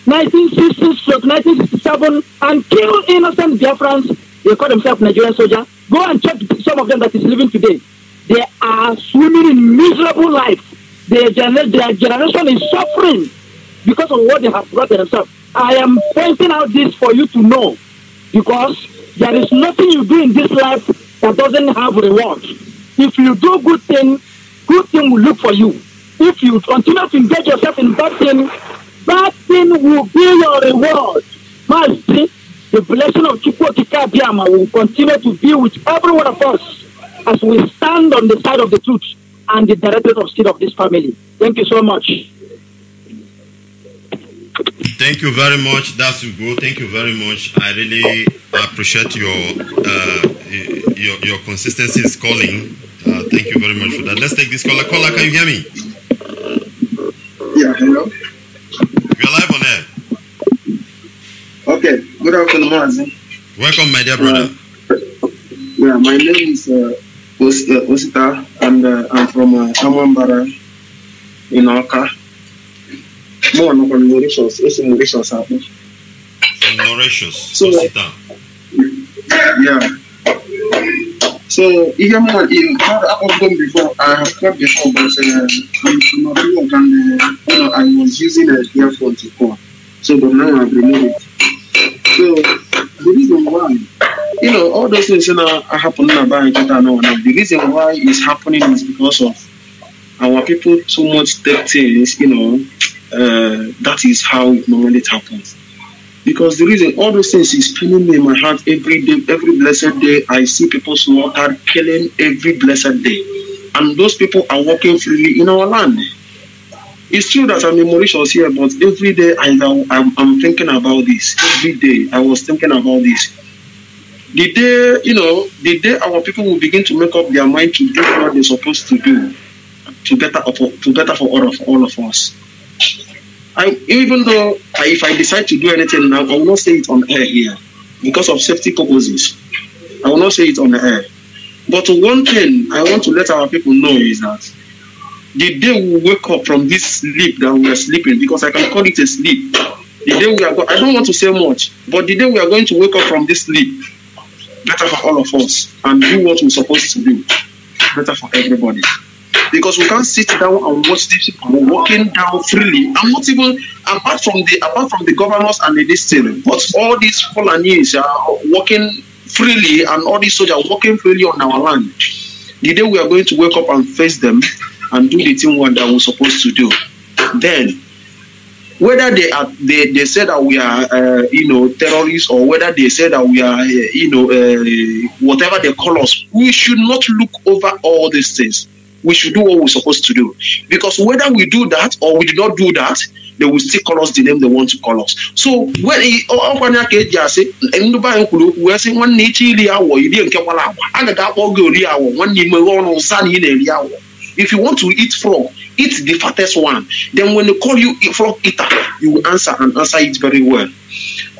[SPEAKER 3] 1960 1967, and killed innocent Biafrans, they call themselves Nigerian soldier. Go and check some of them that is living today. They are swimming in miserable life. Their, gener- their generation is suffering because of what they have brought themselves. I am pointing out this for you to know because there is nothing you do in this life that doesn't have reward. If you do good thing, good thing will look for you. If you continue to engage yourself in bad thing, bad thing will be your reward. Mercy, the blessing of Chukwuoki Biama will continue to be with every one of us as we stand on the side of the truth and the director of seed of this family. Thank you so much.
[SPEAKER 1] Thank you very much. That's good. Thank you very much. I really appreciate your uh, your, your consistency is calling. Uh, thank you very much for that. Let's take this caller. Caller, can you hear me? Yeah. Hello. You're live on air. Okay. Good afternoon, Welcome, my dear brother. Uh,
[SPEAKER 3] yeah, my name is uh, uh Osita, and uh, I'm from uh, Amambara in Oka. More and more from Mauritius. It's in Mauritius, I think.
[SPEAKER 1] Mauritius.
[SPEAKER 3] So, like, yeah. So even when in I've done before, I have cut before, but uh, uh I was using a earphone to call. So but now I've removed it. So the reason why, you know, all those things you are happening about The reason why it's happening is because of our people too much take things, you know, uh, that is how it normally happens. Because the reason all those things is paining me in my heart every day, every blessed day. I see people slaughtered, killing every blessed day. And those people are walking freely in our land. It's true that I'm in Mauritius here, but every day I, I'm, I'm thinking about this. Every day I was thinking about this. The day, you know, the day our people will begin to make up their mind to do what they're supposed to do, to better, to better for all of all of us. And even though I, if I decide to do anything now, I will not say it on air here because of safety purposes. I will not say it on the air. But one thing I want to let our people know is that the day we wake up from this sleep that we are sleeping, because I can call it a sleep, the day we are going, I don't want to say much, but the day we are going to wake up from this sleep, better for all of us and do what we're supposed to do, better for everybody because we can't sit down and watch these people walking down freely. I'm not even apart from the apart from the governors and the this but all these Fulanis are walking freely and all these soldiers walking freely on our land. The day we are going to wake up and face them and do the thing that we're supposed to do, then whether they are they, they say that we are uh, you know terrorists or whether they say that we are uh, you know uh, whatever they call us we should not look over all these things we should do what we're supposed to do. Because whether we do that or we do not do that, they will still call us the name they want to call us. So when ọkwanye aka eji asị ndị okwu wee sị nwanne ichi iri awọ iri nke gbara agwa a ga-akpọ oge ori awọ nwanne ime ọrụ ụsa na ị na-eri awọ If you want to eat frog, eat the fattest one. Then when they call you frog eater, you will answer and answer it very well.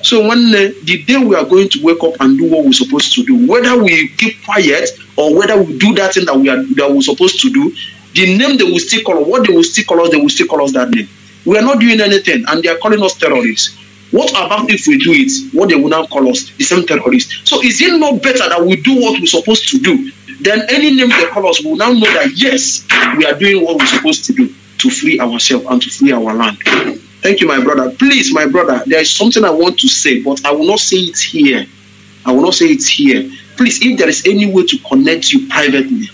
[SPEAKER 3] So when uh, the day we are going to wake up and do what we supposed to do, whether we keep quiet or whether we do that thing that we are that we supposed to do, the name they will still call us, what they will still call us, they will still call us that name. We are not doing anything, and they are calling us terrorists. What about if we do it? What they would now call us the same terrorists. So is it not better that we do what we're supposed to do? Then any name they call us, we will now know that yes, we are doing what we're supposed to do to free ourselves and to free our land. Thank you, my brother. Please, my brother, there is something I want to say, but I will not say it here. I will not say it here. Please, if there is any way to connect you privately,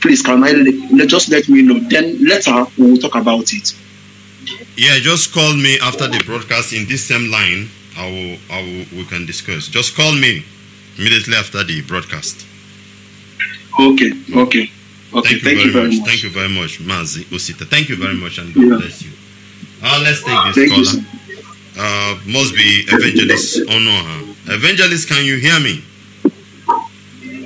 [SPEAKER 3] please can I just let me know. Then later we will talk about it.
[SPEAKER 1] Yeah, just call me after the broadcast in this same line. I will, I will, we can discuss. Just call me immediately after the broadcast. Okay, okay. Okay, thank you, thank very, you very much. Thank you very much, Mazi Osita. Thank you very much, and God yeah. bless you. Uh, let's take this caller. Uh, must be Evangelist Onoha. Oh, uh, evangelist, can you hear me?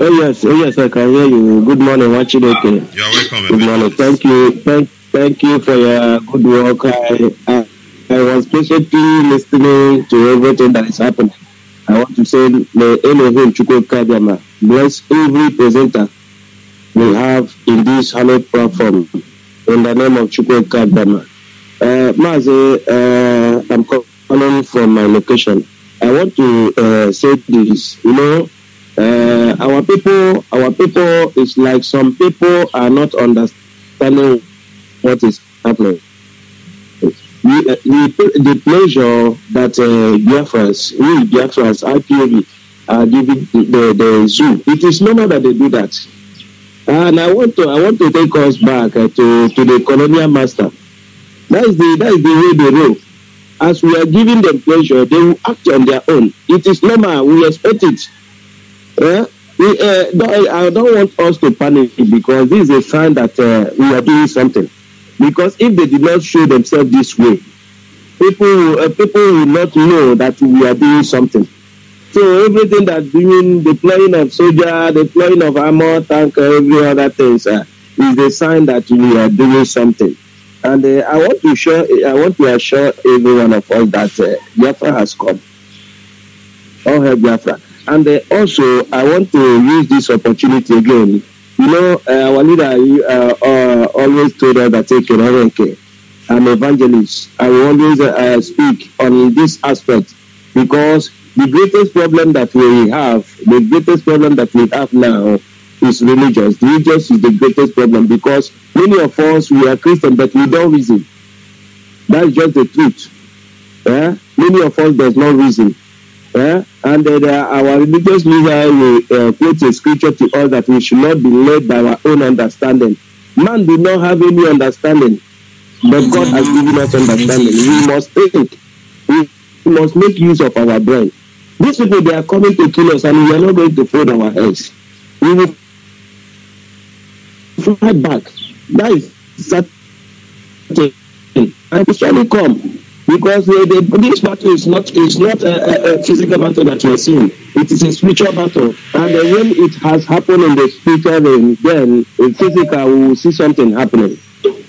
[SPEAKER 3] Oh yes, oh yes, I can hear you. Good morning, Wachideke. You are welcome. Good morning. Thank you. Thank. Thank you for your good work. I, I, I was patiently listening to everything that is happening. I want to say, may Elohim Chukwu bless every presenter we have in this hallowed platform in the name of Chukwu Kadiama. Uh, Maze, uh, I'm calling from my location. I want to uh, say this. You know, uh, our people, our people is like some people are not understanding what is happening. We, uh, we the pleasure that uh, we Biafrans, IPOB, are giving the, the, the zoo. It is normal that they do that. And I want to I want to take us back uh, to, to the colonial master. That is the that is the way they roll. As we are giving them pleasure, they will act on their own. It is normal. We expect it. Uh, we, uh, I don't want us to panic because this is a sign that uh, we are doing something. Because if they did not show themselves this way, people uh, people will not know that we are doing something. So everything that doing deploying of soldier, deploying of armor, tank, every other things uh, is the sign that we are doing something. And uh, I want to show, I want to assure every one of us that uh, Biafra has come. All help Biafra. And uh, also, I want to use this opportunity again You know, uh, our leader uh, uh, always told us that take care I'm evangelist. I always uh, speak on this aspect because the greatest problem that we have, the greatest problem that we have now is religious. Religious is the greatest problem because many of us, we are Christian, but we don't reason. That's just the truth. Yeah? Many of us does not reason. Eh? And uh, our religious leader will uh, quote a scripture to us that we should not be led by our own understanding. Man did not have any understanding, but God has given us understanding. We must think. We must make use of our brain. These people, they are coming to kill us, and we are not going to fold our heads. We will fight back. That is certain. And it surely come because uh, the, this battle is not is not a, a, a, physical battle that we're seeing. It is a spiritual battle, and uh, when it has happened in the spiritual realm, then in physical we will see something happening.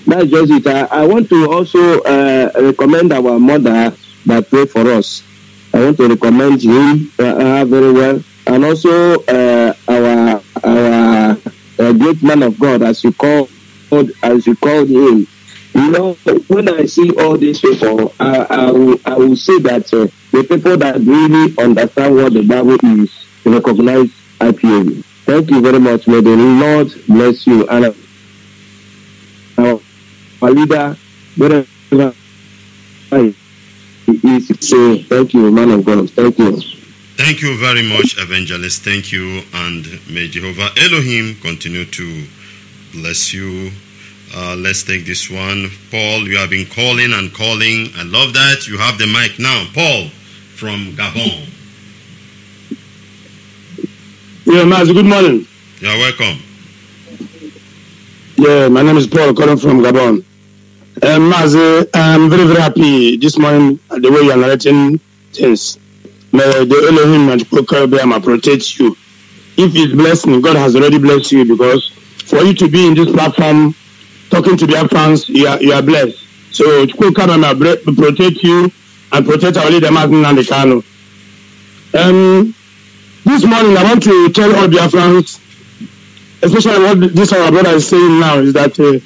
[SPEAKER 3] That's just it. I, I want to also uh, recommend our mother that pray for us. I want to recommend him uh, very well, and also uh, our our uh, great man of God, as you call, as you called him. You know, when I see all these people, I, I, will, I will say that uh, the people that really understand what the Bible is recognize IPOB. Thank you very much. May the Lord bless you. And our, uh, our leader, wherever he is, so thank you, man of God. Thank you.
[SPEAKER 1] Thank you very much, evangelist. Thank you. And may Jehovah Elohim continue to bless you uh, let's take this one. Paul, you have been calling and calling. I love that. You have the mic now. Paul from Gabon. Yeah, Mas, good morning. You're welcome. Yeah, my name is Paul,
[SPEAKER 3] calling from Gabon. Uh, Mas, I'm very, very happy this morning at the way you're narrating things. May the Elohim and Kokobiyama protect you. If it's blessing, God has already blessed you because for you to be in this platform, talking to their fans, you are, you are blessed. So quick come and protect you and protect our leader Martin Nandekano. Um, this morning I want to tell all Biafrans, especially what this our brother is saying now, is that uh,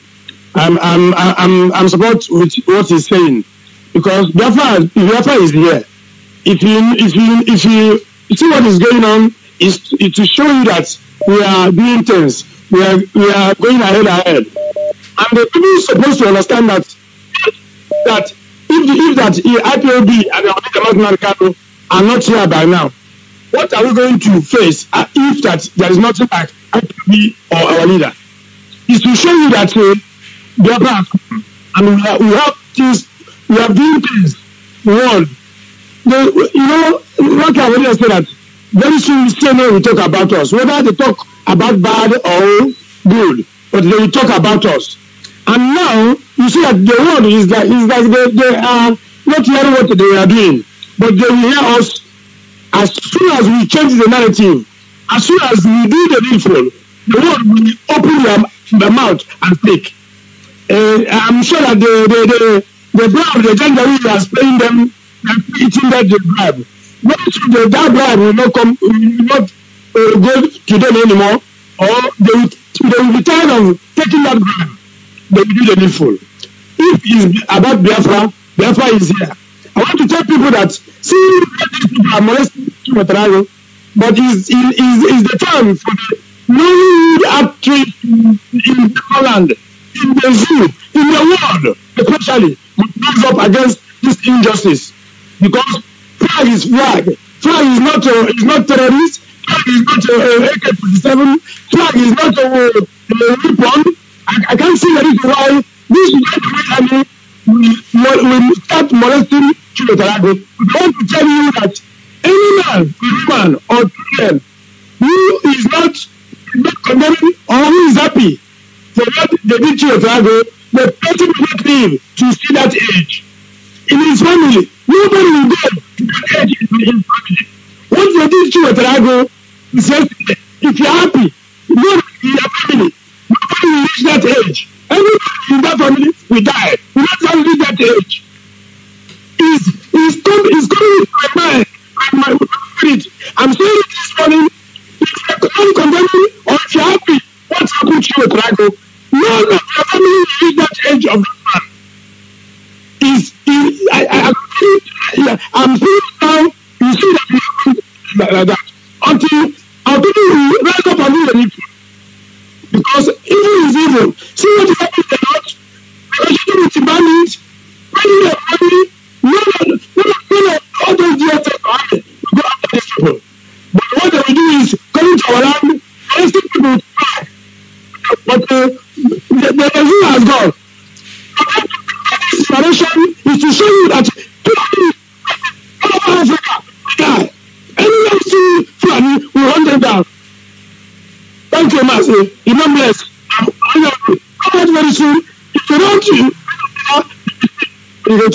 [SPEAKER 3] I'm I'm I'm I'm support with what he's saying because Biafra Biafra is here. If you if you if you, see what is going on, is to show you that we are doing things. We are we are going ahead ahead and the people supposed to understand that that if the, if that IPOB and the Abdulkamak Kano are not here by now, what are we going to face uh, if that there is nothing like IPOB or our leader? Is to show you that uh, they are back and we, are, we have things, we have doing things. well. the, you know, what I already say that very soon CNN will talk about us, whether they talk about bad or good, but they will talk about us. And now you see that the word is that is that they, they are not hearing what they are doing, but they will hear us as soon as we change the narrative, as soon as we do the needful, the word will open their, their mouth and speak. Uh, I'm sure that the the the, the bribe the Janjaweed are paying them, eating that the bribe. Not the, that bribe will not come, will not uh, go to them anymore, or they will, they will be tired of taking that bribe they will do the needful. If it's about Biafra, Biafra is here. I want to tell people that see these people are molesting Matarago, but it is is the time for the new actress in, in Holland, in the zoo, in the world, especially, who comes up against this injustice. Because flag is flag. Flag is not uh, is not terrorist. Flag is not uh,
[SPEAKER 2] AK-47. Flag is not a uh, weapon. I, I can't see the reason why this is not will start molesting children. I
[SPEAKER 3] mean, we want to tell you that any man, woman, or children who is not, not condemning or who is happy for what they did to Otago, the person will not live to see that age. In his family, nobody will go to that age in his family. What they did to Otago is yesterday. If you're happy, go to your family. Nobody will reach that age. Everybody
[SPEAKER 2] in that family will die. We not reach that age. Is is coming is coming with my mind and my spirit. I'm saying this morning. If you're condemning or if you're happy, what's happened to you, Krago? No, no.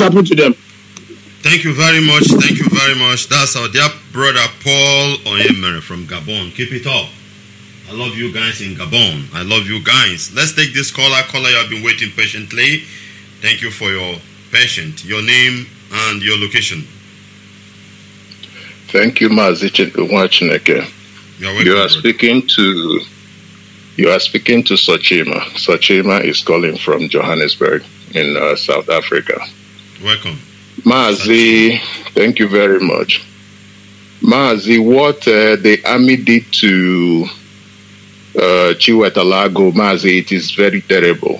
[SPEAKER 5] happened to them.
[SPEAKER 1] Thank you very much. Thank you very much. That's our dear brother Paul Oyemere from Gabon. Keep it up. I love you guys in Gabon. I love you guys. Let's take this caller. Caller, you have been waiting patiently. Thank you for your patience. Your name and your location.
[SPEAKER 7] Thank you, Mazichi Wachneke. You are speaking to you are speaking to Sochima. Sochima is calling from Johannesburg in uh, South Africa. Welcome. Mazi, thank you very much. Mazi, what uh, the army did to uh, Chiwetalago, Mazi, it is very terrible.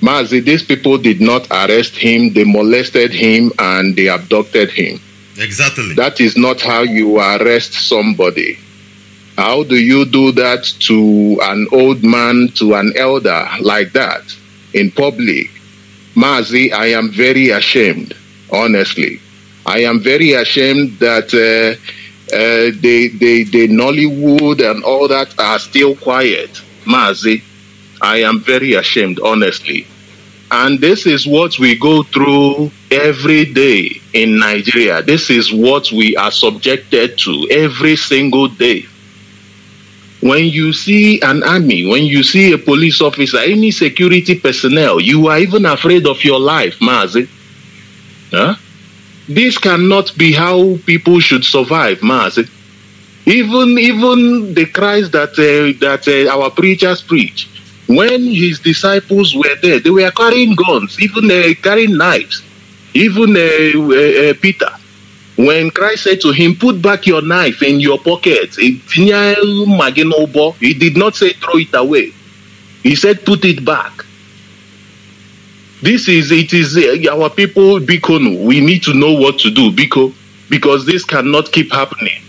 [SPEAKER 7] Mazi, these people did not arrest him, they molested him and they abducted him. Exactly. That is not how you arrest somebody. How do you do that to an old man, to an elder like that in public? Mazi, I am very ashamed, honestly. I am very ashamed that uh, uh, the, the, the Nollywood and all that are still quiet. Mazi, I am very ashamed, honestly. And this is what we go through every day in Nigeria. This is what we are subjected to every single day when you see an army, when you see a police officer, any security personnel, you are even afraid of your life, Mazi. Huh? This cannot be how people should survive, Mazi. Even even the Christ that uh, that uh, our preachers preach, when his disciples were there, they were carrying guns, even uh, carrying knives, even uh, uh, uh, Peter. When Christ said to him, Put back your knife in your pocket, he did not say throw it away. He said, Put it back. This is, it is eh, our people, Bikonu. We need to know what to do Biko, because this cannot keep happening.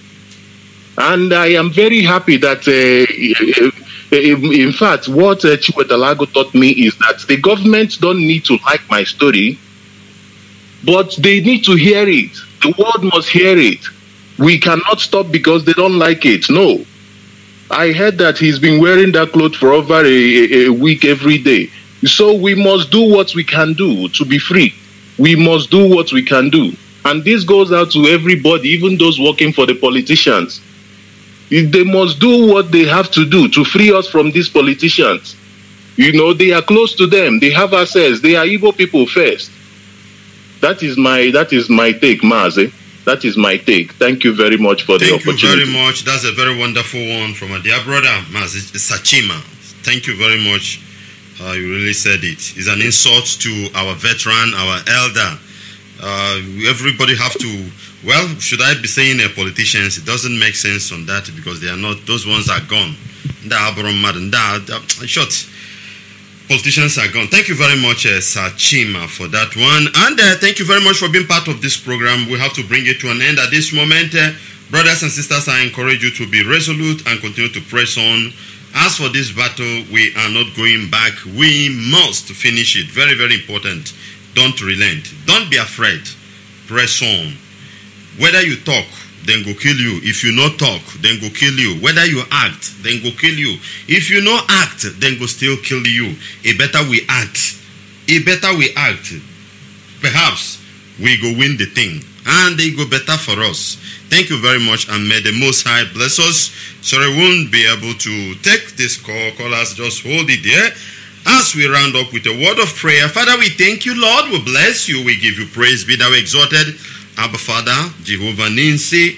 [SPEAKER 7] And I am very happy that, uh, in fact, what uh, Chiwetalago taught me is that the government don't need to like my story, but they need to hear it the world must hear it. We cannot stop because they don't like it. No. I heard that he's been wearing that cloth for over a, a, week every day. So we must do what we can do to be free. We must do what we can do. And this goes out to everybody, even those working for the politicians. They must do what they have to do to free us from these politicians. You know, they are close to them, they have access, they are evil people first that is my that is my take, Mazi. That is my take. Thank you very much for Thank the opportunity. Thank you
[SPEAKER 1] very much. That's a very wonderful one from a dear brother, Mazi Sachima. Thank you very much. Uh, you really said it. It's an insult to our veteran, our elder. Uh, everybody have to well should i be saying a politicians it doesn't make sense on that because they are not those ones are gone That. Uh, short politicians are gone. Thank you very much, uh, Sir Chima, for that one. And uh, thank you very much for being part of this program. We have to bring it to an end at this moment. Uh, brothers and sisters, I encourage you to be resolute and continue to press on. As for this battle, we are not going back. We must finish it. Very, very important. Don't relent. Don't be afraid. Press on. Whether you talk then go kill you. If you no talk, then go kill you. Whether you act, then go kill you. If you no act, then go still kill you. A better we act. A better we act. Perhaps we go win the thing. And they go better for us. Thank you very much and may the Most High bless us. Sorry, we won't be able to take this call. Call us, just hold it there. As we round up with a word of prayer, Father, we thank you, Lord. We bless you. We give you praise. Be thou exalted. Abba Father, Jehovah Ninsi,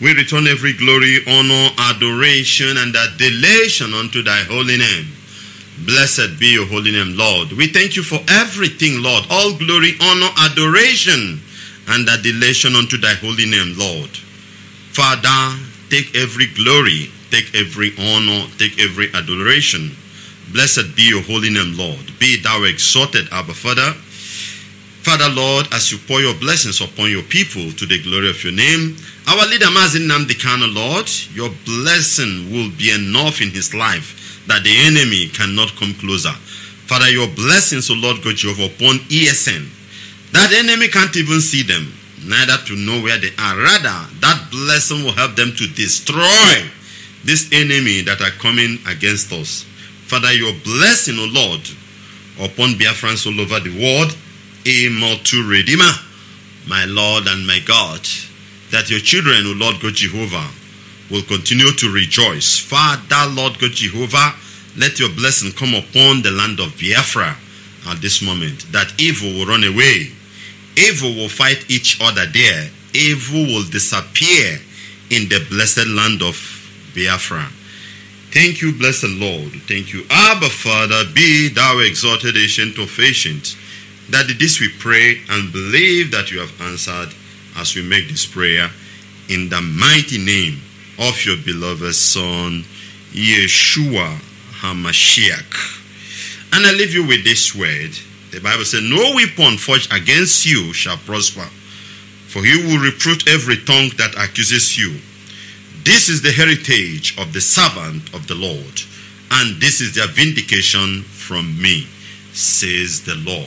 [SPEAKER 1] we return every glory, honor, adoration, and adulation unto thy holy name. Blessed be your holy name, Lord. We thank you for everything, Lord. All glory, honor, adoration, and adulation unto thy holy name, Lord. Father, take every glory, take every honor, take every adoration. Blessed be your holy name, Lord. Be thou exalted, Abba Father. Father, Lord, as you pour your blessings upon your people to the glory of your name, our leader Mazin Namdekano, Lord, your blessing will be enough in his life that the enemy cannot come closer. Father, your blessings, O Lord God Jehovah, upon ESN, that enemy can't even see them, neither to know where they are. Rather, that blessing will help them to destroy this enemy that are coming against us. Father, your blessing, O Lord, upon Biafrans all over the world to Redeemer, my Lord and my God, that your children, O Lord God Jehovah, will continue to rejoice. Father, Lord God Jehovah, let your blessing come upon the land of Biafra at this moment, that evil will run away, evil will fight each other there, evil will disappear in the blessed land of Biafra. Thank you, blessed Lord. Thank you, Abba Father. Be thou exalted, ancient of ancients that this we pray and believe that you have answered as we make this prayer in the mighty name of your beloved Son, Yeshua HaMashiach. And I leave you with this word. The Bible says, No weapon forged against you shall prosper, for you will reproach every tongue that accuses you. This is the heritage of the servant of the Lord, and this is their vindication from me,
[SPEAKER 2] says the Lord.